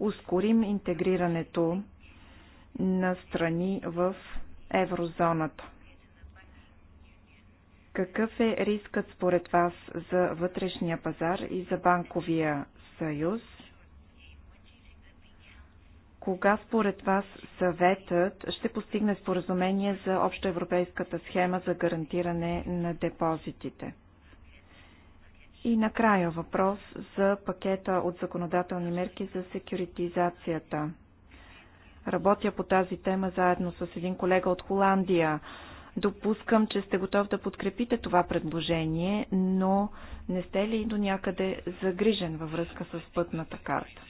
ускорим интегрирането на страни в еврозоната. Какъв е рискът според вас за вътрешния пазар и за банковия съюз? Кога според вас съветът ще постигне споразумение за общоевропейската схема за гарантиране на депозитите? И накрая въпрос за пакета от законодателни мерки за секюритизацията. Работя по тази тема заедно с един колега от Холандия. Допускам, че сте готов да подкрепите това предложение, но не сте ли до някъде загрижен във връзка с пътната карта?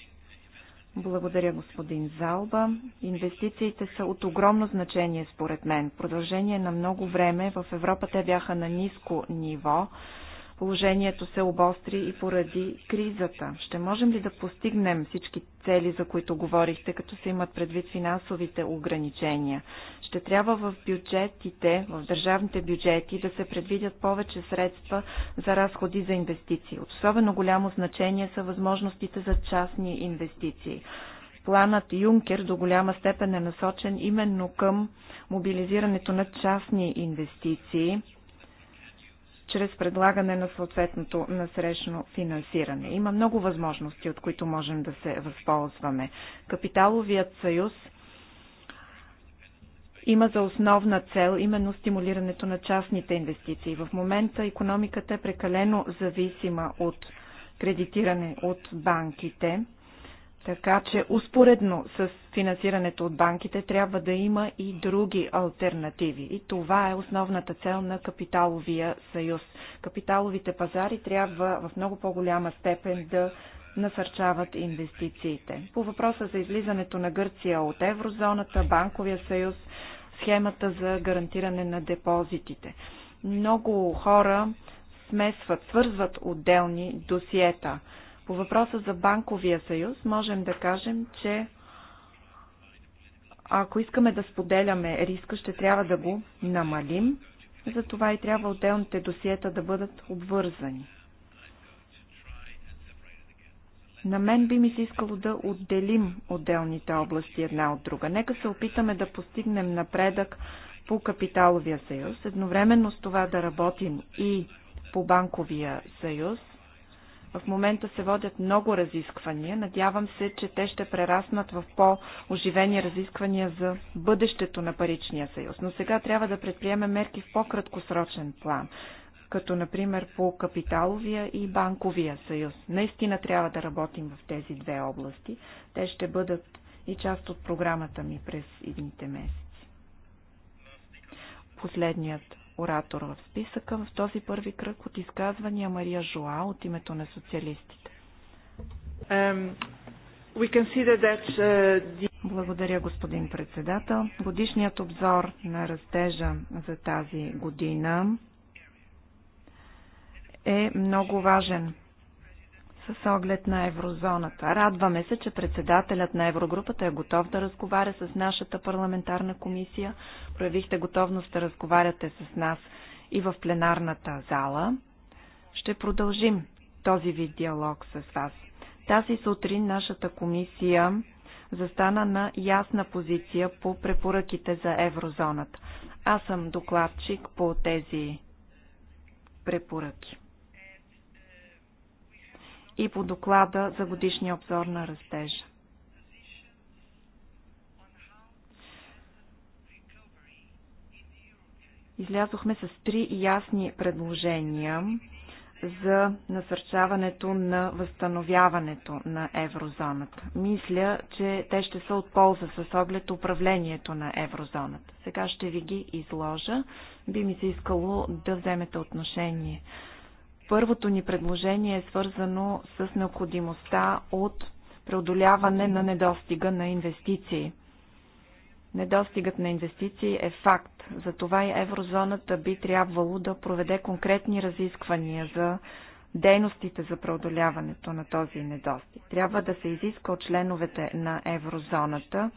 Благодаря, господин Залба. Инвестициите са от огромно значение, според мен. В продължение на много време в Европа те бяха на ниско ниво. Положението се обостри и поради кризата. Ще можем ли да постигнем всички цели, за които говорихте, като се имат предвид финансовите ограничения? ще трябва в бюджетите, в държавните бюджети да се предвидят повече средства за разходи за инвестиции. От особено голямо значение са възможностите за частни инвестиции. Планът Юнкер до голяма степен е насочен именно към мобилизирането на частни инвестиции чрез предлагане на съответното насрещно финансиране. Има много възможности, от които можем да се възползваме. Капиталовият съюз – има за основна цел именно стимулирането на частните инвестиции. В момента економиката е прекалено зависима от кредитиране от банките, така че успоредно с финансирането от банките трябва да има и други альтернативи. И това е основната цел на капиталовия съюз. Капиталовите пазари трябва в много по-голяма степен да насърчават инвестициите. По въпроса за излизането на Гърция от еврозоната, банковия съюз, схемата за гарантиране на депозитите. Много хора смесват, свързват отделни досиета. По въпроса за банковия съюз можем да кажем, че ако искаме да споделяме риска, ще трябва да го намалим. Затова и трябва отделните досиета да бъдат обвързани. На мен би ми се искало да отделим отделните области една от друга. Нека се опитаме да постигнем напредък по капиталовия съюз, едновременно с това да работим и по банковия съюз. В момента се водят много разисквания. Надявам се, че те ще прераснат в по-оживени разисквания за бъдещето на паричния съюз. Но сега трябва да предприемем мерки в по-краткосрочен план като например по капиталовия и банковия съюз. Наистина трябва да работим в тези две области. Те ще бъдат и част от програмата ми през идните месеци. Последният оратор в списъка в този първи кръг от изказвания Мария Жоа от името на социалистите. Um, that, uh, the... Благодаря, господин председател. Годишният обзор на растежа за тази година е много важен с оглед на еврозоната. Радваме се, че председателят на Еврогрупата е готов да разговаря с нашата парламентарна комисия. Проявихте готовност да разговаряте с нас и в пленарната зала. Ще продължим този вид диалог с вас. Тази сутрин нашата комисия застана на ясна позиция по препоръките за еврозоната. Аз съм докладчик по тези препоръки и по доклада за годишния обзор на растежа. Излязохме с три ясни предложения за насърчаването на възстановяването на еврозоната. Мисля, че те ще са от полза с оглед управлението на еврозоната. Сега ще ви ги изложа. Би ми се искало да вземете отношение Първото ни предложение е свързано с необходимостта от преодоляване на недостига на инвестиции. Недостигът на инвестиции е факт. Затова и еврозоната би трябвало да проведе конкретни разисквания за дейностите за преодоляването на този недостиг. Трябва да се изиска от членовете на еврозоната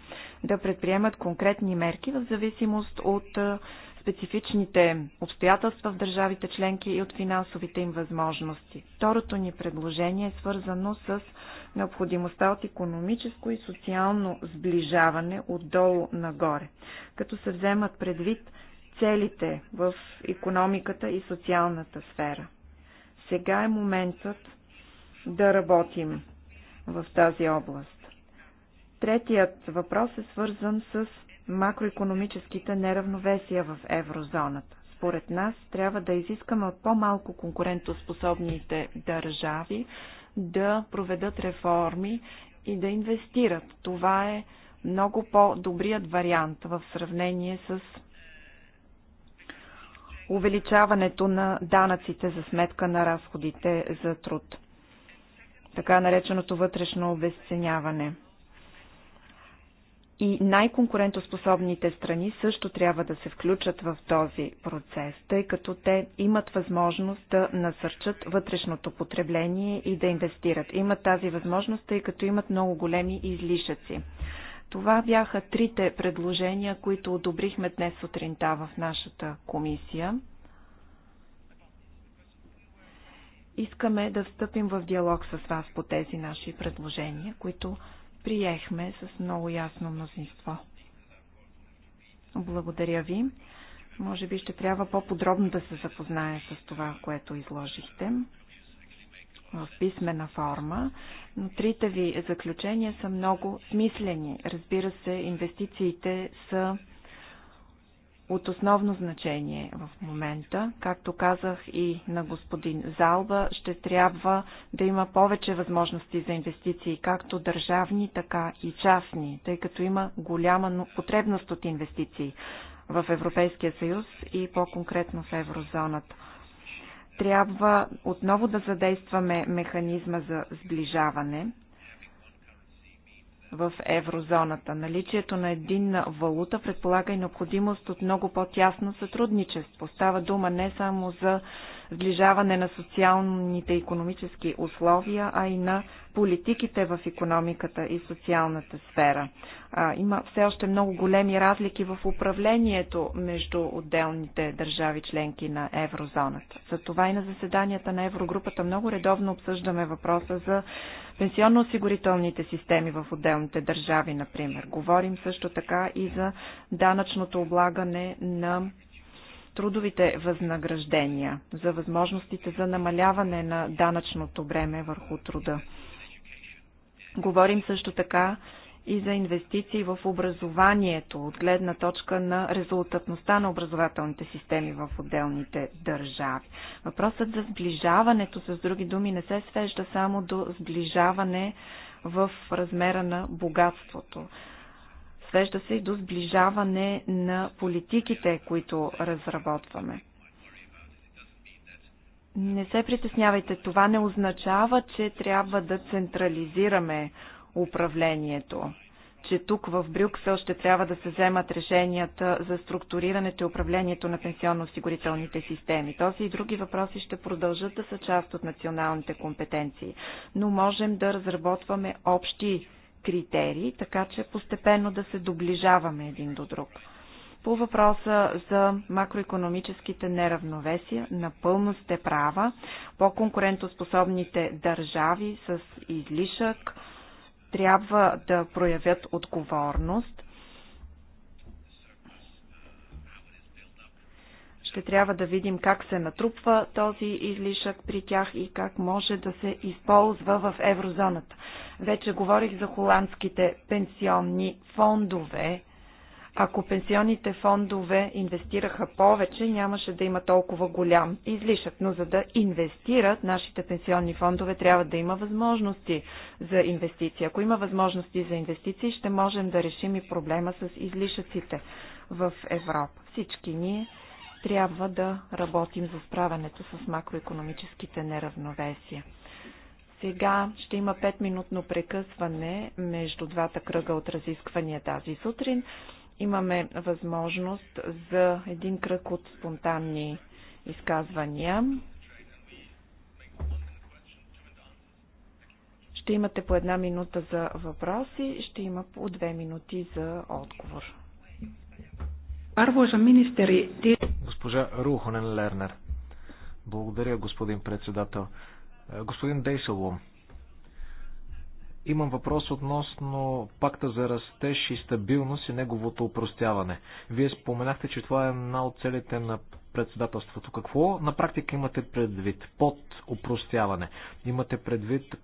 да предприемат конкретни мерки в зависимост от специфичните обстоятелства в държавите членки и от финансовите им възможности. Второто ни предложение е свързано с необходимостта от економическо и социално сближаване отдолу нагоре, като се вземат предвид целите в економиката и социалната сфера. Сега е моментът да работим в тази област. Третият въпрос е свързан с макроекономическите неравновесия в еврозоната. Според нас трябва да изискаме от по-малко конкурентоспособните държави да проведат реформи и да инвестират. Това е много по-добрият вариант в сравнение с увеличаването на данъците за сметка на разходите за труд. Така нареченото вътрешно обесценяване – и най-конкурентоспособните страни също трябва да се включат в този процес, тъй като те имат възможност да насърчат вътрешното потребление и да инвестират. Имат тази възможност, тъй като имат много големи излишъци. Това бяха трите предложения, които одобрихме днес сутринта в нашата комисия. Искаме да встъпим в диалог с вас по тези наши предложения, които приехме с много ясно мнозинство. Благодаря ви. Може би ще трябва по-подробно да се запознае с това, което изложихте в писмена форма, но трите ви заключения са много смислени. Разбира се, инвестициите са от основно значение в момента. Както казах и на господин Залба, ще трябва да има повече възможности за инвестиции, както държавни, така и частни, тъй като има голяма потребност от инвестиции в Европейския съюз и по-конкретно в еврозоната. Трябва отново да задействаме механизма за сближаване, в еврозоната. Наличието на единна валута предполага и необходимост от много по-тясно сътрудничество. Става дума не само за сближаване на социалните и економически условия, а и на политиките в економиката и социалната сфера. А, има все още много големи разлики в управлението между отделните държави членки на еврозоната. Затова и на заседанията на еврогрупата много редовно обсъждаме въпроса за пенсионно-осигурителните системи в отделните държави, например. Говорим също така и за данъчното облагане на трудовите възнаграждения, за възможностите за намаляване на данъчното бреме върху труда. Говорим също така и за инвестиции в образованието от гледна точка на резултатността на образователните системи в отделните държави. Въпросът за сближаването, с други думи, не се свежда само до сближаване в размера на богатството. Свежда се и до сближаване на политиките, които разработваме. Не се притеснявайте, това не означава, че трябва да централизираме управлението, че тук в Брюксел ще трябва да се вземат решенията за структурирането и управлението на пенсионно-осигурителните системи. Този и други въпроси ще продължат да са част от националните компетенции, но можем да разработваме общи критерии, така че постепенно да се доближаваме един до друг. По въпроса за макроекономическите неравновесия, напълно сте права. По-конкурентоспособните държави с излишък трябва да проявят отговорност. Ще трябва да видим как се натрупва този излишък при тях и как може да се използва в еврозоната. Вече говорих за холандските пенсионни фондове. Ако пенсионните фондове инвестираха повече, нямаше да има толкова голям излишък. Но за да инвестират, нашите пенсионни фондове трябва да има възможности за инвестиции. Ако има възможности за инвестиции, ще можем да решим и проблема с излишъците в Европа. Всички ние трябва да работим за справянето с макроекономическите неравновесия. Сега ще има 5-минутно прекъсване между двата кръга от разисквания тази сутрин. Имаме възможност за един кръг от спонтанни изказвания. Ще имате по една минута за въпроси, ще има по две минути за отговор. Arvoisa ministeri... Госпожа Рухонен Лернер. Благодаря, господин председател. Е, господин Дейселум, имам въпрос относно пакта за растеж и стабилност и неговото упростяване. Вие споменахте, че това е една от целите на председателството. Какво на практика имате предвид под упростяване? Имате предвид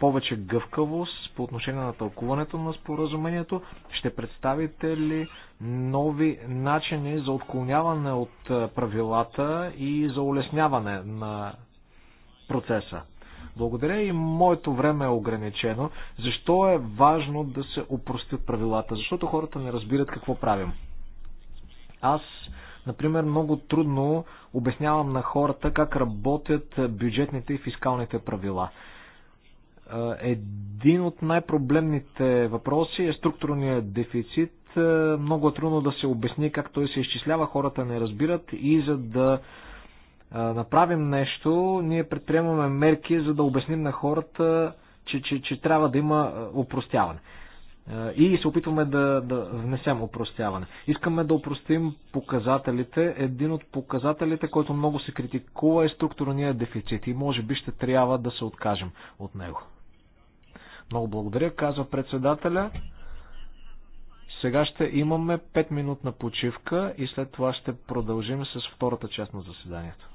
повече гъвкавост по отношение на тълкуването на споразумението? Ще представите ли нови начини за отклоняване от правилата и за улесняване на процеса? Благодаря и моето време е ограничено. Защо е важно да се опростят правилата? Защото хората не разбират какво правим. Аз, например, много трудно обяснявам на хората как работят бюджетните и фискалните правила. Един от най-проблемните въпроси е структурният дефицит. Много е трудно да се обясни как той се изчислява, хората не разбират и за да направим нещо, ние предприемаме мерки, за да обясним на хората, че, че, че трябва да има упростяване. И се опитваме да, да внесем упростяване. Искаме да упростим показателите. Един от показателите, който много се критикува е структурния дефицит и може би ще трябва да се откажем от него. Много благодаря, казва председателя. Сега ще имаме 5 минутна почивка и след това ще продължим с втората част на заседанието.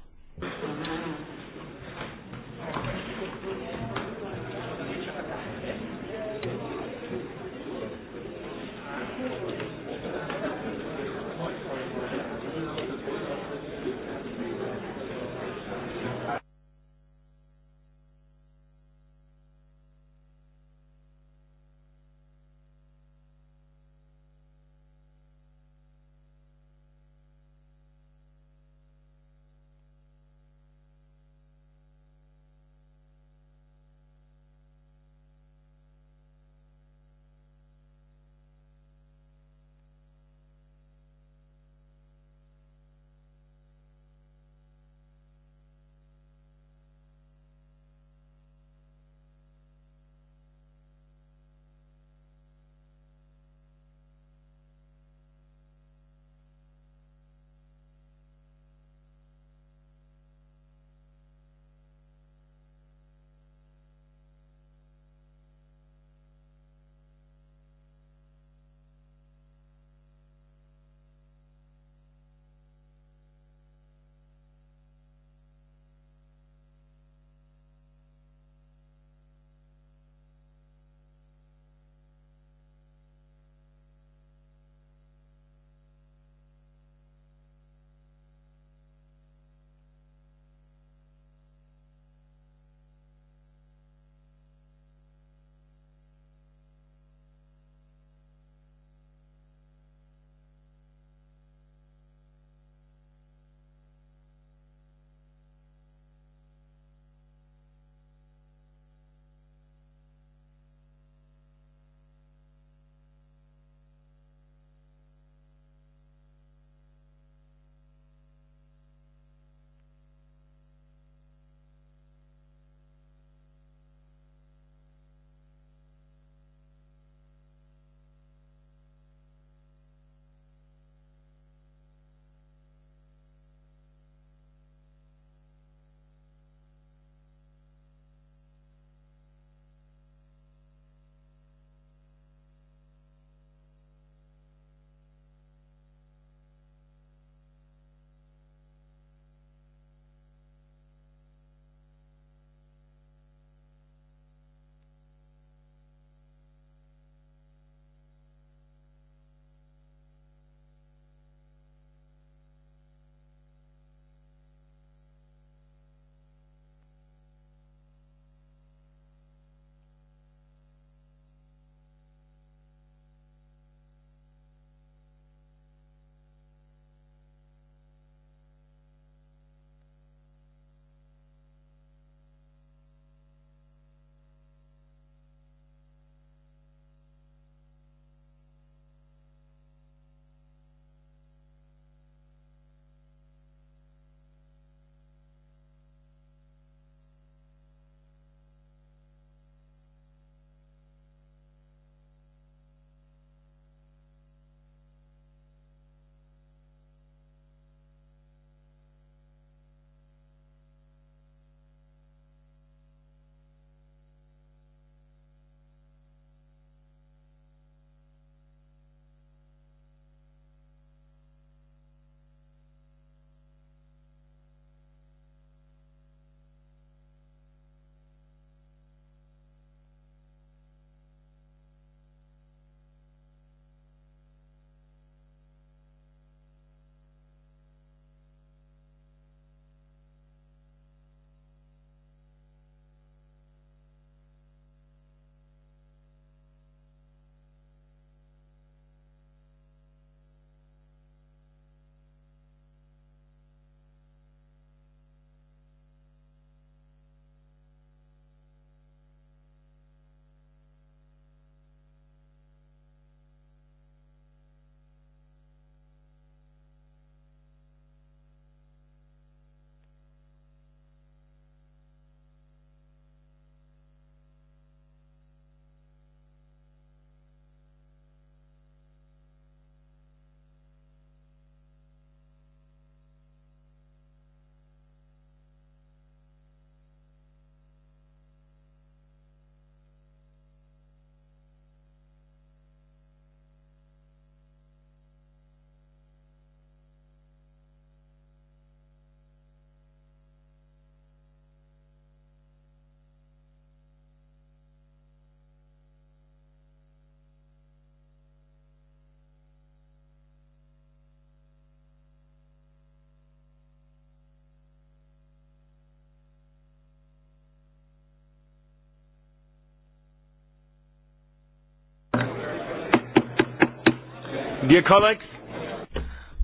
Dear colleagues,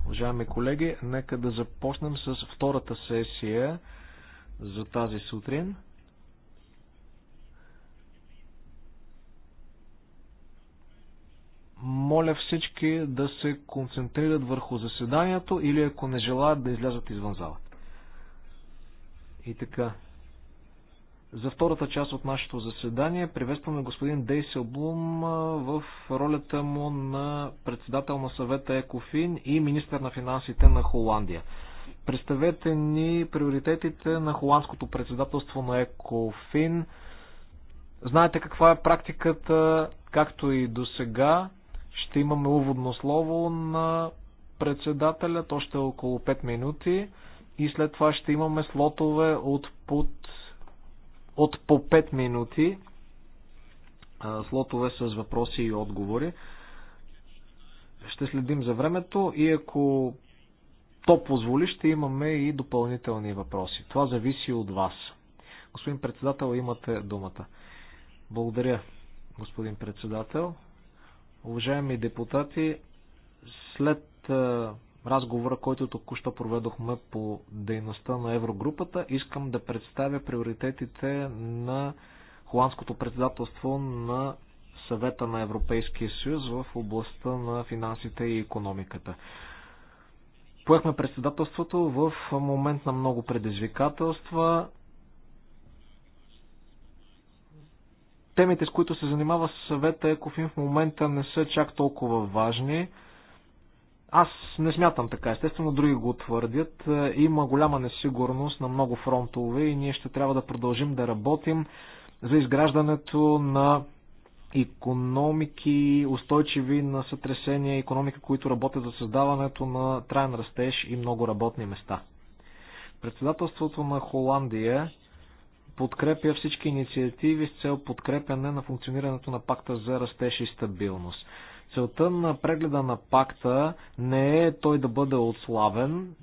Уважаеми колеги, нека да започнем с втората сесия за тази сутрин. Моля всички да се концентрират върху заседанието или ако не желаят да излязат извън залата. И така, за втората част от нашето заседание. Приветстваме господин Дейсел Блум в ролята му на председател на съвета ЕКОФИН и министър на финансите на Холандия. Представете ни приоритетите на холандското председателство на ЕКОФИН. Знаете каква е практиката, както и до сега. Ще имаме уводно слово на председателя, то ще е около 5 минути и след това ще имаме слотове от под от по 5 минути слотове с въпроси и отговори. Ще следим за времето и ако то позволи, ще имаме и допълнителни въпроси. Това зависи от вас. Господин председател, имате думата. Благодаря, господин председател. Уважаеми депутати, след разговора, който току-що проведохме по дейността на Еврогрупата. Искам да представя приоритетите на холандското председателство на съвета на Европейския съюз в областта на финансите и економиката. Поехме председателството в момент на много предизвикателства. Темите, с които се занимава съвета Екофин в момента не са чак толкова важни. Аз не смятам така. Естествено, други го твърдят. Е, има голяма несигурност на много фронтове и ние ще трябва да продължим да работим за изграждането на економики, устойчиви на сътресения, економика, които работят за създаването на траен растеж и много работни места. Председателството на Холандия подкрепя всички инициативи с цел подкрепяне на функционирането на пакта за растеж и стабилност. Целта на прегледа на пакта не е той да бъде отславен,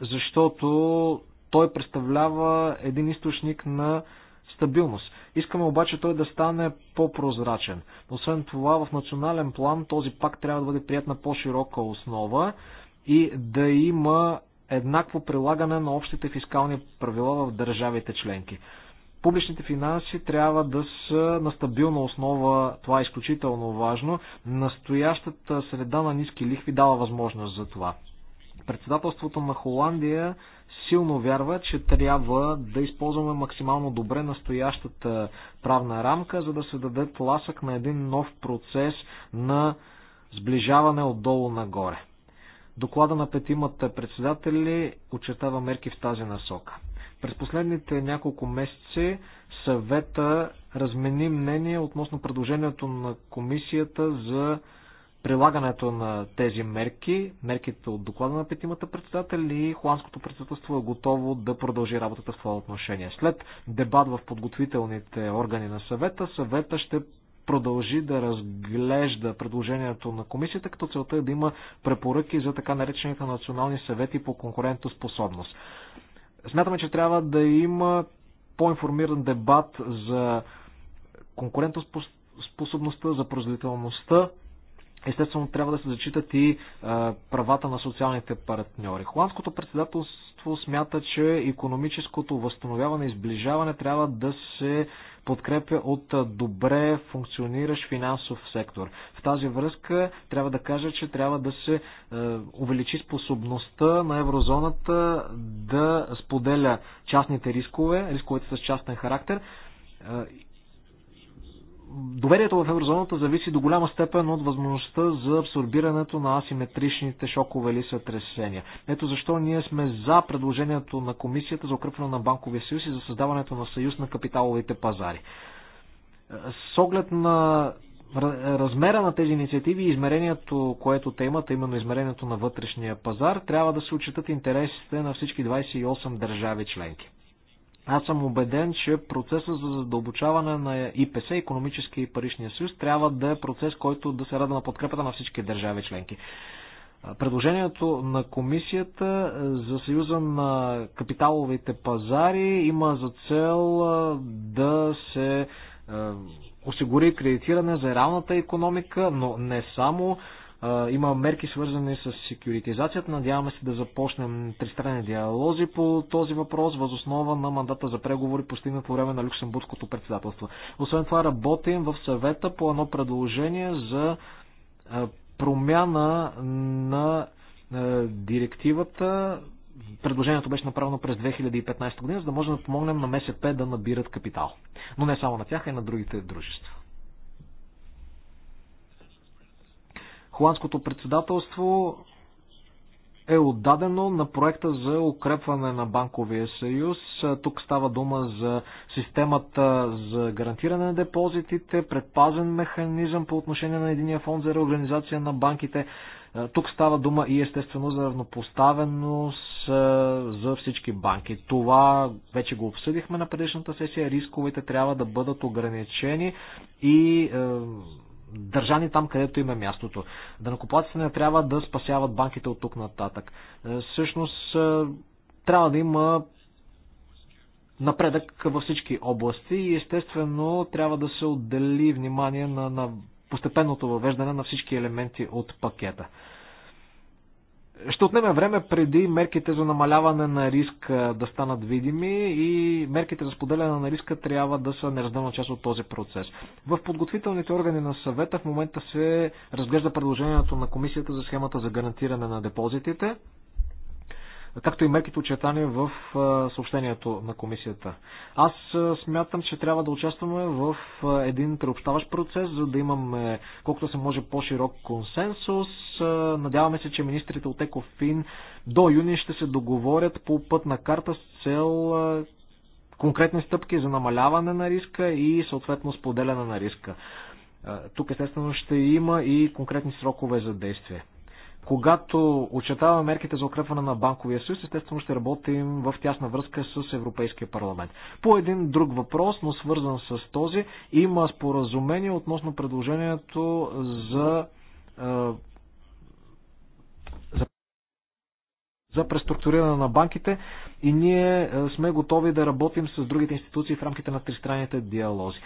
защото той представлява един източник на стабилност. Искаме обаче той да стане по-прозрачен. Освен това, в национален план този пакт трябва да бъде прият на по-широка основа и да има еднакво прилагане на общите фискални правила в държавите членки. Публичните финанси трябва да са на стабилна основа, това е изключително важно. Настоящата среда на ниски лихви дава възможност за това. Председателството на Холандия силно вярва, че трябва да използваме максимално добре настоящата правна рамка, за да се даде тласък на един нов процес на сближаване отдолу нагоре. Доклада на петимата председатели очертава мерки в тази насока. През последните няколко месеци съвета размени мнение относно предложението на комисията за прилагането на тези мерки, мерките от доклада на петимата председател и холандското председателство е готово да продължи работата в това отношение. След дебат в подготвителните органи на съвета, съвета ще продължи да разглежда предложението на комисията, като целта е да има препоръки за така наречените национални съвети по конкурентоспособност. Смятаме, че трябва да има по-информиран дебат за конкурентоспособността, за производителността. Естествено, трябва да се зачитат и правата на социалните партньори. Холандското председателство правителство смята, че економическото възстановяване и сближаване трябва да се подкрепя от добре функциониращ финансов сектор. В тази връзка трябва да кажа, че трябва да се е, увеличи способността на еврозоната да споделя частните рискове, рисковете с частен характер доверието в еврозоната зависи до голяма степен от възможността за абсорбирането на асиметричните шокове или сътресения. Ето защо ние сме за предложението на комисията за укрепване на банковия съюз и за създаването на съюз на капиталовите пазари. С оглед на размера на тези инициативи и измерението, което те имат, именно измерението на вътрешния пазар, трябва да се отчитат интересите на всички 28 държави членки. Аз съм убеден, че процесът за задълбочаване на ИПС, економически и паричния съюз, трябва да е процес, който да се рада на подкрепата на всички държави членки. Предложението на комисията за съюза на капиталовите пазари има за цел да се осигури кредитиране за реалната економика, но не само има мерки свързани с секюритизацията. Надяваме се да започнем тристранни диалози по този въпрос, възоснова на мандата за преговори, постигнат по време на Люксембургското председателство. Освен това работим в съвета по едно предложение за промяна на директивата. Предложението беше направено през 2015 година, за да можем да помогнем на МСП да набират капитал. Но не само на тях, а и на другите дружества. Холандското председателство е отдадено на проекта за укрепване на банковия съюз. Тук става дума за системата за гарантиране на депозитите, предпазен механизъм по отношение на единия фонд за реорганизация на банките. Тук става дума и естествено за равнопоставеност за всички банки. Това вече го обсъдихме на предишната сесия. Рисковете трябва да бъдат ограничени и държани там, където има е мястото. мястото. Данакоплатците не трябва да спасяват банките от тук нататък. Е, всъщност е, трябва да има напредък във всички области и естествено трябва да се отдели внимание на, на постепенното въвеждане на всички елементи от пакета ще отнеме време преди мерките за намаляване на риск да станат видими и мерките за споделяне на риска трябва да са неразделна част от този процес. В подготвителните органи на съвета в момента се разглежда предложението на комисията за схемата за гарантиране на депозитите както и мерките очертани в съобщението на комисията. Аз смятам, че трябва да участваме в един преобщаващ процес, за да имаме колкото се може по-широк консенсус. Надяваме се, че министрите от ЕКОФИН до юни ще се договорят по пътна карта с цел конкретни стъпки за намаляване на риска и съответно споделяне на риска. Тук естествено ще има и конкретни срокове за действие. Когато очетаваме мерките за укрепване на банковия съюз, естествено ще работим в тясна връзка с Европейския парламент. По един друг въпрос, но свързан с този, има споразумение относно предложението за е, за преструктуриране на банките и ние е, сме готови да работим с другите институции в рамките на тристранните диалози.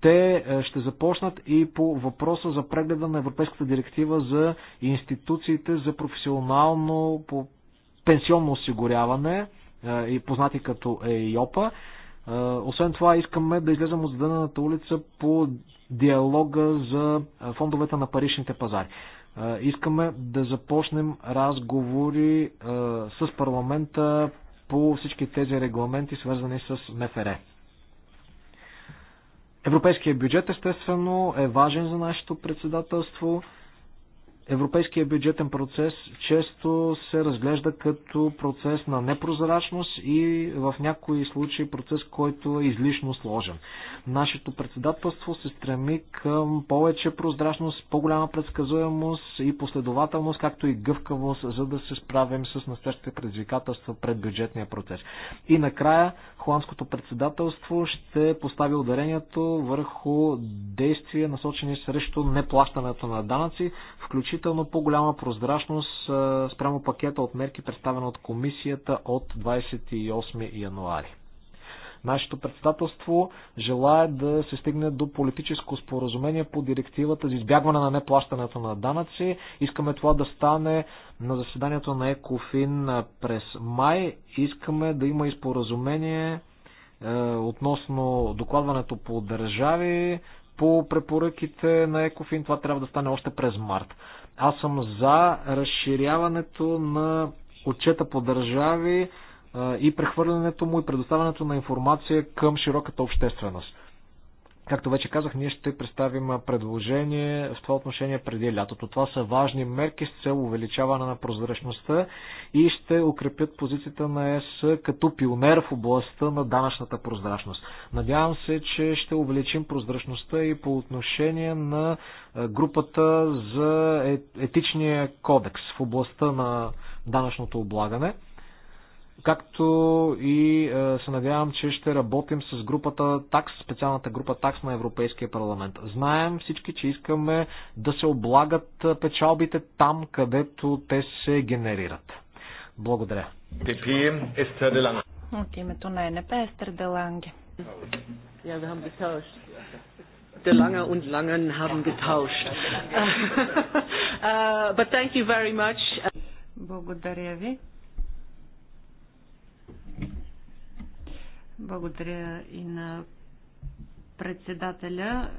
Те е, ще започнат и по въпроса за прегледа на Европейската директива за институциите за професионално по пенсионно осигуряване е, и познати като ЕИОПА. Освен това, искаме да излезем от задънената улица по диалога за фондовете на паричните пазари. Искаме да започнем разговори с парламента по всички тези регламенти, свързани с МФР. Европейският бюджет, естествено, е важен за нашето председателство. Европейския бюджетен процес често се разглежда като процес на непрозрачност и в някои случаи процес, който е излишно сложен. Нашето председателство се стреми към повече прозрачност, по-голяма предсказуемост и последователност, както и гъвкавост, за да се справим с настоящите предизвикателства пред бюджетния процес. И накрая, холандското председателство ще постави ударението върху действия, насочени срещу неплащането на данъци, включително значително по-голяма прозрачност спрямо пакета от мерки, представена от комисията от 28 януари. Нашето председателство желая да се стигне до политическо споразумение по директивата за избягване на неплащането на данъци. Искаме това да стане на заседанието на ЕКОФИН през май. Искаме да има и споразумение е, относно докладването по държави, по препоръките на Екофин. Това трябва да стане още през март. Аз съм за разширяването на отчета по държави и прехвърлянето му и предоставянето на информация към широката общественост. Както вече казах, ние ще представим предложение в това отношение преди лятото. Това са важни мерки с цел увеличаване на прозрачността и ще укрепят позицията на ЕС като пионер в областта на данъчната прозрачност. Надявам се, че ще увеличим прозрачността и по отношение на групата за е, етичния кодекс в областта на данъчното облагане както и е, се надявам, че ще работим с групата ТАКС, специалната група ТАКС на Европейския парламент. Знаем всички, че искаме да се облагат е, печалбите там, където те се генерират. Благодаря. От името на НП Естер Деланге. De Lange und Langen haben getauscht. uh, but thank you very much. Благодаря ви. Благодаря и на председателя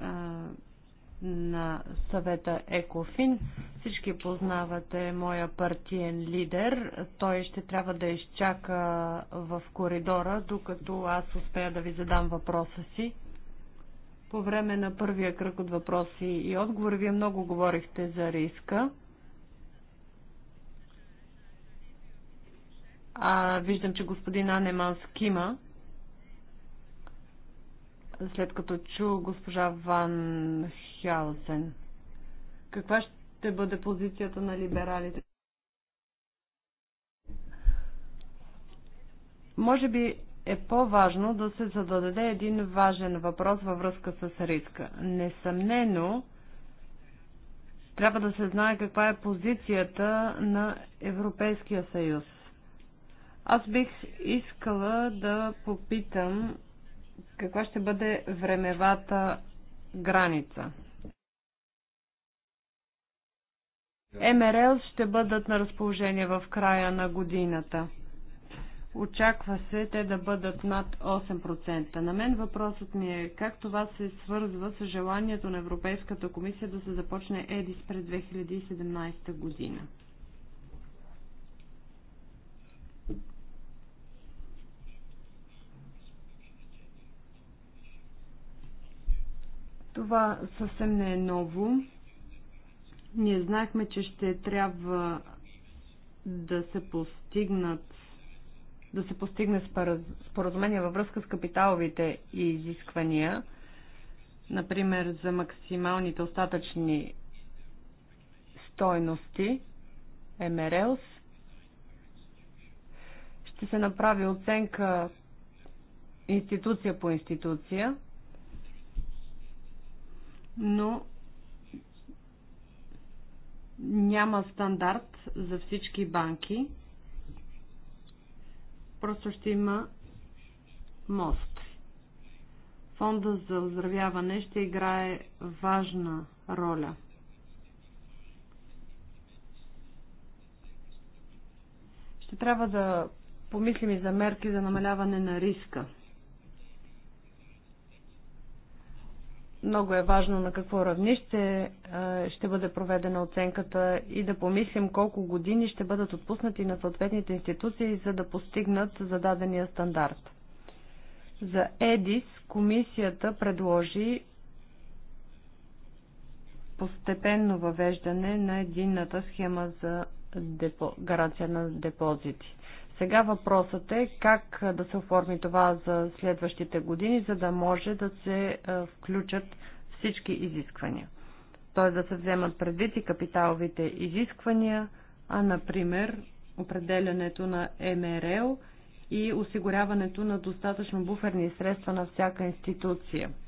на съвета Екофин. Всички познавате моя партиен лидер. Той ще трябва да изчака в коридора, докато аз успея да ви задам въпроса си. По време на първия кръг от въпроси и отговори вие много говорихте за риска. А, виждам, че господин Анеман скима след като чу госпожа Ван Хялсен. Каква ще бъде позицията на либералите? Може би е по-важно да се зададе един важен въпрос във връзка с риска. Несъмнено, трябва да се знае каква е позицията на Европейския съюз. Аз бих искала да попитам каква ще бъде времевата граница? МРЛ ще бъдат на разположение в края на годината. Очаква се те да бъдат над 8%. На мен въпросът ми е как това се свързва с желанието на Европейската комисия да се започне ЕДИС през 2017 година. Това съвсем не е ново. Ние знаехме, че ще трябва да се постигнат да се постигне споразумение във връзка с капиталовите изисквания, например за максималните остатъчни стойности, МРЛС. Ще се направи оценка институция по институция но няма стандарт за всички банки. Просто ще има мост. Фонда за оздравяване ще играе важна роля. Ще трябва да помислим и за мерки за намаляване на риска. много е важно на какво равнище ще бъде проведена оценката и да помислим колко години ще бъдат отпуснати на съответните институции, за да постигнат зададения стандарт. За ЕДИС комисията предложи постепенно въвеждане на единната схема за депо... гаранция на депозити. Сега въпросът е как да се оформи това за следващите години, за да може да се е, включат всички изисквания. Т.е. да се вземат предвид и капиталовите изисквания, а например определянето на МРЛ и осигуряването на достатъчно буферни средства на всяка институция –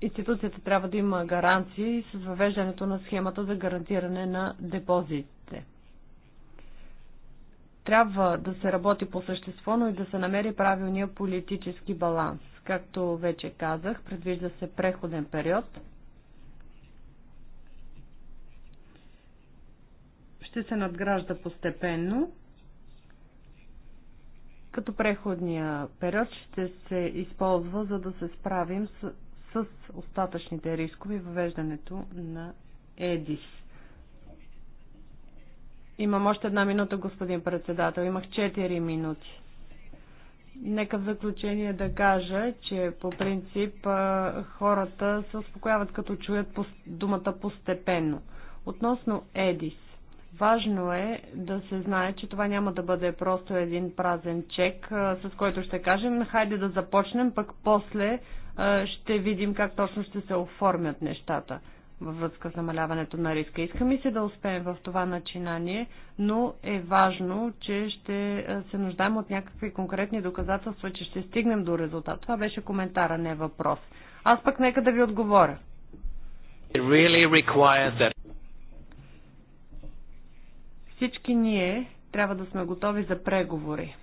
институцията трябва да има гаранции с въвеждането на схемата за гарантиране на депозитите. Трябва да се работи по същество, но и да се намери правилния политически баланс. Както вече казах, предвижда се преходен период. Ще се надгражда постепенно като преходния период ще се използва, за да се справим с с остатъчните рискове и въвеждането на ЕДИС. Имам още една минута, господин председател. Имах 4 минути. Нека в заключение да кажа, че по принцип хората се успокояват като чуят думата постепенно. Относно ЕДИС, важно е да се знае, че това няма да бъде просто един празен чек, с който ще кажем, хайде да започнем, пък после ще видим как точно ще се оформят нещата във връзка с намаляването на риска. Искаме се да успеем в това начинание, но е важно, че ще се нуждаем от някакви конкретни доказателства, че ще стигнем до резултат. Това беше коментара, не въпрос. Аз пък нека да ви отговоря. Really that... Всички ние трябва да сме готови за преговори.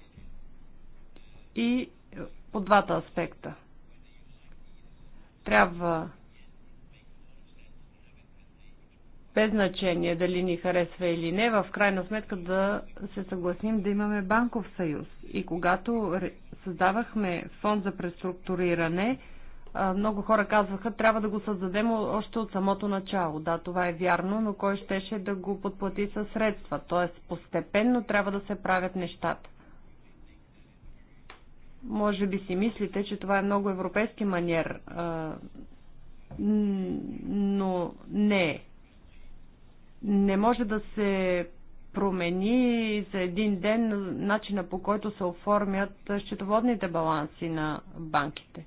И по двата аспекта – трябва без значение дали ни харесва или не, в крайна сметка да се съгласим да имаме банков съюз. И когато създавахме фонд за преструктуриране, много хора казваха, трябва да го създадем още от самото начало. Да, това е вярно, но кой щеше да го подплати със средства? Тоест, постепенно трябва да се правят нещата. Може би си мислите, че това е много европейски маниер, но не. Не може да се промени за един ден начина по който се оформят счетоводните баланси на банките.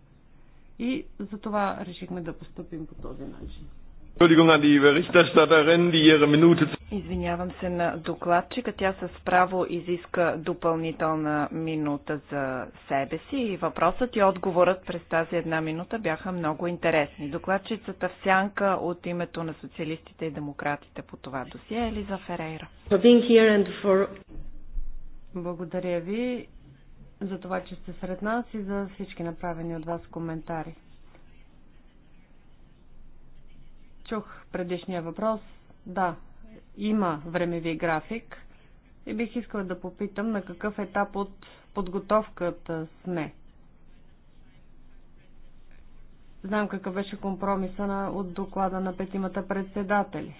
И за това решихме да поступим по този начин. Извинявам се на докладчика. Тя с право изиска допълнителна минута за себе си и въпросът и отговорът през тази една минута бяха много интересни. Докладчицата в сянка от името на социалистите и демократите по това досие Елиза Ферейра. Благодаря ви за това, че сте сред нас и за всички направени от вас коментари. Чух предишния въпрос. Да, има времеви график и бих искала да попитам на какъв етап от подготовката сме. Знам какъв беше компромиса на, от доклада на петимата председатели.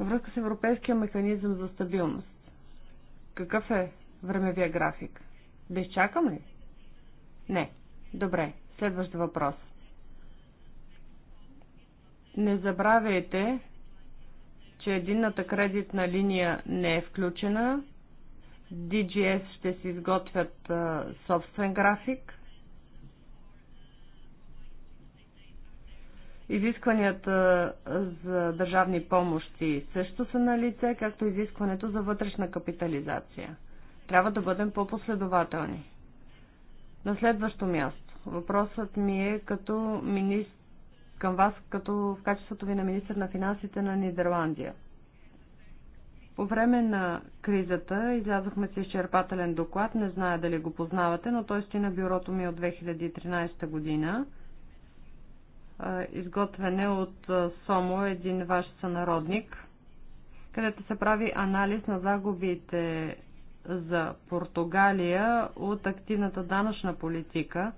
връзка с Европейския механизъм за стабилност. Какъв е времевия график? Да изчакаме ли? Не. Добре. Следващ въпрос. Не забравяйте, че единната кредитна линия не е включена. DGS ще си изготвят собствен график. Изискванията за държавни помощи също са на лице, както изискването за вътрешна капитализация. Трябва да бъдем по-последователни. На следващо място. Въпросът ми е като министр към вас като в качеството ви на министр на финансите на Нидерландия. По време на кризата излязохме с изчерпателен доклад, не зная дали го познавате, но той стои на бюрото ми от 2013 година. Изготвен е от СОМО, един ваш сънародник, където се прави анализ на загубите за Португалия от активната данъчна политика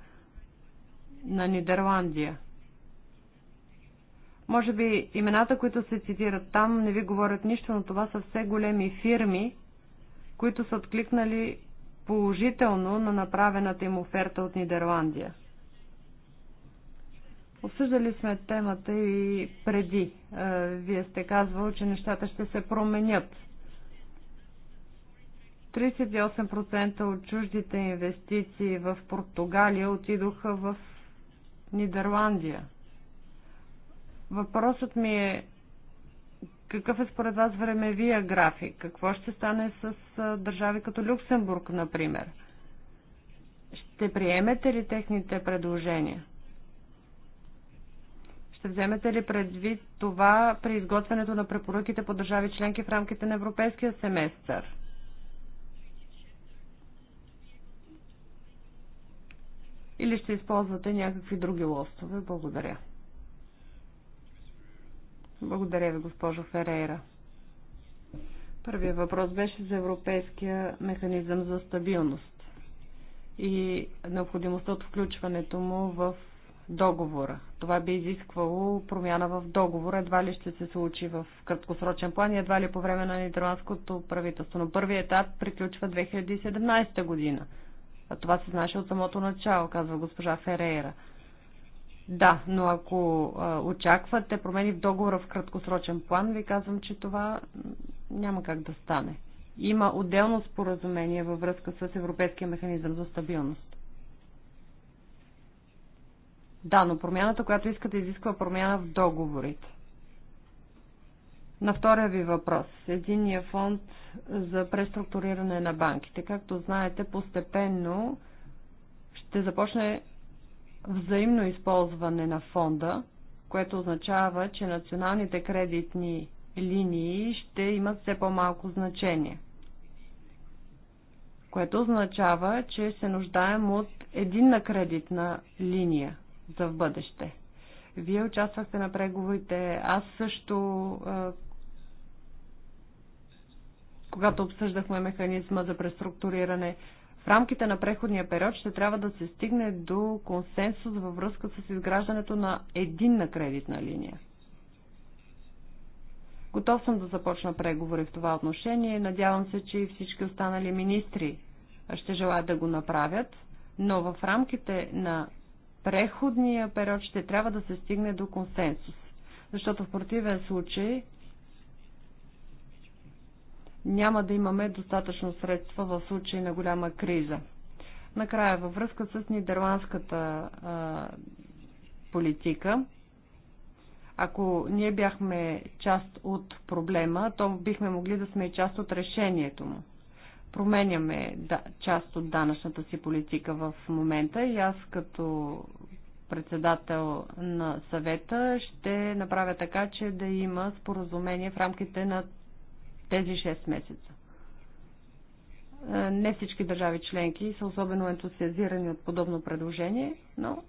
на Нидерландия. Може би имената, които се цитират там, не ви говорят нищо, но това са все големи фирми, които са откликнали положително на направената им оферта от Нидерландия. Обсъждали сме темата и преди. Е, вие сте казвал, че нещата ще се променят. 38% от чуждите инвестиции в Португалия отидоха в Нидерландия. Въпросът ми е какъв е според вас времевия график? Какво ще стане с държави като Люксембург, например? Ще приемете ли техните предложения? Ще вземете ли предвид това при изготвянето на препоръките по държави членки в рамките на европейския семестър? Или ще използвате някакви други лостове? Благодаря. Благодаря ви, госпожо Ферейра. Първият въпрос беше за Европейския механизъм за стабилност и необходимостта от включването му в договора. Това би изисквало промяна в договора, едва ли ще се случи в краткосрочен план и едва ли по време на нидерландското правителство. Но първият етап приключва 2017 година. А това се знаеше от самото начало, казва госпожа Ферейра. Да, но ако а, очаквате промени в договора в краткосрочен план, ви казвам, че това няма как да стане. Има отделно споразумение във връзка с Европейския механизъм за стабилност. Да, но промяната, която искате, изисква промяна в договорите. На втория ви въпрос. Единия фонд за преструктуриране на банките. Както знаете, постепенно ще започне взаимно използване на фонда, което означава, че националните кредитни линии ще имат все по-малко значение. Което означава, че се нуждаем от единна кредитна линия за в бъдеще. Вие участвахте на преговорите, аз също, когато обсъждахме механизма за преструктуриране, в рамките на преходния период ще трябва да се стигне до консенсус във връзка с изграждането на единна кредитна линия. Готов съм да започна преговори в това отношение. Надявам се, че и всички останали министри ще желаят да го направят, но в рамките на преходния период ще трябва да се стигне до консенсус. Защото в противен случай няма да имаме достатъчно средства в случай на голяма криза. Накрая, във връзка с нидерландската а, политика, ако ние бяхме част от проблема, то бихме могли да сме и част от решението му. Променяме да, част от данъчната си политика в момента и аз като председател на съвета ще направя така, че да има споразумение в рамките на тези 6 месеца. Е, не всички държави членки са особено ентусиазирани от подобно предложение, но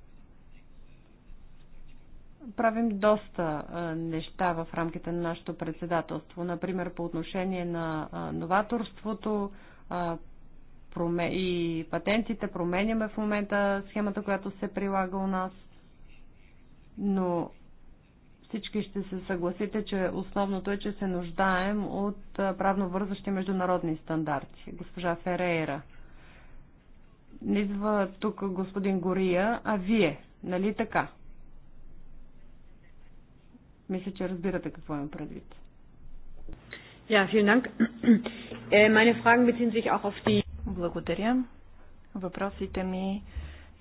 правим доста е, неща в рамките на нашето председателство. Например, по отношение на е, новаторството и патентите, променяме в момента схемата, която се прилага у нас. Но всички ще се съгласите, че основното е, че се нуждаем от правно вързащи международни стандарти. Госпожа Ферейра. Не идва тук господин Гория, а вие. Нали така? Мисля, че разбирате какво имам предвид. Ja, vielen Dank. Äh, meine Fragen beziehen sich auch auf die... Благодаря. Въпросите ми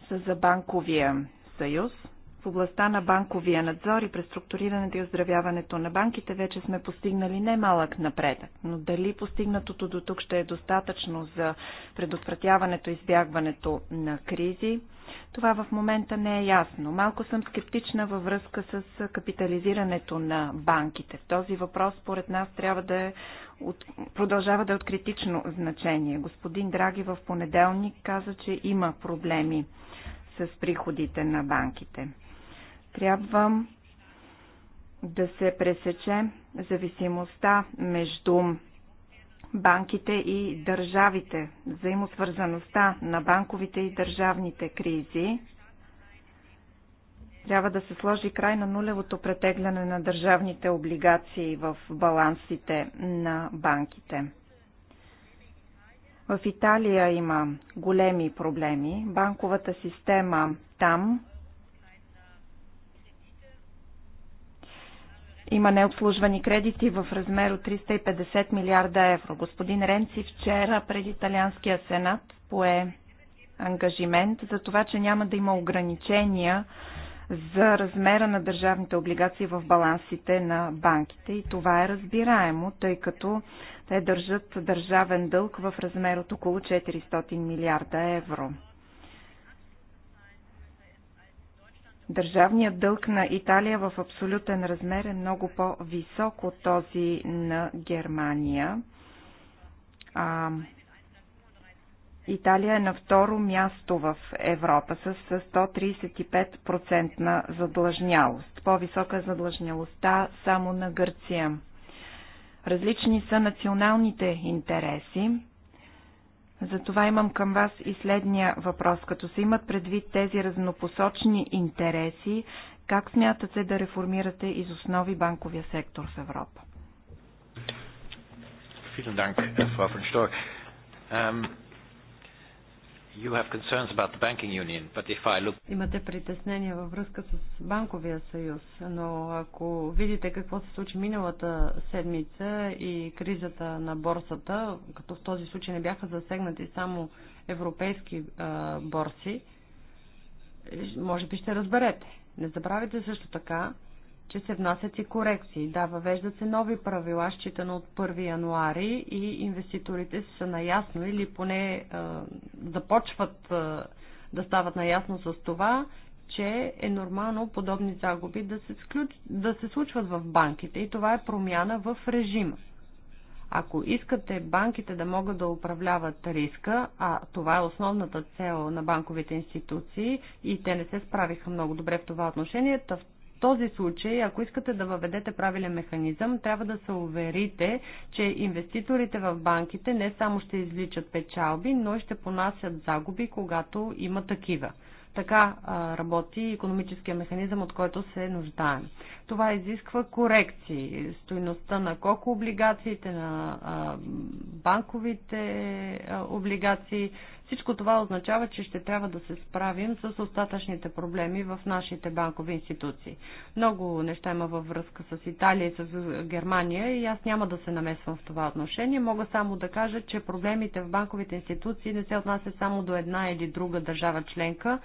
са за банковия съюз в областта на банковия надзор и преструктурирането и оздравяването на банките вече сме постигнали немалък напредък. Но дали постигнатото до тук ще е достатъчно за предотвратяването и избягването на кризи, това в момента не е ясно. Малко съм скептична във връзка с капитализирането на банките. Този въпрос, според нас, трябва да е от, продължава да е от критично значение. Господин Драги в понеделник каза, че има проблеми с приходите на банките. Трябва да се пресече зависимостта между банките и държавите, взаимосвързаността на банковите и държавните кризи. Трябва да се сложи край на нулевото претегляне на държавните облигации в балансите на банките. В Италия има големи проблеми. Банковата система там Има необслужвани кредити в размер от 350 милиарда евро. Господин Ренци вчера пред Италианския сенат пое ангажимент за това, че няма да има ограничения за размера на държавните облигации в балансите на банките. И това е разбираемо, тъй като те държат държавен дълг в размер от около 400 милиарда евро. Държавният дълг на Италия в абсолютен размер е много по-висок от този на Германия. А, Италия е на второ място в Европа с 135% на задлъжнялост. По-висока е задлъжнялостта само на Гърция. Различни са националните интереси. Затова имам към вас и следния въпрос. Като се имат предвид тези разнопосочни интереси, как смятате да реформирате из основи банковия сектор в Европа? Vielen Dank, Frau von Ähm, You have concerns about the banking union, but if I look... Имате притеснения във връзка с банковия съюз, но ако видите какво се случи миналата седмица и кризата на борсата, като в този случай не бяха засегнати само европейски а, борси, може би ще разберете. Не забравяйте също така, че се внасят и корекции. Да, въвеждат се нови правила, считано от 1 януари и инвеститорите са наясно или поне а, е, започват а, е, да стават наясно с това, че е нормално подобни загуби да се, сключ... да се случват в банките и това е промяна в режима. Ако искате банките да могат да управляват риска, а това е основната цел на банковите институции и те не се справиха много добре в това отношение, то в този случай, ако искате да въведете правилен механизъм, трябва да се уверите, че инвеститорите в банките не само ще изличат печалби, но и ще понасят загуби, когато има такива. Така работи економическия механизъм, от който се нуждаем. Това изисква корекции. Стоиността на колко облигациите, на банковите облигации всичко това означава, че ще трябва да се справим с остатъчните проблеми в нашите банкови институции. Много неща има във връзка с Италия и с Германия и аз няма да се намесвам в това отношение. Мога само да кажа, че проблемите в банковите институции не се отнасят само до една или друга държава членка,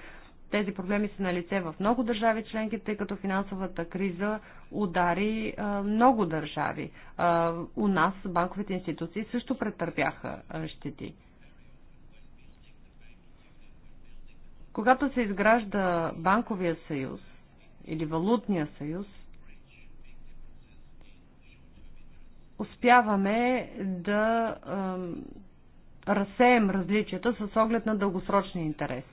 тези проблеми са на лице в много държави членки, тъй като финансовата криза удари много държави. У нас банковите институции също претърпяха щети. Когато се изгражда банковия съюз или валутния съюз, успяваме да разсеем различията с оглед на дългосрочния интерес.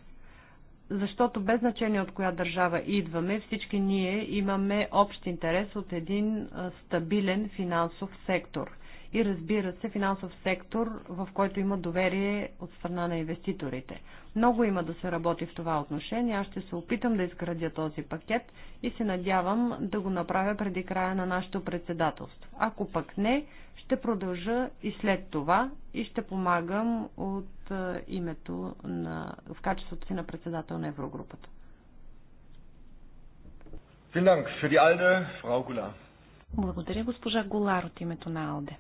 Защото без значение от коя държава идваме, всички ние имаме общ интерес от един стабилен финансов сектор – и разбира се финансов сектор, в който има доверие от страна на инвеститорите. Много има да се работи в това отношение. Аз ще се опитам да изградя този пакет и се надявам да го направя преди края на нашето председателство. Ако пък не, ще продължа и след това и ще помагам от е, името на, в качеството си на председател на Еврогрупата. Благодаря, госпожа Голар от името на Алде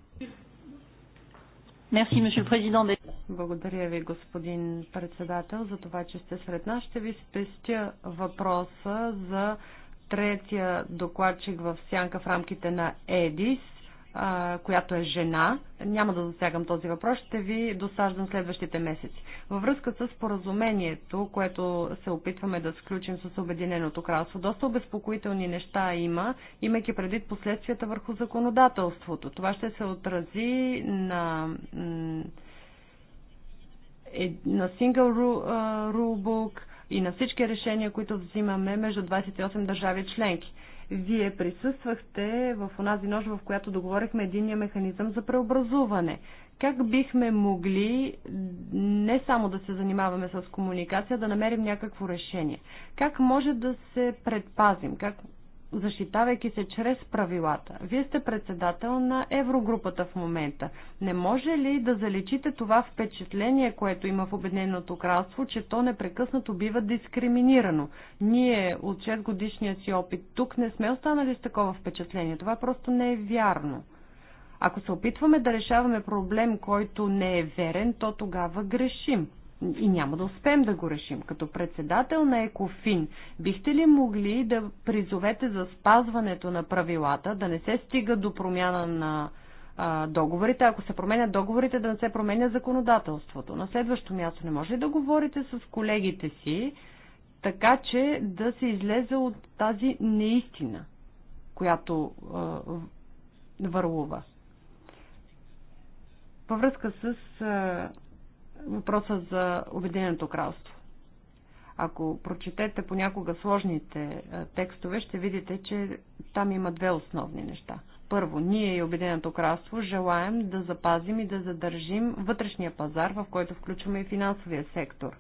monsieur le président. Благодаря ви, господин председател, за това, че сте сред нас. Ще ви спестя въпроса за третия докладчик в сянка в рамките на ЕДИС която е жена. Няма да засягам този въпрос, ще ви досаждам следващите месеци. Във връзка с поразумението, което се опитваме да сключим с Обединеното кралство, доста обезпокоителни неща има, имайки предвид последствията върху законодателството. Това ще се отрази на на Single Rulebook и на всички решения, които взимаме между 28 държави членки. Вие присъствахте в онази нож, в която договорихме единния механизъм за преобразуване. Как бихме могли не само да се занимаваме с комуникация, да намерим някакво решение? Как може да се предпазим? Как защитавайки се чрез правилата. Вие сте председател на Еврогрупата в момента. Не може ли да заличите това впечатление, което има в Обединеното кралство, че то непрекъснато бива дискриминирано? Ние от 6 годишния си опит тук не сме останали с такова впечатление. Това просто не е вярно. Ако се опитваме да решаваме проблем, който не е верен, то тогава грешим и няма да успеем да го решим. Като председател на ЕКОФИН, бихте ли могли да призовете за спазването на правилата, да не се стига до промяна на а, договорите, ако се променят договорите, да не се променя законодателството? На следващо място, не може ли да говорите с колегите си, така че да се излезе от тази неистина, която а, върлува? Във връзка с. А, въпроса за Обединеното кралство. Ако прочетете понякога сложните е, текстове, ще видите, че там има две основни неща. Първо, ние и Обединеното кралство желаем да запазим и да задържим вътрешния пазар, в който включваме и финансовия сектор.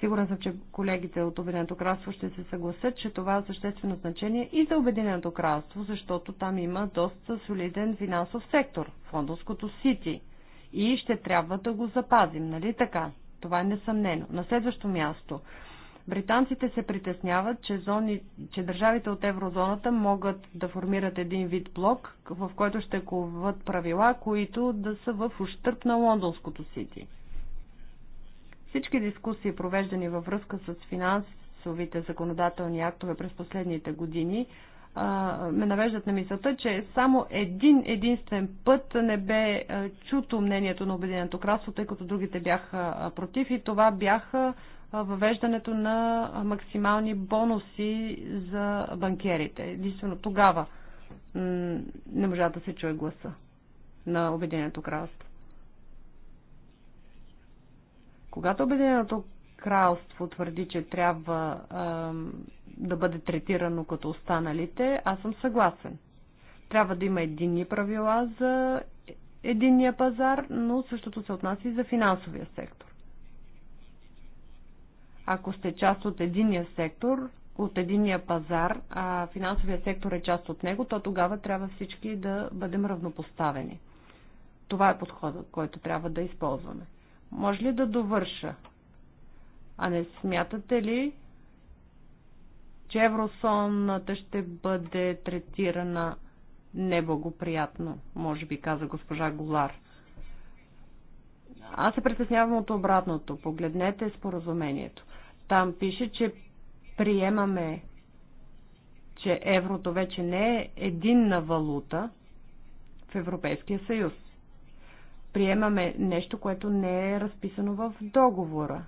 Сигурен съм, че колегите от Обединеното кралство ще се съгласят, че това е съществено значение и за Обединеното кралство, защото там има доста солиден финансов сектор, фондовското Сити – и ще трябва да го запазим, нали така? Това е несъмнено. На следващо място. Британците се притесняват, че, зони, че държавите от еврозоната могат да формират един вид блок, в който ще коват правила, които да са в ущърп на лондонското сити. Всички дискусии, провеждани във връзка с финансовите законодателни актове през последните години, а, ме навеждат на мисълта, че само един единствен път не бе а, чуто мнението на Обединеното кралство, тъй като другите бяха а, против и това бяха въвеждането на максимални бонуси за банкерите. Единствено тогава не можа да се чуе гласа на Обединеното кралство. Когато Обединеното кралство твърди, че трябва а, да бъде третирано като останалите, аз съм съгласен. Трябва да има единни правила за единния пазар, но същото се отнася и за финансовия сектор. Ако сте част от единния сектор, от единния пазар, а финансовия сектор е част от него, то тогава трябва всички да бъдем равнопоставени. Това е подходът, който трябва да използваме. Може ли да довърша а не смятате ли, че Евросоната ще бъде третирана неблагоприятно, може би каза госпожа Голар. Аз се притеснявам от обратното. Погледнете споразумението. Там пише, че приемаме, че еврото вече не е единна валута в Европейския съюз. Приемаме нещо, което не е разписано в договора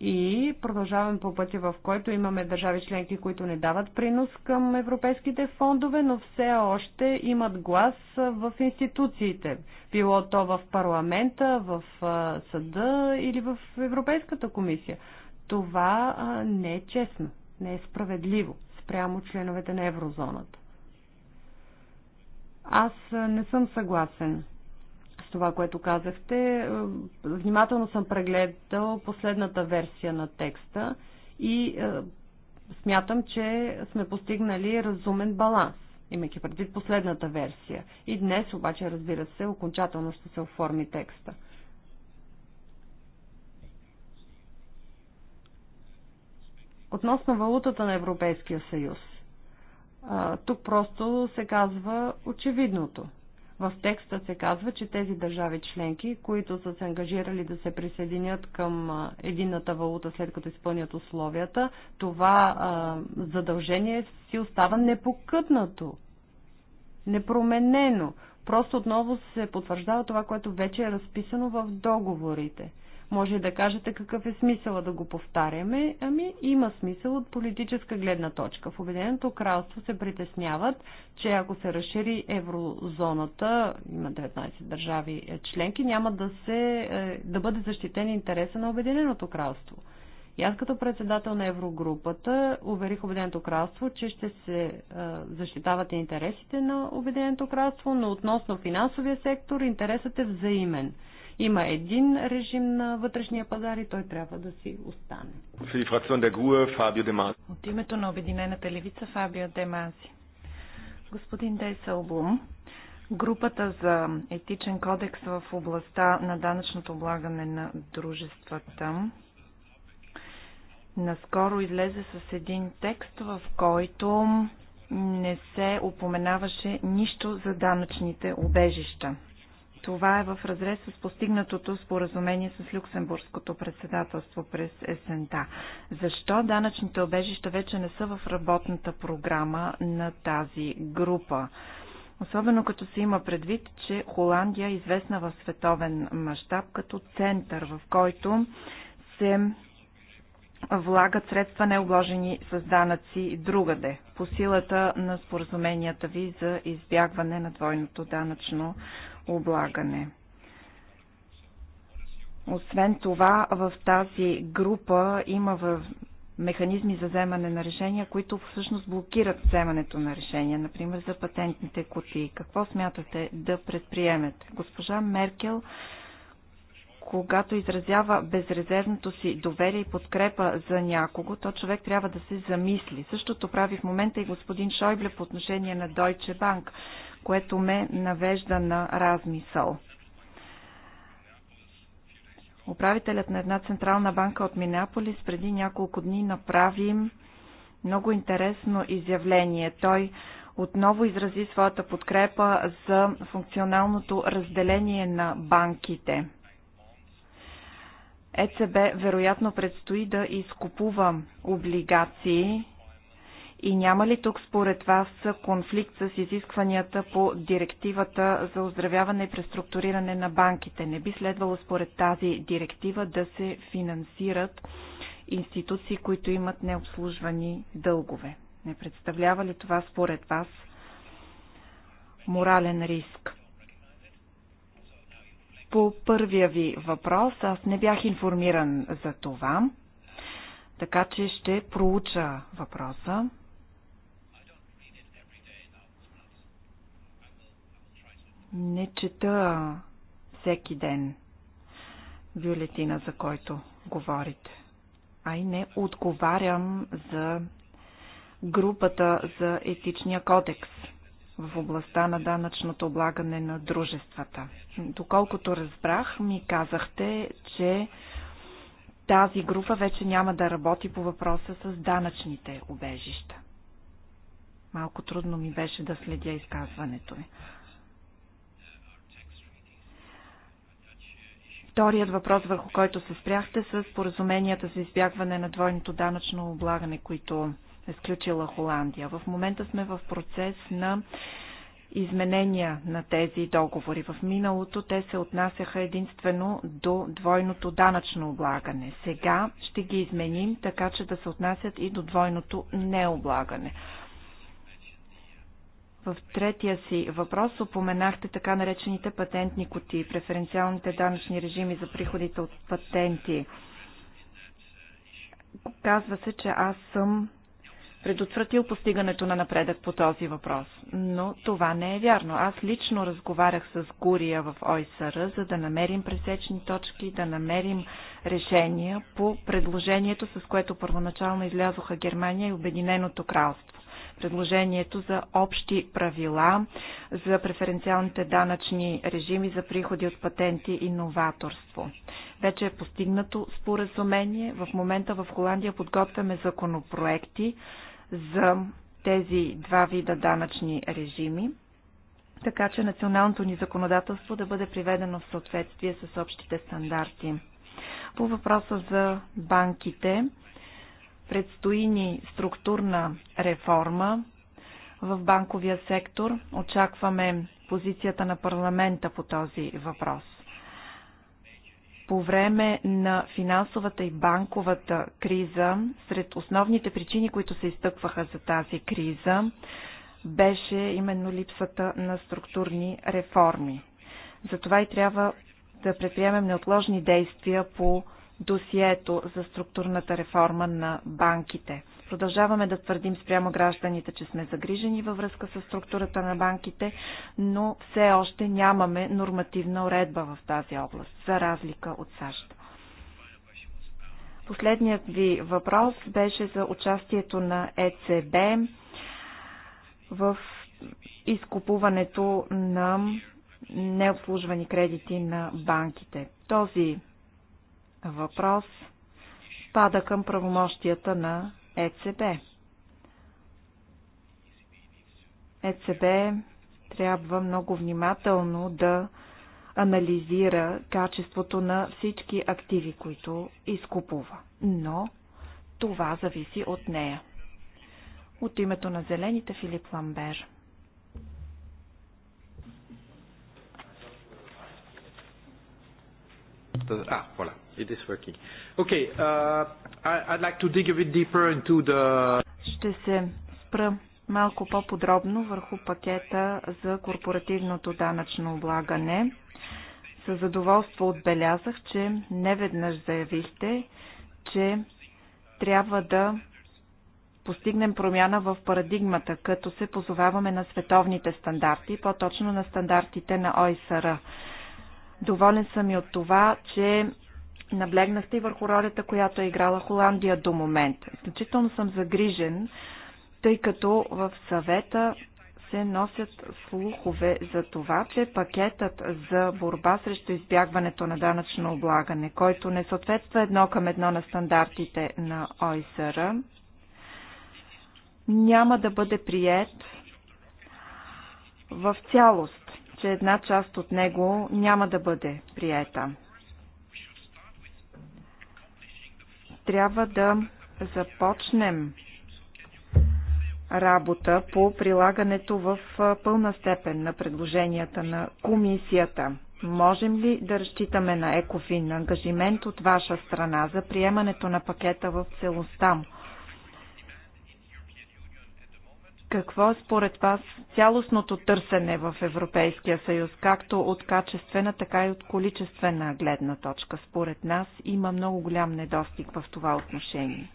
и продължаваме по пътя, в който имаме държави членки, които не дават принос към европейските фондове, но все още имат глас в институциите. Било то в парламента, в съда или в Европейската комисия. Това не е честно, не е справедливо спрямо членовете на еврозоната. Аз не съм съгласен с това, което казахте. Е, внимателно съм прегледал последната версия на текста и е, смятам, че сме постигнали разумен баланс, имайки предвид последната версия. И днес обаче, разбира се, окончателно ще се оформи текста. Относно валутата на Европейския съюз. Е, тук просто се казва очевидното – в текста се казва, че тези държави членки, които са се ангажирали да се присъединят към единната валута след като изпълнят условията, това а, задължение си остава непокътнато, непроменено. Просто отново се потвърждава това, което вече е разписано в договорите. Може да кажете какъв е смисъла да го повтаряме. Ами има смисъл от политическа гледна точка. В Обединеното кралство се притесняват, че ако се разшири еврозоната, има 19 държави е, членки, няма да, се, е, да бъде защитен интереса на Обединеното кралство. И аз като председател на Еврогрупата уверих Обединеното кралство, че ще се е, защитават интересите на Обединеното кралство, но относно финансовия сектор интересът е взаимен. Има един режим на вътрешния пазар и той трябва да си остане. От името на Обединената левица Фабио Демази. Господин Дейсълбум, Групата за етичен кодекс в областта на данъчното облагане на дружествата наскоро излезе с един текст, в който не се упоменаваше нищо за данъчните обежища. Това е в разрез с постигнатото споразумение с Люксембургското председателство през есента. Защо данъчните обежища вече не са в работната програма на тази група? Особено като се има предвид, че Холандия е известна в световен мащаб като център, в който се влагат средства необложени с данъци другаде, по силата на споразуменията ви за избягване на двойното данъчно облагане. Освен това, в тази група има в механизми за вземане на решения, които всъщност блокират вземането на решения, например за патентните кутии. Какво смятате да предприемете? Госпожа Меркел, когато изразява безрезервното си доверие и подкрепа за някого, то човек трябва да се замисли. Същото прави в момента и господин Шойбле по отношение на Deutsche Bank което ме навежда на размисъл. Управителят на една централна банка от Минеаполис преди няколко дни направи много интересно изявление. Той отново изрази своята подкрепа за функционалното разделение на банките. ЕЦБ вероятно предстои да изкупува облигации и няма ли тук според вас конфликт с изискванията по директивата за оздравяване и преструктуриране на банките? Не би следвало според тази директива да се финансират институции, които имат необслужвани дългове. Не представлява ли това според вас морален риск? По първия ви въпрос аз не бях информиран за това, така че ще проуча въпроса. Не чета всеки ден бюлетина, за който говорите. А и не отговарям за групата за етичния кодекс в областта на данъчното облагане на дружествата. Доколкото разбрах, ми казахте, че тази група вече няма да работи по въпроса с данъчните обежища. Малко трудно ми беше да следя изказването ми. Вторият въпрос, върху който се спряхте, с споразуменията за избягване на двойното данъчно облагане, които е сключила Холандия. В момента сме в процес на изменения на тези договори. В миналото те се отнасяха единствено до двойното данъчно облагане. Сега ще ги изменим така, че да се отнасят и до двойното необлагане. В третия си въпрос упоменахте така наречените патентни кутии, преференциалните данъчни режими за приходите от патенти. Казва се, че аз съм предотвратил постигането на напредък по този въпрос. Но това не е вярно. Аз лично разговарях с Гурия в ОИСР, за да намерим пресечни точки, да намерим решения по предложението, с което първоначално излязоха Германия и Обединеното кралство предложението за общи правила за преференциалните данъчни режими за приходи от патенти и новаторство. Вече е постигнато споразумение. В момента в Холандия подготвяме законопроекти за тези два вида данъчни режими така че националното ни законодателство да бъде приведено в съответствие с общите стандарти. По въпроса за банките, Предстои ни структурна реформа в банковия сектор. Очакваме позицията на парламента по този въпрос. По време на финансовата и банковата криза, сред основните причини, които се изтъкваха за тази криза, беше именно липсата на структурни реформи. Затова и трябва да предприемем неотложни действия по досието за структурната реформа на банките. Продължаваме да твърдим спрямо гражданите, че сме загрижени във връзка с структурата на банките, но все още нямаме нормативна уредба в тази област, за разлика от САЩ. Последният ви въпрос беше за участието на ЕЦБ в изкупуването на необслужвани кредити на банките. Този въпрос пада към правомощията на ЕЦБ. ЕЦБ трябва много внимателно да анализира качеството на всички активи, които изкупува. Но това зависи от нея. От името на зелените Филип Ламбер. А, voilà. It is working. Okay, uh, I'd like to dig a bit deeper into the... Ще се спра малко по-подробно върху пакета за корпоративното данъчно облагане. Със задоволство отбелязах, че неведнъж заявихте, че трябва да постигнем промяна в парадигмата, като се позоваваме на световните стандарти, по-точно на стандартите на ОИСР. Доволен съм и от това, че Наблегнахте и върху ролята, която е играла Холандия до момента. Значително съм загрижен, тъй като в съвета се носят слухове за това, че пакетът за борба срещу избягването на данъчно облагане, който не съответства едно към едно на стандартите на ОИСР, няма да бъде прият в цялост, че една част от него няма да бъде приета. трябва да започнем работа по прилагането в пълна степен на предложенията на комисията. Можем ли да разчитаме на Екофин ангажимент от ваша страна за приемането на пакета в целостта му? Какво е според вас цялостното търсене в Европейския съюз, както от качествена, така и от количествена гледна точка? Според нас има много голям недостиг в това отношение.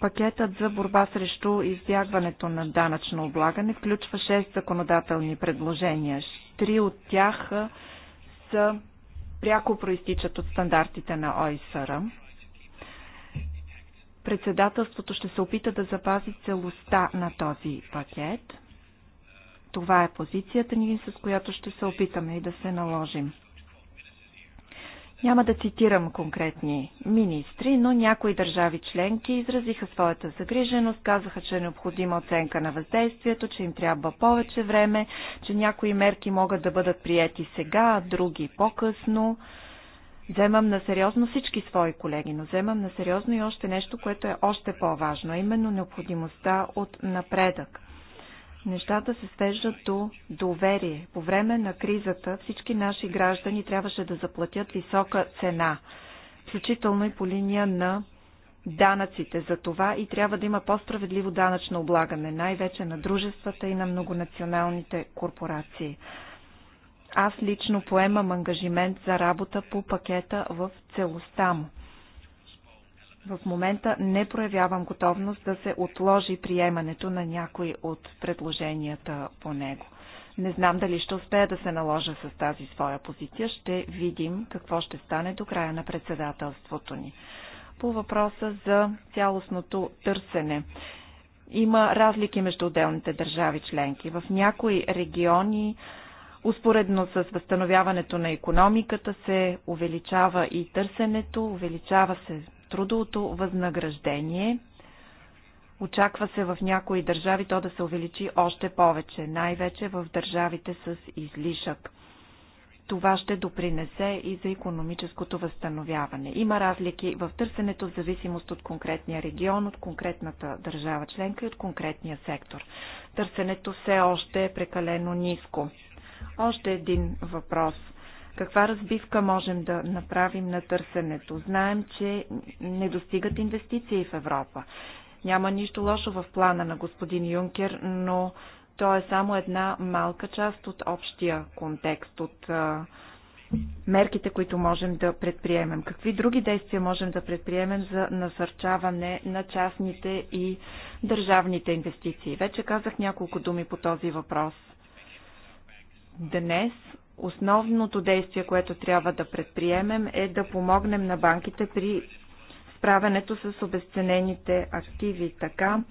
Пакетът за борба срещу избягването на данъчно облагане включва 6 законодателни предложения. Три от тях са пряко проистичат от стандартите на ОИСР. Председателството ще се опита да запази целостта на този пакет. Това е позицията ни, с която ще се опитаме и да се наложим. Няма да цитирам конкретни министри, но някои държави членки изразиха своята загриженост, казаха, че е необходима оценка на въздействието, че им трябва повече време, че някои мерки могат да бъдат приети сега, а други по-късно. Вземам на сериозно всички свои колеги, но вземам на сериозно и още нещо, което е още по-важно, а именно необходимостта от напредък. Нещата се свеждат до доверие. По време на кризата всички наши граждани трябваше да заплатят висока цена, включително и по линия на данъците за това и трябва да има по-справедливо данъчно облагане, най-вече на дружествата и на многонационалните корпорации. Аз лично поемам ангажимент за работа по пакета в целостта му. В момента не проявявам готовност да се отложи приемането на някои от предложенията по него. Не знам дали ще успея да се наложа с тази своя позиция. Ще видим какво ще стане до края на председателството ни. По въпроса за цялостното търсене. Има разлики между отделните държави членки. В някои региони Успоредно с възстановяването на економиката се увеличава и търсенето, увеличава се трудовото възнаграждение. Очаква се в някои държави то да се увеличи още повече, най-вече в държавите с излишък. Това ще допринесе и за економическото възстановяване. Има разлики в търсенето в зависимост от конкретния регион, от конкретната държава членка и от конкретния сектор. Търсенето все още е прекалено ниско. Още един въпрос. Каква разбивка можем да направим на търсенето? Знаем, че не достигат инвестиции в Европа. Няма нищо лошо в плана на господин Юнкер, но то е само една малка част от общия контекст, от а, мерките, които можем да предприемем. Какви други действия можем да предприемем за насърчаване на частните и държавните инвестиции? Вече казах няколко думи по този въпрос – Днес основното действие, което трябва да предприемем е да помогнем на банките при справянето с обесценените активи. Така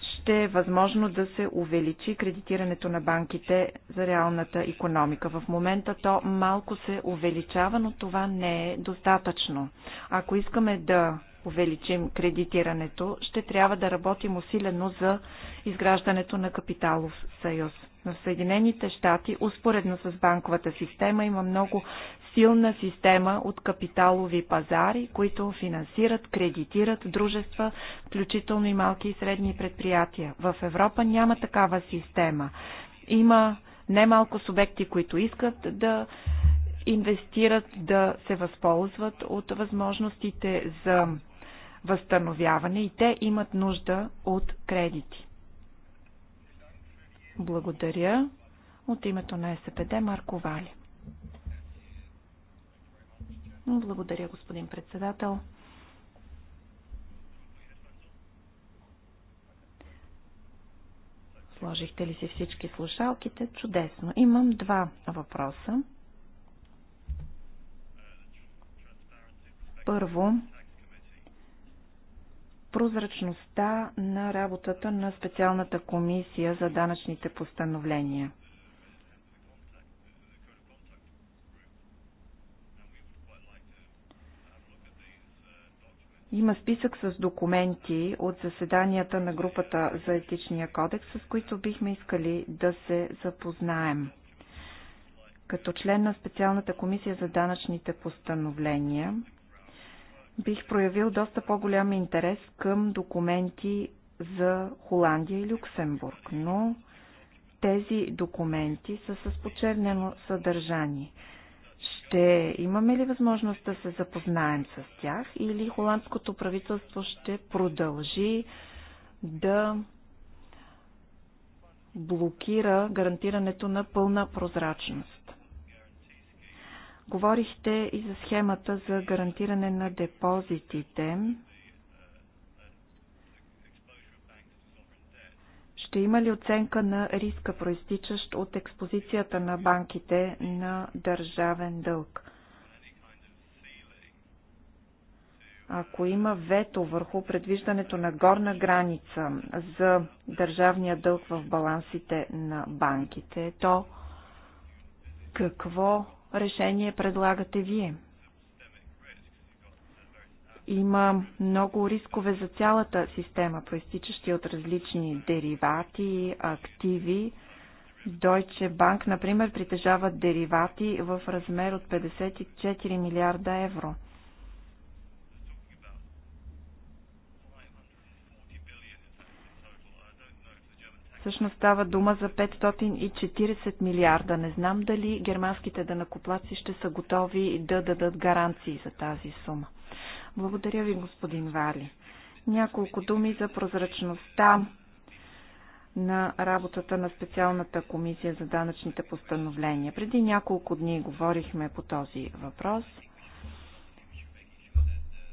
ще е възможно да се увеличи кредитирането на банките за реалната економика. В момента то малко се увеличава, но това не е достатъчно. Ако искаме да увеличим кредитирането, ще трябва да работим усилено за изграждането на капиталов съюз. Но в Съединените щати, успоредно с банковата система, има много силна система от капиталови пазари, които финансират, кредитират дружества, включително и малки и средни предприятия. В Европа няма такава система. Има немалко субекти, които искат да инвестират, да се възползват от възможностите за възстановяване и те имат нужда от кредити. Благодаря. От името на СПД Марко Вали. Благодаря, господин председател. Сложихте ли си всички слушалките? Чудесно. Имам два въпроса. Първо, прозрачността на работата на специалната комисия за данъчните постановления. Има списък с документи от заседанията на групата за етичния кодекс, с които бихме искали да се запознаем. Като член на специалната комисия за данъчните постановления, бих проявил доста по-голям интерес към документи за Холандия и Люксембург, но тези документи са с почернено съдържание. Ще имаме ли възможност да се запознаем с тях или холандското правителство ще продължи да блокира гарантирането на пълна прозрачност? Говорихте и за схемата за гарантиране на депозитите. Ще има ли оценка на риска, проистичащ от експозицията на банките на държавен дълг? Ако има вето върху предвиждането на горна граница за държавния дълг в балансите на банките, то какво решение предлагате вие? Има много рискове за цялата система, проистичащи от различни деривати, активи. Deutsche Bank, например, притежава деривати в размер от 54 милиарда евро – Всъщност става дума за 540 милиарда. Не знам дали германските данакоплаци ще са готови да дадат гаранции за тази сума. Благодаря ви, господин Вали. Няколко думи за прозрачността на работата на специалната комисия за данъчните постановления. Преди няколко дни говорихме по този въпрос.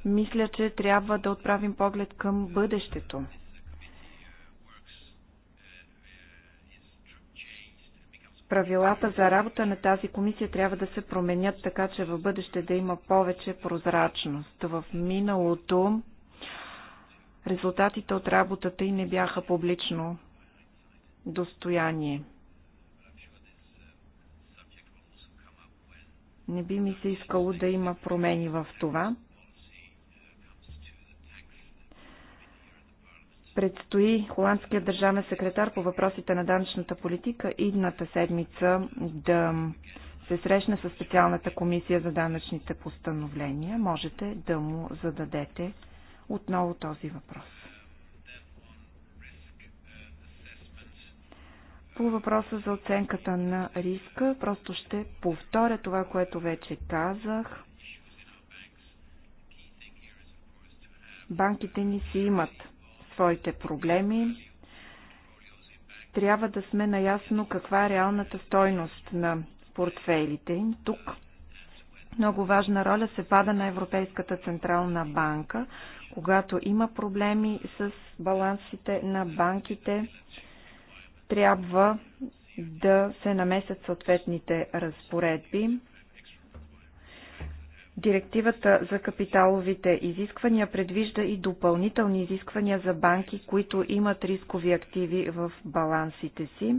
Мисля, че трябва да отправим поглед към бъдещето правилата за работа на тази комисия трябва да се променят така, че в бъдеще да има повече прозрачност. В миналото резултатите от работата и не бяха публично достояние. Не би ми се искало да има промени в това. Предстои холандският държавен секретар по въпросите на данъчната политика идната седмица да се срещна с специалната комисия за данъчните постановления. Можете да му зададете отново този въпрос. По въпроса за оценката на риска, просто ще повторя това, което вече казах. Банките ни си имат своите проблеми. Трябва да сме наясно каква е реалната стойност на портфейлите им. Тук много важна роля се пада на Европейската централна банка, когато има проблеми с балансите на банките, трябва да се намесят съответните разпоредби. Директивата за капиталовите изисквания предвижда и допълнителни изисквания за банки, които имат рискови активи в балансите си.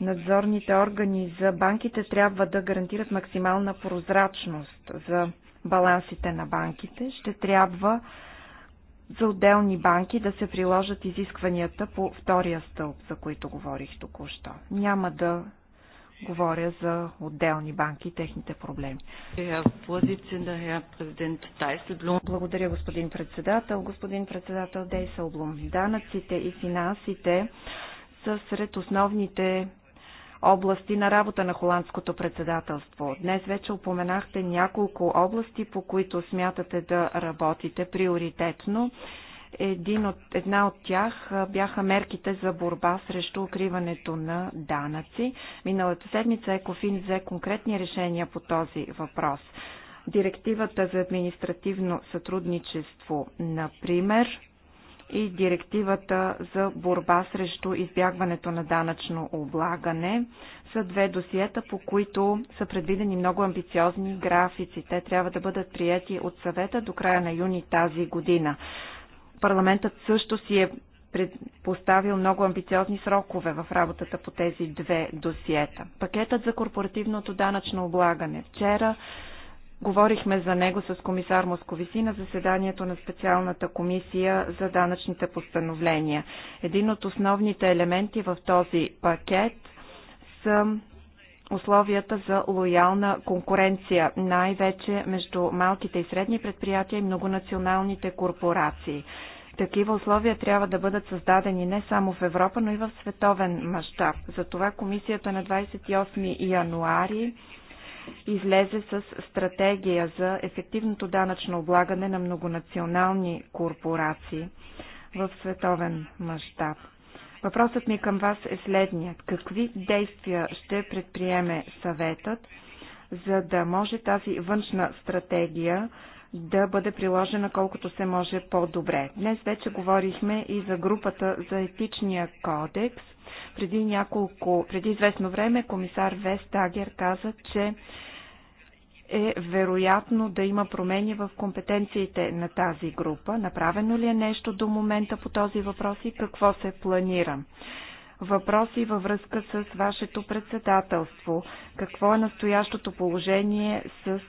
Надзорните органи за банките трябва да гарантират максимална прозрачност за балансите на банките. Ще трябва за отделни банки да се приложат изискванията по втория стълб, за които говорих току-що. Няма да Говоря за отделни банки и техните проблеми. Благодаря, господин председател. Господин председател Дейсълблум, данъците и финансите са сред основните области на работа на холандското председателство. Днес вече упоменахте няколко области, по които смятате да работите приоритетно. Един от, една от тях бяха мерките за борба срещу укриването на данъци. Миналата седмица Екофин взе конкретни решения по този въпрос. Директивата за административно сътрудничество, например, и директивата за борба срещу избягването на данъчно облагане са две досиета, по които са предвидени много амбициозни графици. Те трябва да бъдат прияти от съвета до края на юни тази година. Парламентът също си е поставил много амбициозни срокове в работата по тези две досиета. Пакетът за корпоративното данъчно облагане. Вчера говорихме за него с комисар Московиси на заседанието на специалната комисия за данъчните постановления. Един от основните елементи в този пакет са условията за лоялна конкуренция, най-вече между малките и средни предприятия и многонационалните корпорации. Такива условия трябва да бъдат създадени не само в Европа, но и в световен мащаб. Затова комисията на 28 януари излезе с стратегия за ефективното данъчно облагане на многонационални корпорации в световен мащаб. Въпросът ми към вас е следният. Какви действия ще предприеме съветът, за да може тази външна стратегия да бъде приложена колкото се може по-добре. Днес вече говорихме и за групата за етичния кодекс. Преди, няколко, преди известно време комисар Вестагер каза, че е вероятно да има промени в компетенциите на тази група. Направено ли е нещо до момента по този въпрос и какво се планира? въпроси във връзка с вашето председателство. Какво е настоящото положение с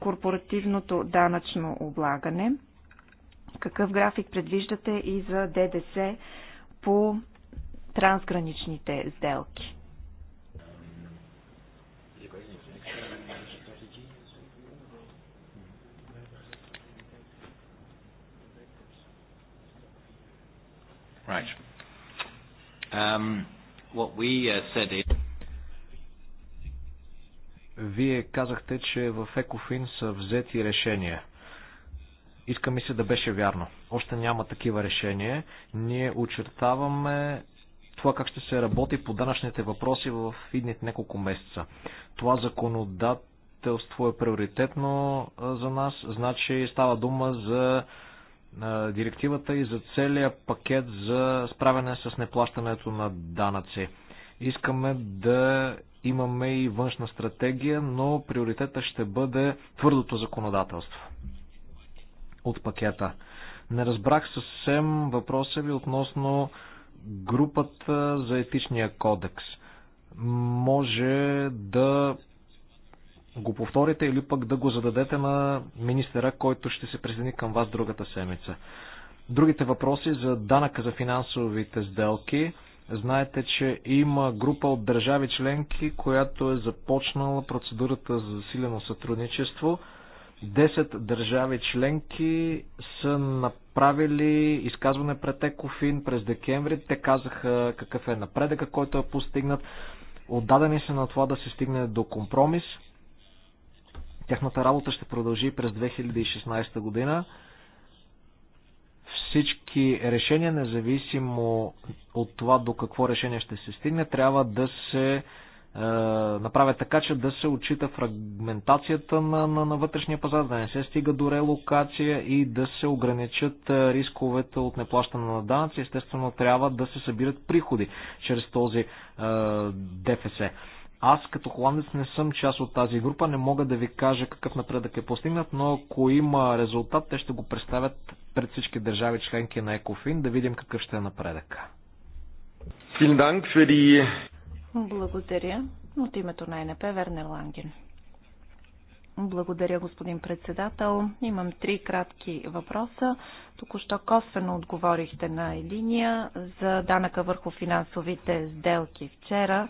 корпоративното данъчно облагане? Какъв график предвиждате и за ДДС по трансграничните сделки? Right. Um, uh, Вие казахте, че в Екофин са взети решения. Иска ми се да беше вярно. Още няма такива решения. Ние очертаваме това как ще се работи по данъчните въпроси в идните няколко месеца. Това законодателство е приоритетно за нас, значи става дума за директивата и за целия пакет за справяне с неплащането на данъци. Искаме да имаме и външна стратегия, но приоритета ще бъде твърдото законодателство от пакета. Не разбрах съвсем въпроса ви относно групата за етичния кодекс. Може да го повторите или пък да го зададете на министера, който ще се присъедини към вас другата седмица. Другите въпроси за данъка за финансовите сделки. Знаете, че има група от държави членки, която е започнала процедурата за засилено сътрудничество. Десет държави членки са направили изказване пред Екофин през декември. Те казаха какъв е напредъка, който е постигнат. Отдадени са на това да се стигне до компромис. Тяхната работа ще продължи през 2016 година. Всички решения, независимо от това до какво решение ще се стигне, трябва да се е, направят така, че да се отчита фрагментацията на, на, на вътрешния пазар, да не се стига до релокация и да се ограничат е, рисковете от неплащане на данъци. Естествено, трябва да се събират приходи чрез този е, ДФС. Аз като холандец не съм част от тази група, не мога да ви кажа какъв напредък е постигнат, но ако има резултат, те ще го представят пред всички държави членки на ЕКОФИН, да видим какъв ще е напредък. Благодаря. От името на НП Вернер Ланген. Благодаря, господин председател. Имам три кратки въпроса. Току-що косвено отговорихте на единия за данъка върху финансовите сделки вчера.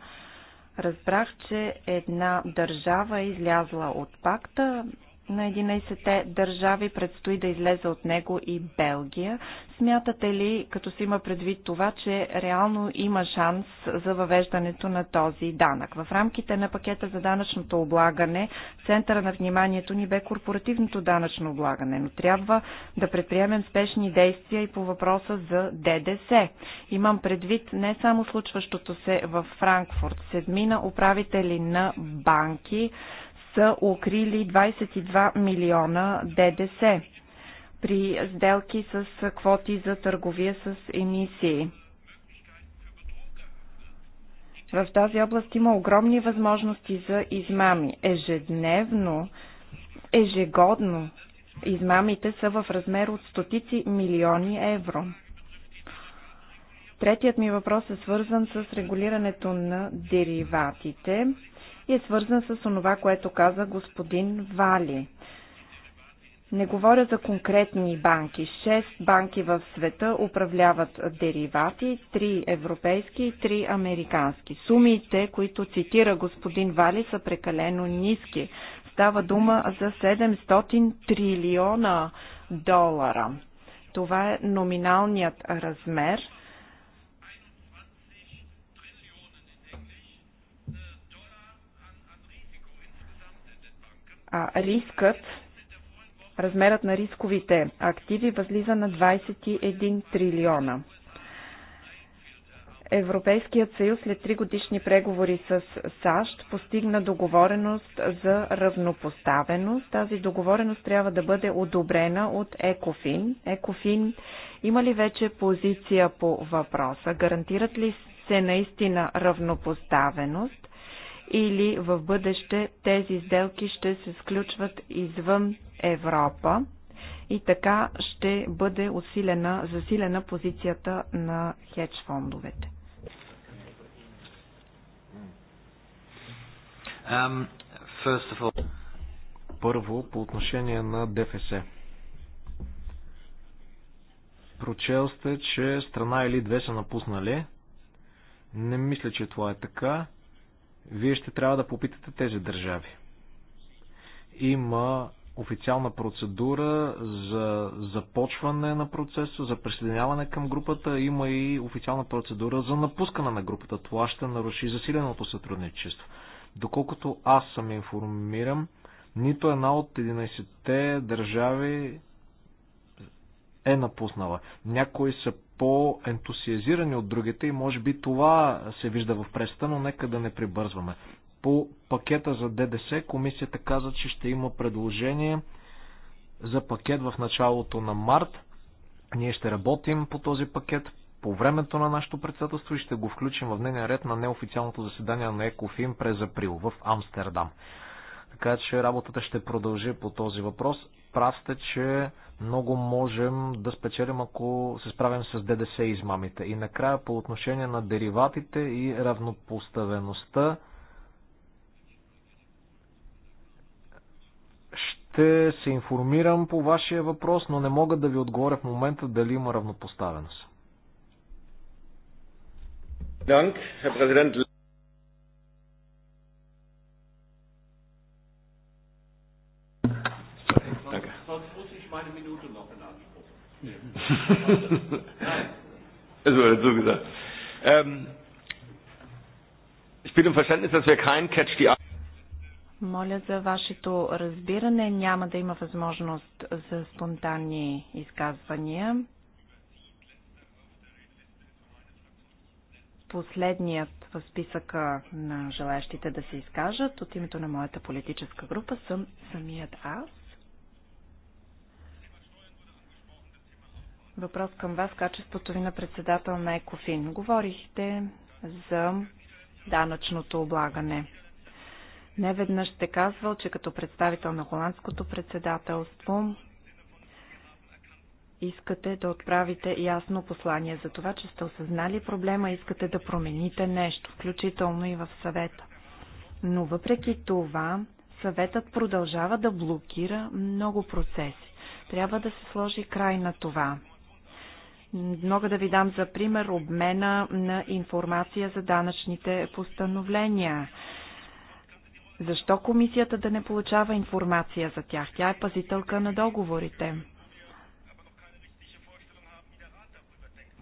Разбрах, че една държава е излязла от пакта, на 11-те държави, предстои да излезе от него и Белгия. Смятате ли, като се има предвид това, че реално има шанс за въвеждането на този данък? В рамките на пакета за данъчното облагане, центъра на вниманието ни бе корпоративното данъчно облагане, но трябва да предприемем спешни действия и по въпроса за ДДС. Имам предвид не само случващото се в Франкфурт. Седмина управители на банки са укрили 22 милиона ДДС при сделки с квоти за търговия с емисии. В тази област има огромни възможности за измами. Ежедневно, ежегодно измамите са в размер от стотици милиони евро. Третият ми въпрос е свързан с регулирането на дериватите и е свързан с онова, което каза господин Вали. Не говоря за конкретни банки. Шест банки в света управляват деривати, три европейски и три американски. Сумите, които цитира господин Вали, са прекалено ниски. Става дума за 700 трилиона долара. Това е номиналният размер а рискът, размерът на рисковите активи възлиза на 21 трилиона. Европейският съюз след три годишни преговори с САЩ постигна договореност за равнопоставеност. Тази договореност трябва да бъде одобрена от ЕКОФИН. ЕКОФИН има ли вече позиция по въпроса? Гарантират ли се наистина равнопоставеност? или в бъдеще тези сделки ще се сключват извън Европа и така ще бъде усилена, засилена позицията на хедж фондовете. Um, all... Първо, по отношение на ДФС. Прочел сте, че страна или две са напуснали. Не мисля, че това е така вие ще трябва да попитате тези държави. Има официална процедура за започване на процеса, за присъединяване към групата, има и официална процедура за напускане на групата. Това ще наруши засиленото сътрудничество. Доколкото аз съм информирам, нито една от 11-те държави е напуснала. Някои са по-ентусиазирани от другите и може би това се вижда в пресата, но нека да не прибързваме. По пакета за ДДС комисията каза, че ще има предложение за пакет в началото на март. Ние ще работим по този пакет по времето на нашето председателство и ще го включим в дневния ред на неофициалното заседание на ЕКОФИМ през април в Амстердам. Така че работата ще продължи по този въпрос. Прав сте, че много можем да спечелим, ако се справим с ДДС измамите. И накрая по отношение на дериватите и равнопоставеността, ще се информирам по вашия въпрос, но не мога да ви отговоря в момента дали има равнопоставеност. meine Minute noch in Anspruch. Es wurde so gesagt. Ähm, ich bitte um Verständnis, dass wir kein Catch the Eye. Моля за вашето разбиране. Няма да има възможност за спонтанни изказвания. Последният в списъка на желаящите да се изкажат от името на моята политическа група съм самият аз. Въпрос към вас, качеството ви на председател на ЕКОФИН. Говорихте за данъчното облагане. Неведнъж сте казвал, че като представител на холандското председателство искате да отправите ясно послание за това, че сте осъзнали проблема, искате да промените нещо, включително и в съвета. Но въпреки това, съветът продължава да блокира много процеси. Трябва да се сложи край на това. Мога да ви дам за пример обмена на информация за данъчните постановления. Защо комисията да не получава информация за тях? Тя е пазителка на договорите.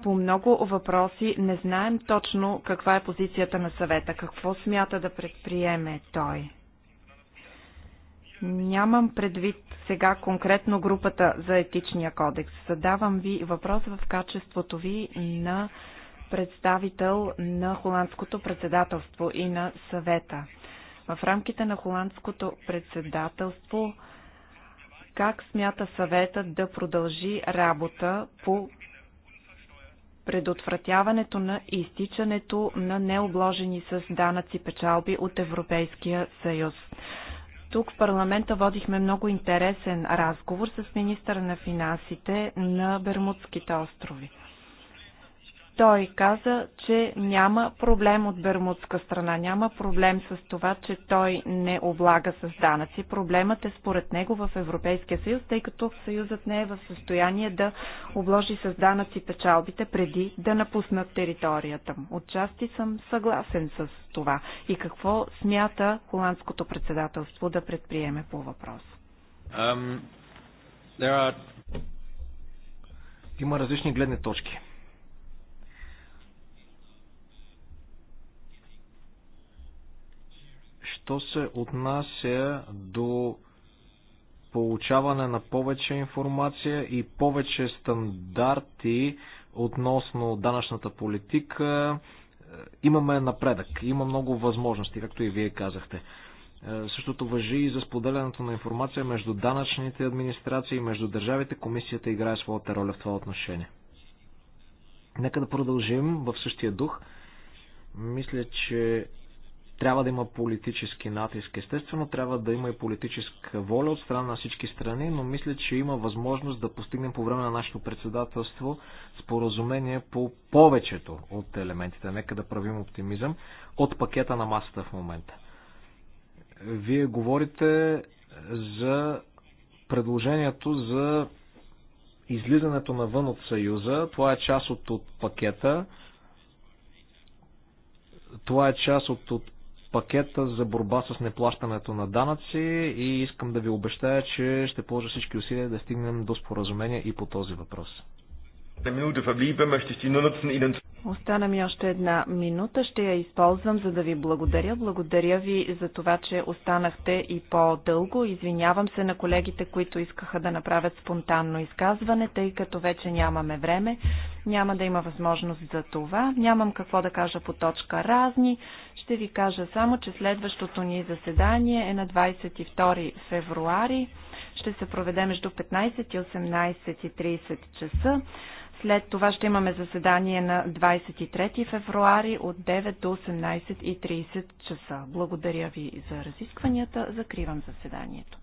По много въпроси не знаем точно каква е позицията на съвета, какво смята да предприеме той. Нямам предвид сега конкретно групата за етичния кодекс. Задавам ви въпрос в качеството ви на представител на холандското председателство и на съвета. В рамките на холандското председателство как смята съветът да продължи работа по предотвратяването на изтичането на необложени с данъци печалби от Европейския съюз. Тук в парламента водихме много интересен разговор с министъра на финансите на Бермудските острови. Той каза, че няма проблем от бермудска страна, няма проблем с това, че той не облага с данъци. Проблемът е според него в Европейския съюз, тъй като съюзът не е в състояние да обложи с данъци печалбите преди да напуснат територията му. Отчасти съм съгласен с това. И какво смята холандското председателство да предприеме по въпрос? Um, are... Има различни гледни точки Що се отнася до получаване на повече информация и повече стандарти относно данъчната политика, е, имаме напредък, има много възможности, както и вие казахте. Е, същото въжи и за споделянето на информация между данъчните администрации и между държавите. Комисията играе своята роля в това отношение. Нека да продължим в същия дух. Мисля, че трябва да има политически натиск. Естествено, трябва да има и политическа воля от страна на всички страни, но мисля, че има възможност да постигнем по време на нашето председателство споразумение по повечето от елементите. Нека да правим оптимизъм от пакета на масата в момента. Вие говорите за предложението за излизането навън от Съюза. Това е част от, от пакета. Това е част от, от пакета за борба с неплащането на данъци и искам да ви обещая, че ще положа всички усилия да стигнем до споразумение и по този въпрос. Остана ми още една минута. Ще я използвам, за да ви благодаря. Благодаря ви за това, че останахте и по-дълго. Извинявам се на колегите, които искаха да направят спонтанно изказване, тъй като вече нямаме време. Няма да има възможност за това. Нямам какво да кажа по точка разни. Ще ви кажа само, че следващото ни заседание е на 22 февруари. Ще се проведе между 15 и 18.30 часа. След това ще имаме заседание на 23 февруари от 9 до 18.30 часа. Благодаря ви за разискванията. Закривам заседанието.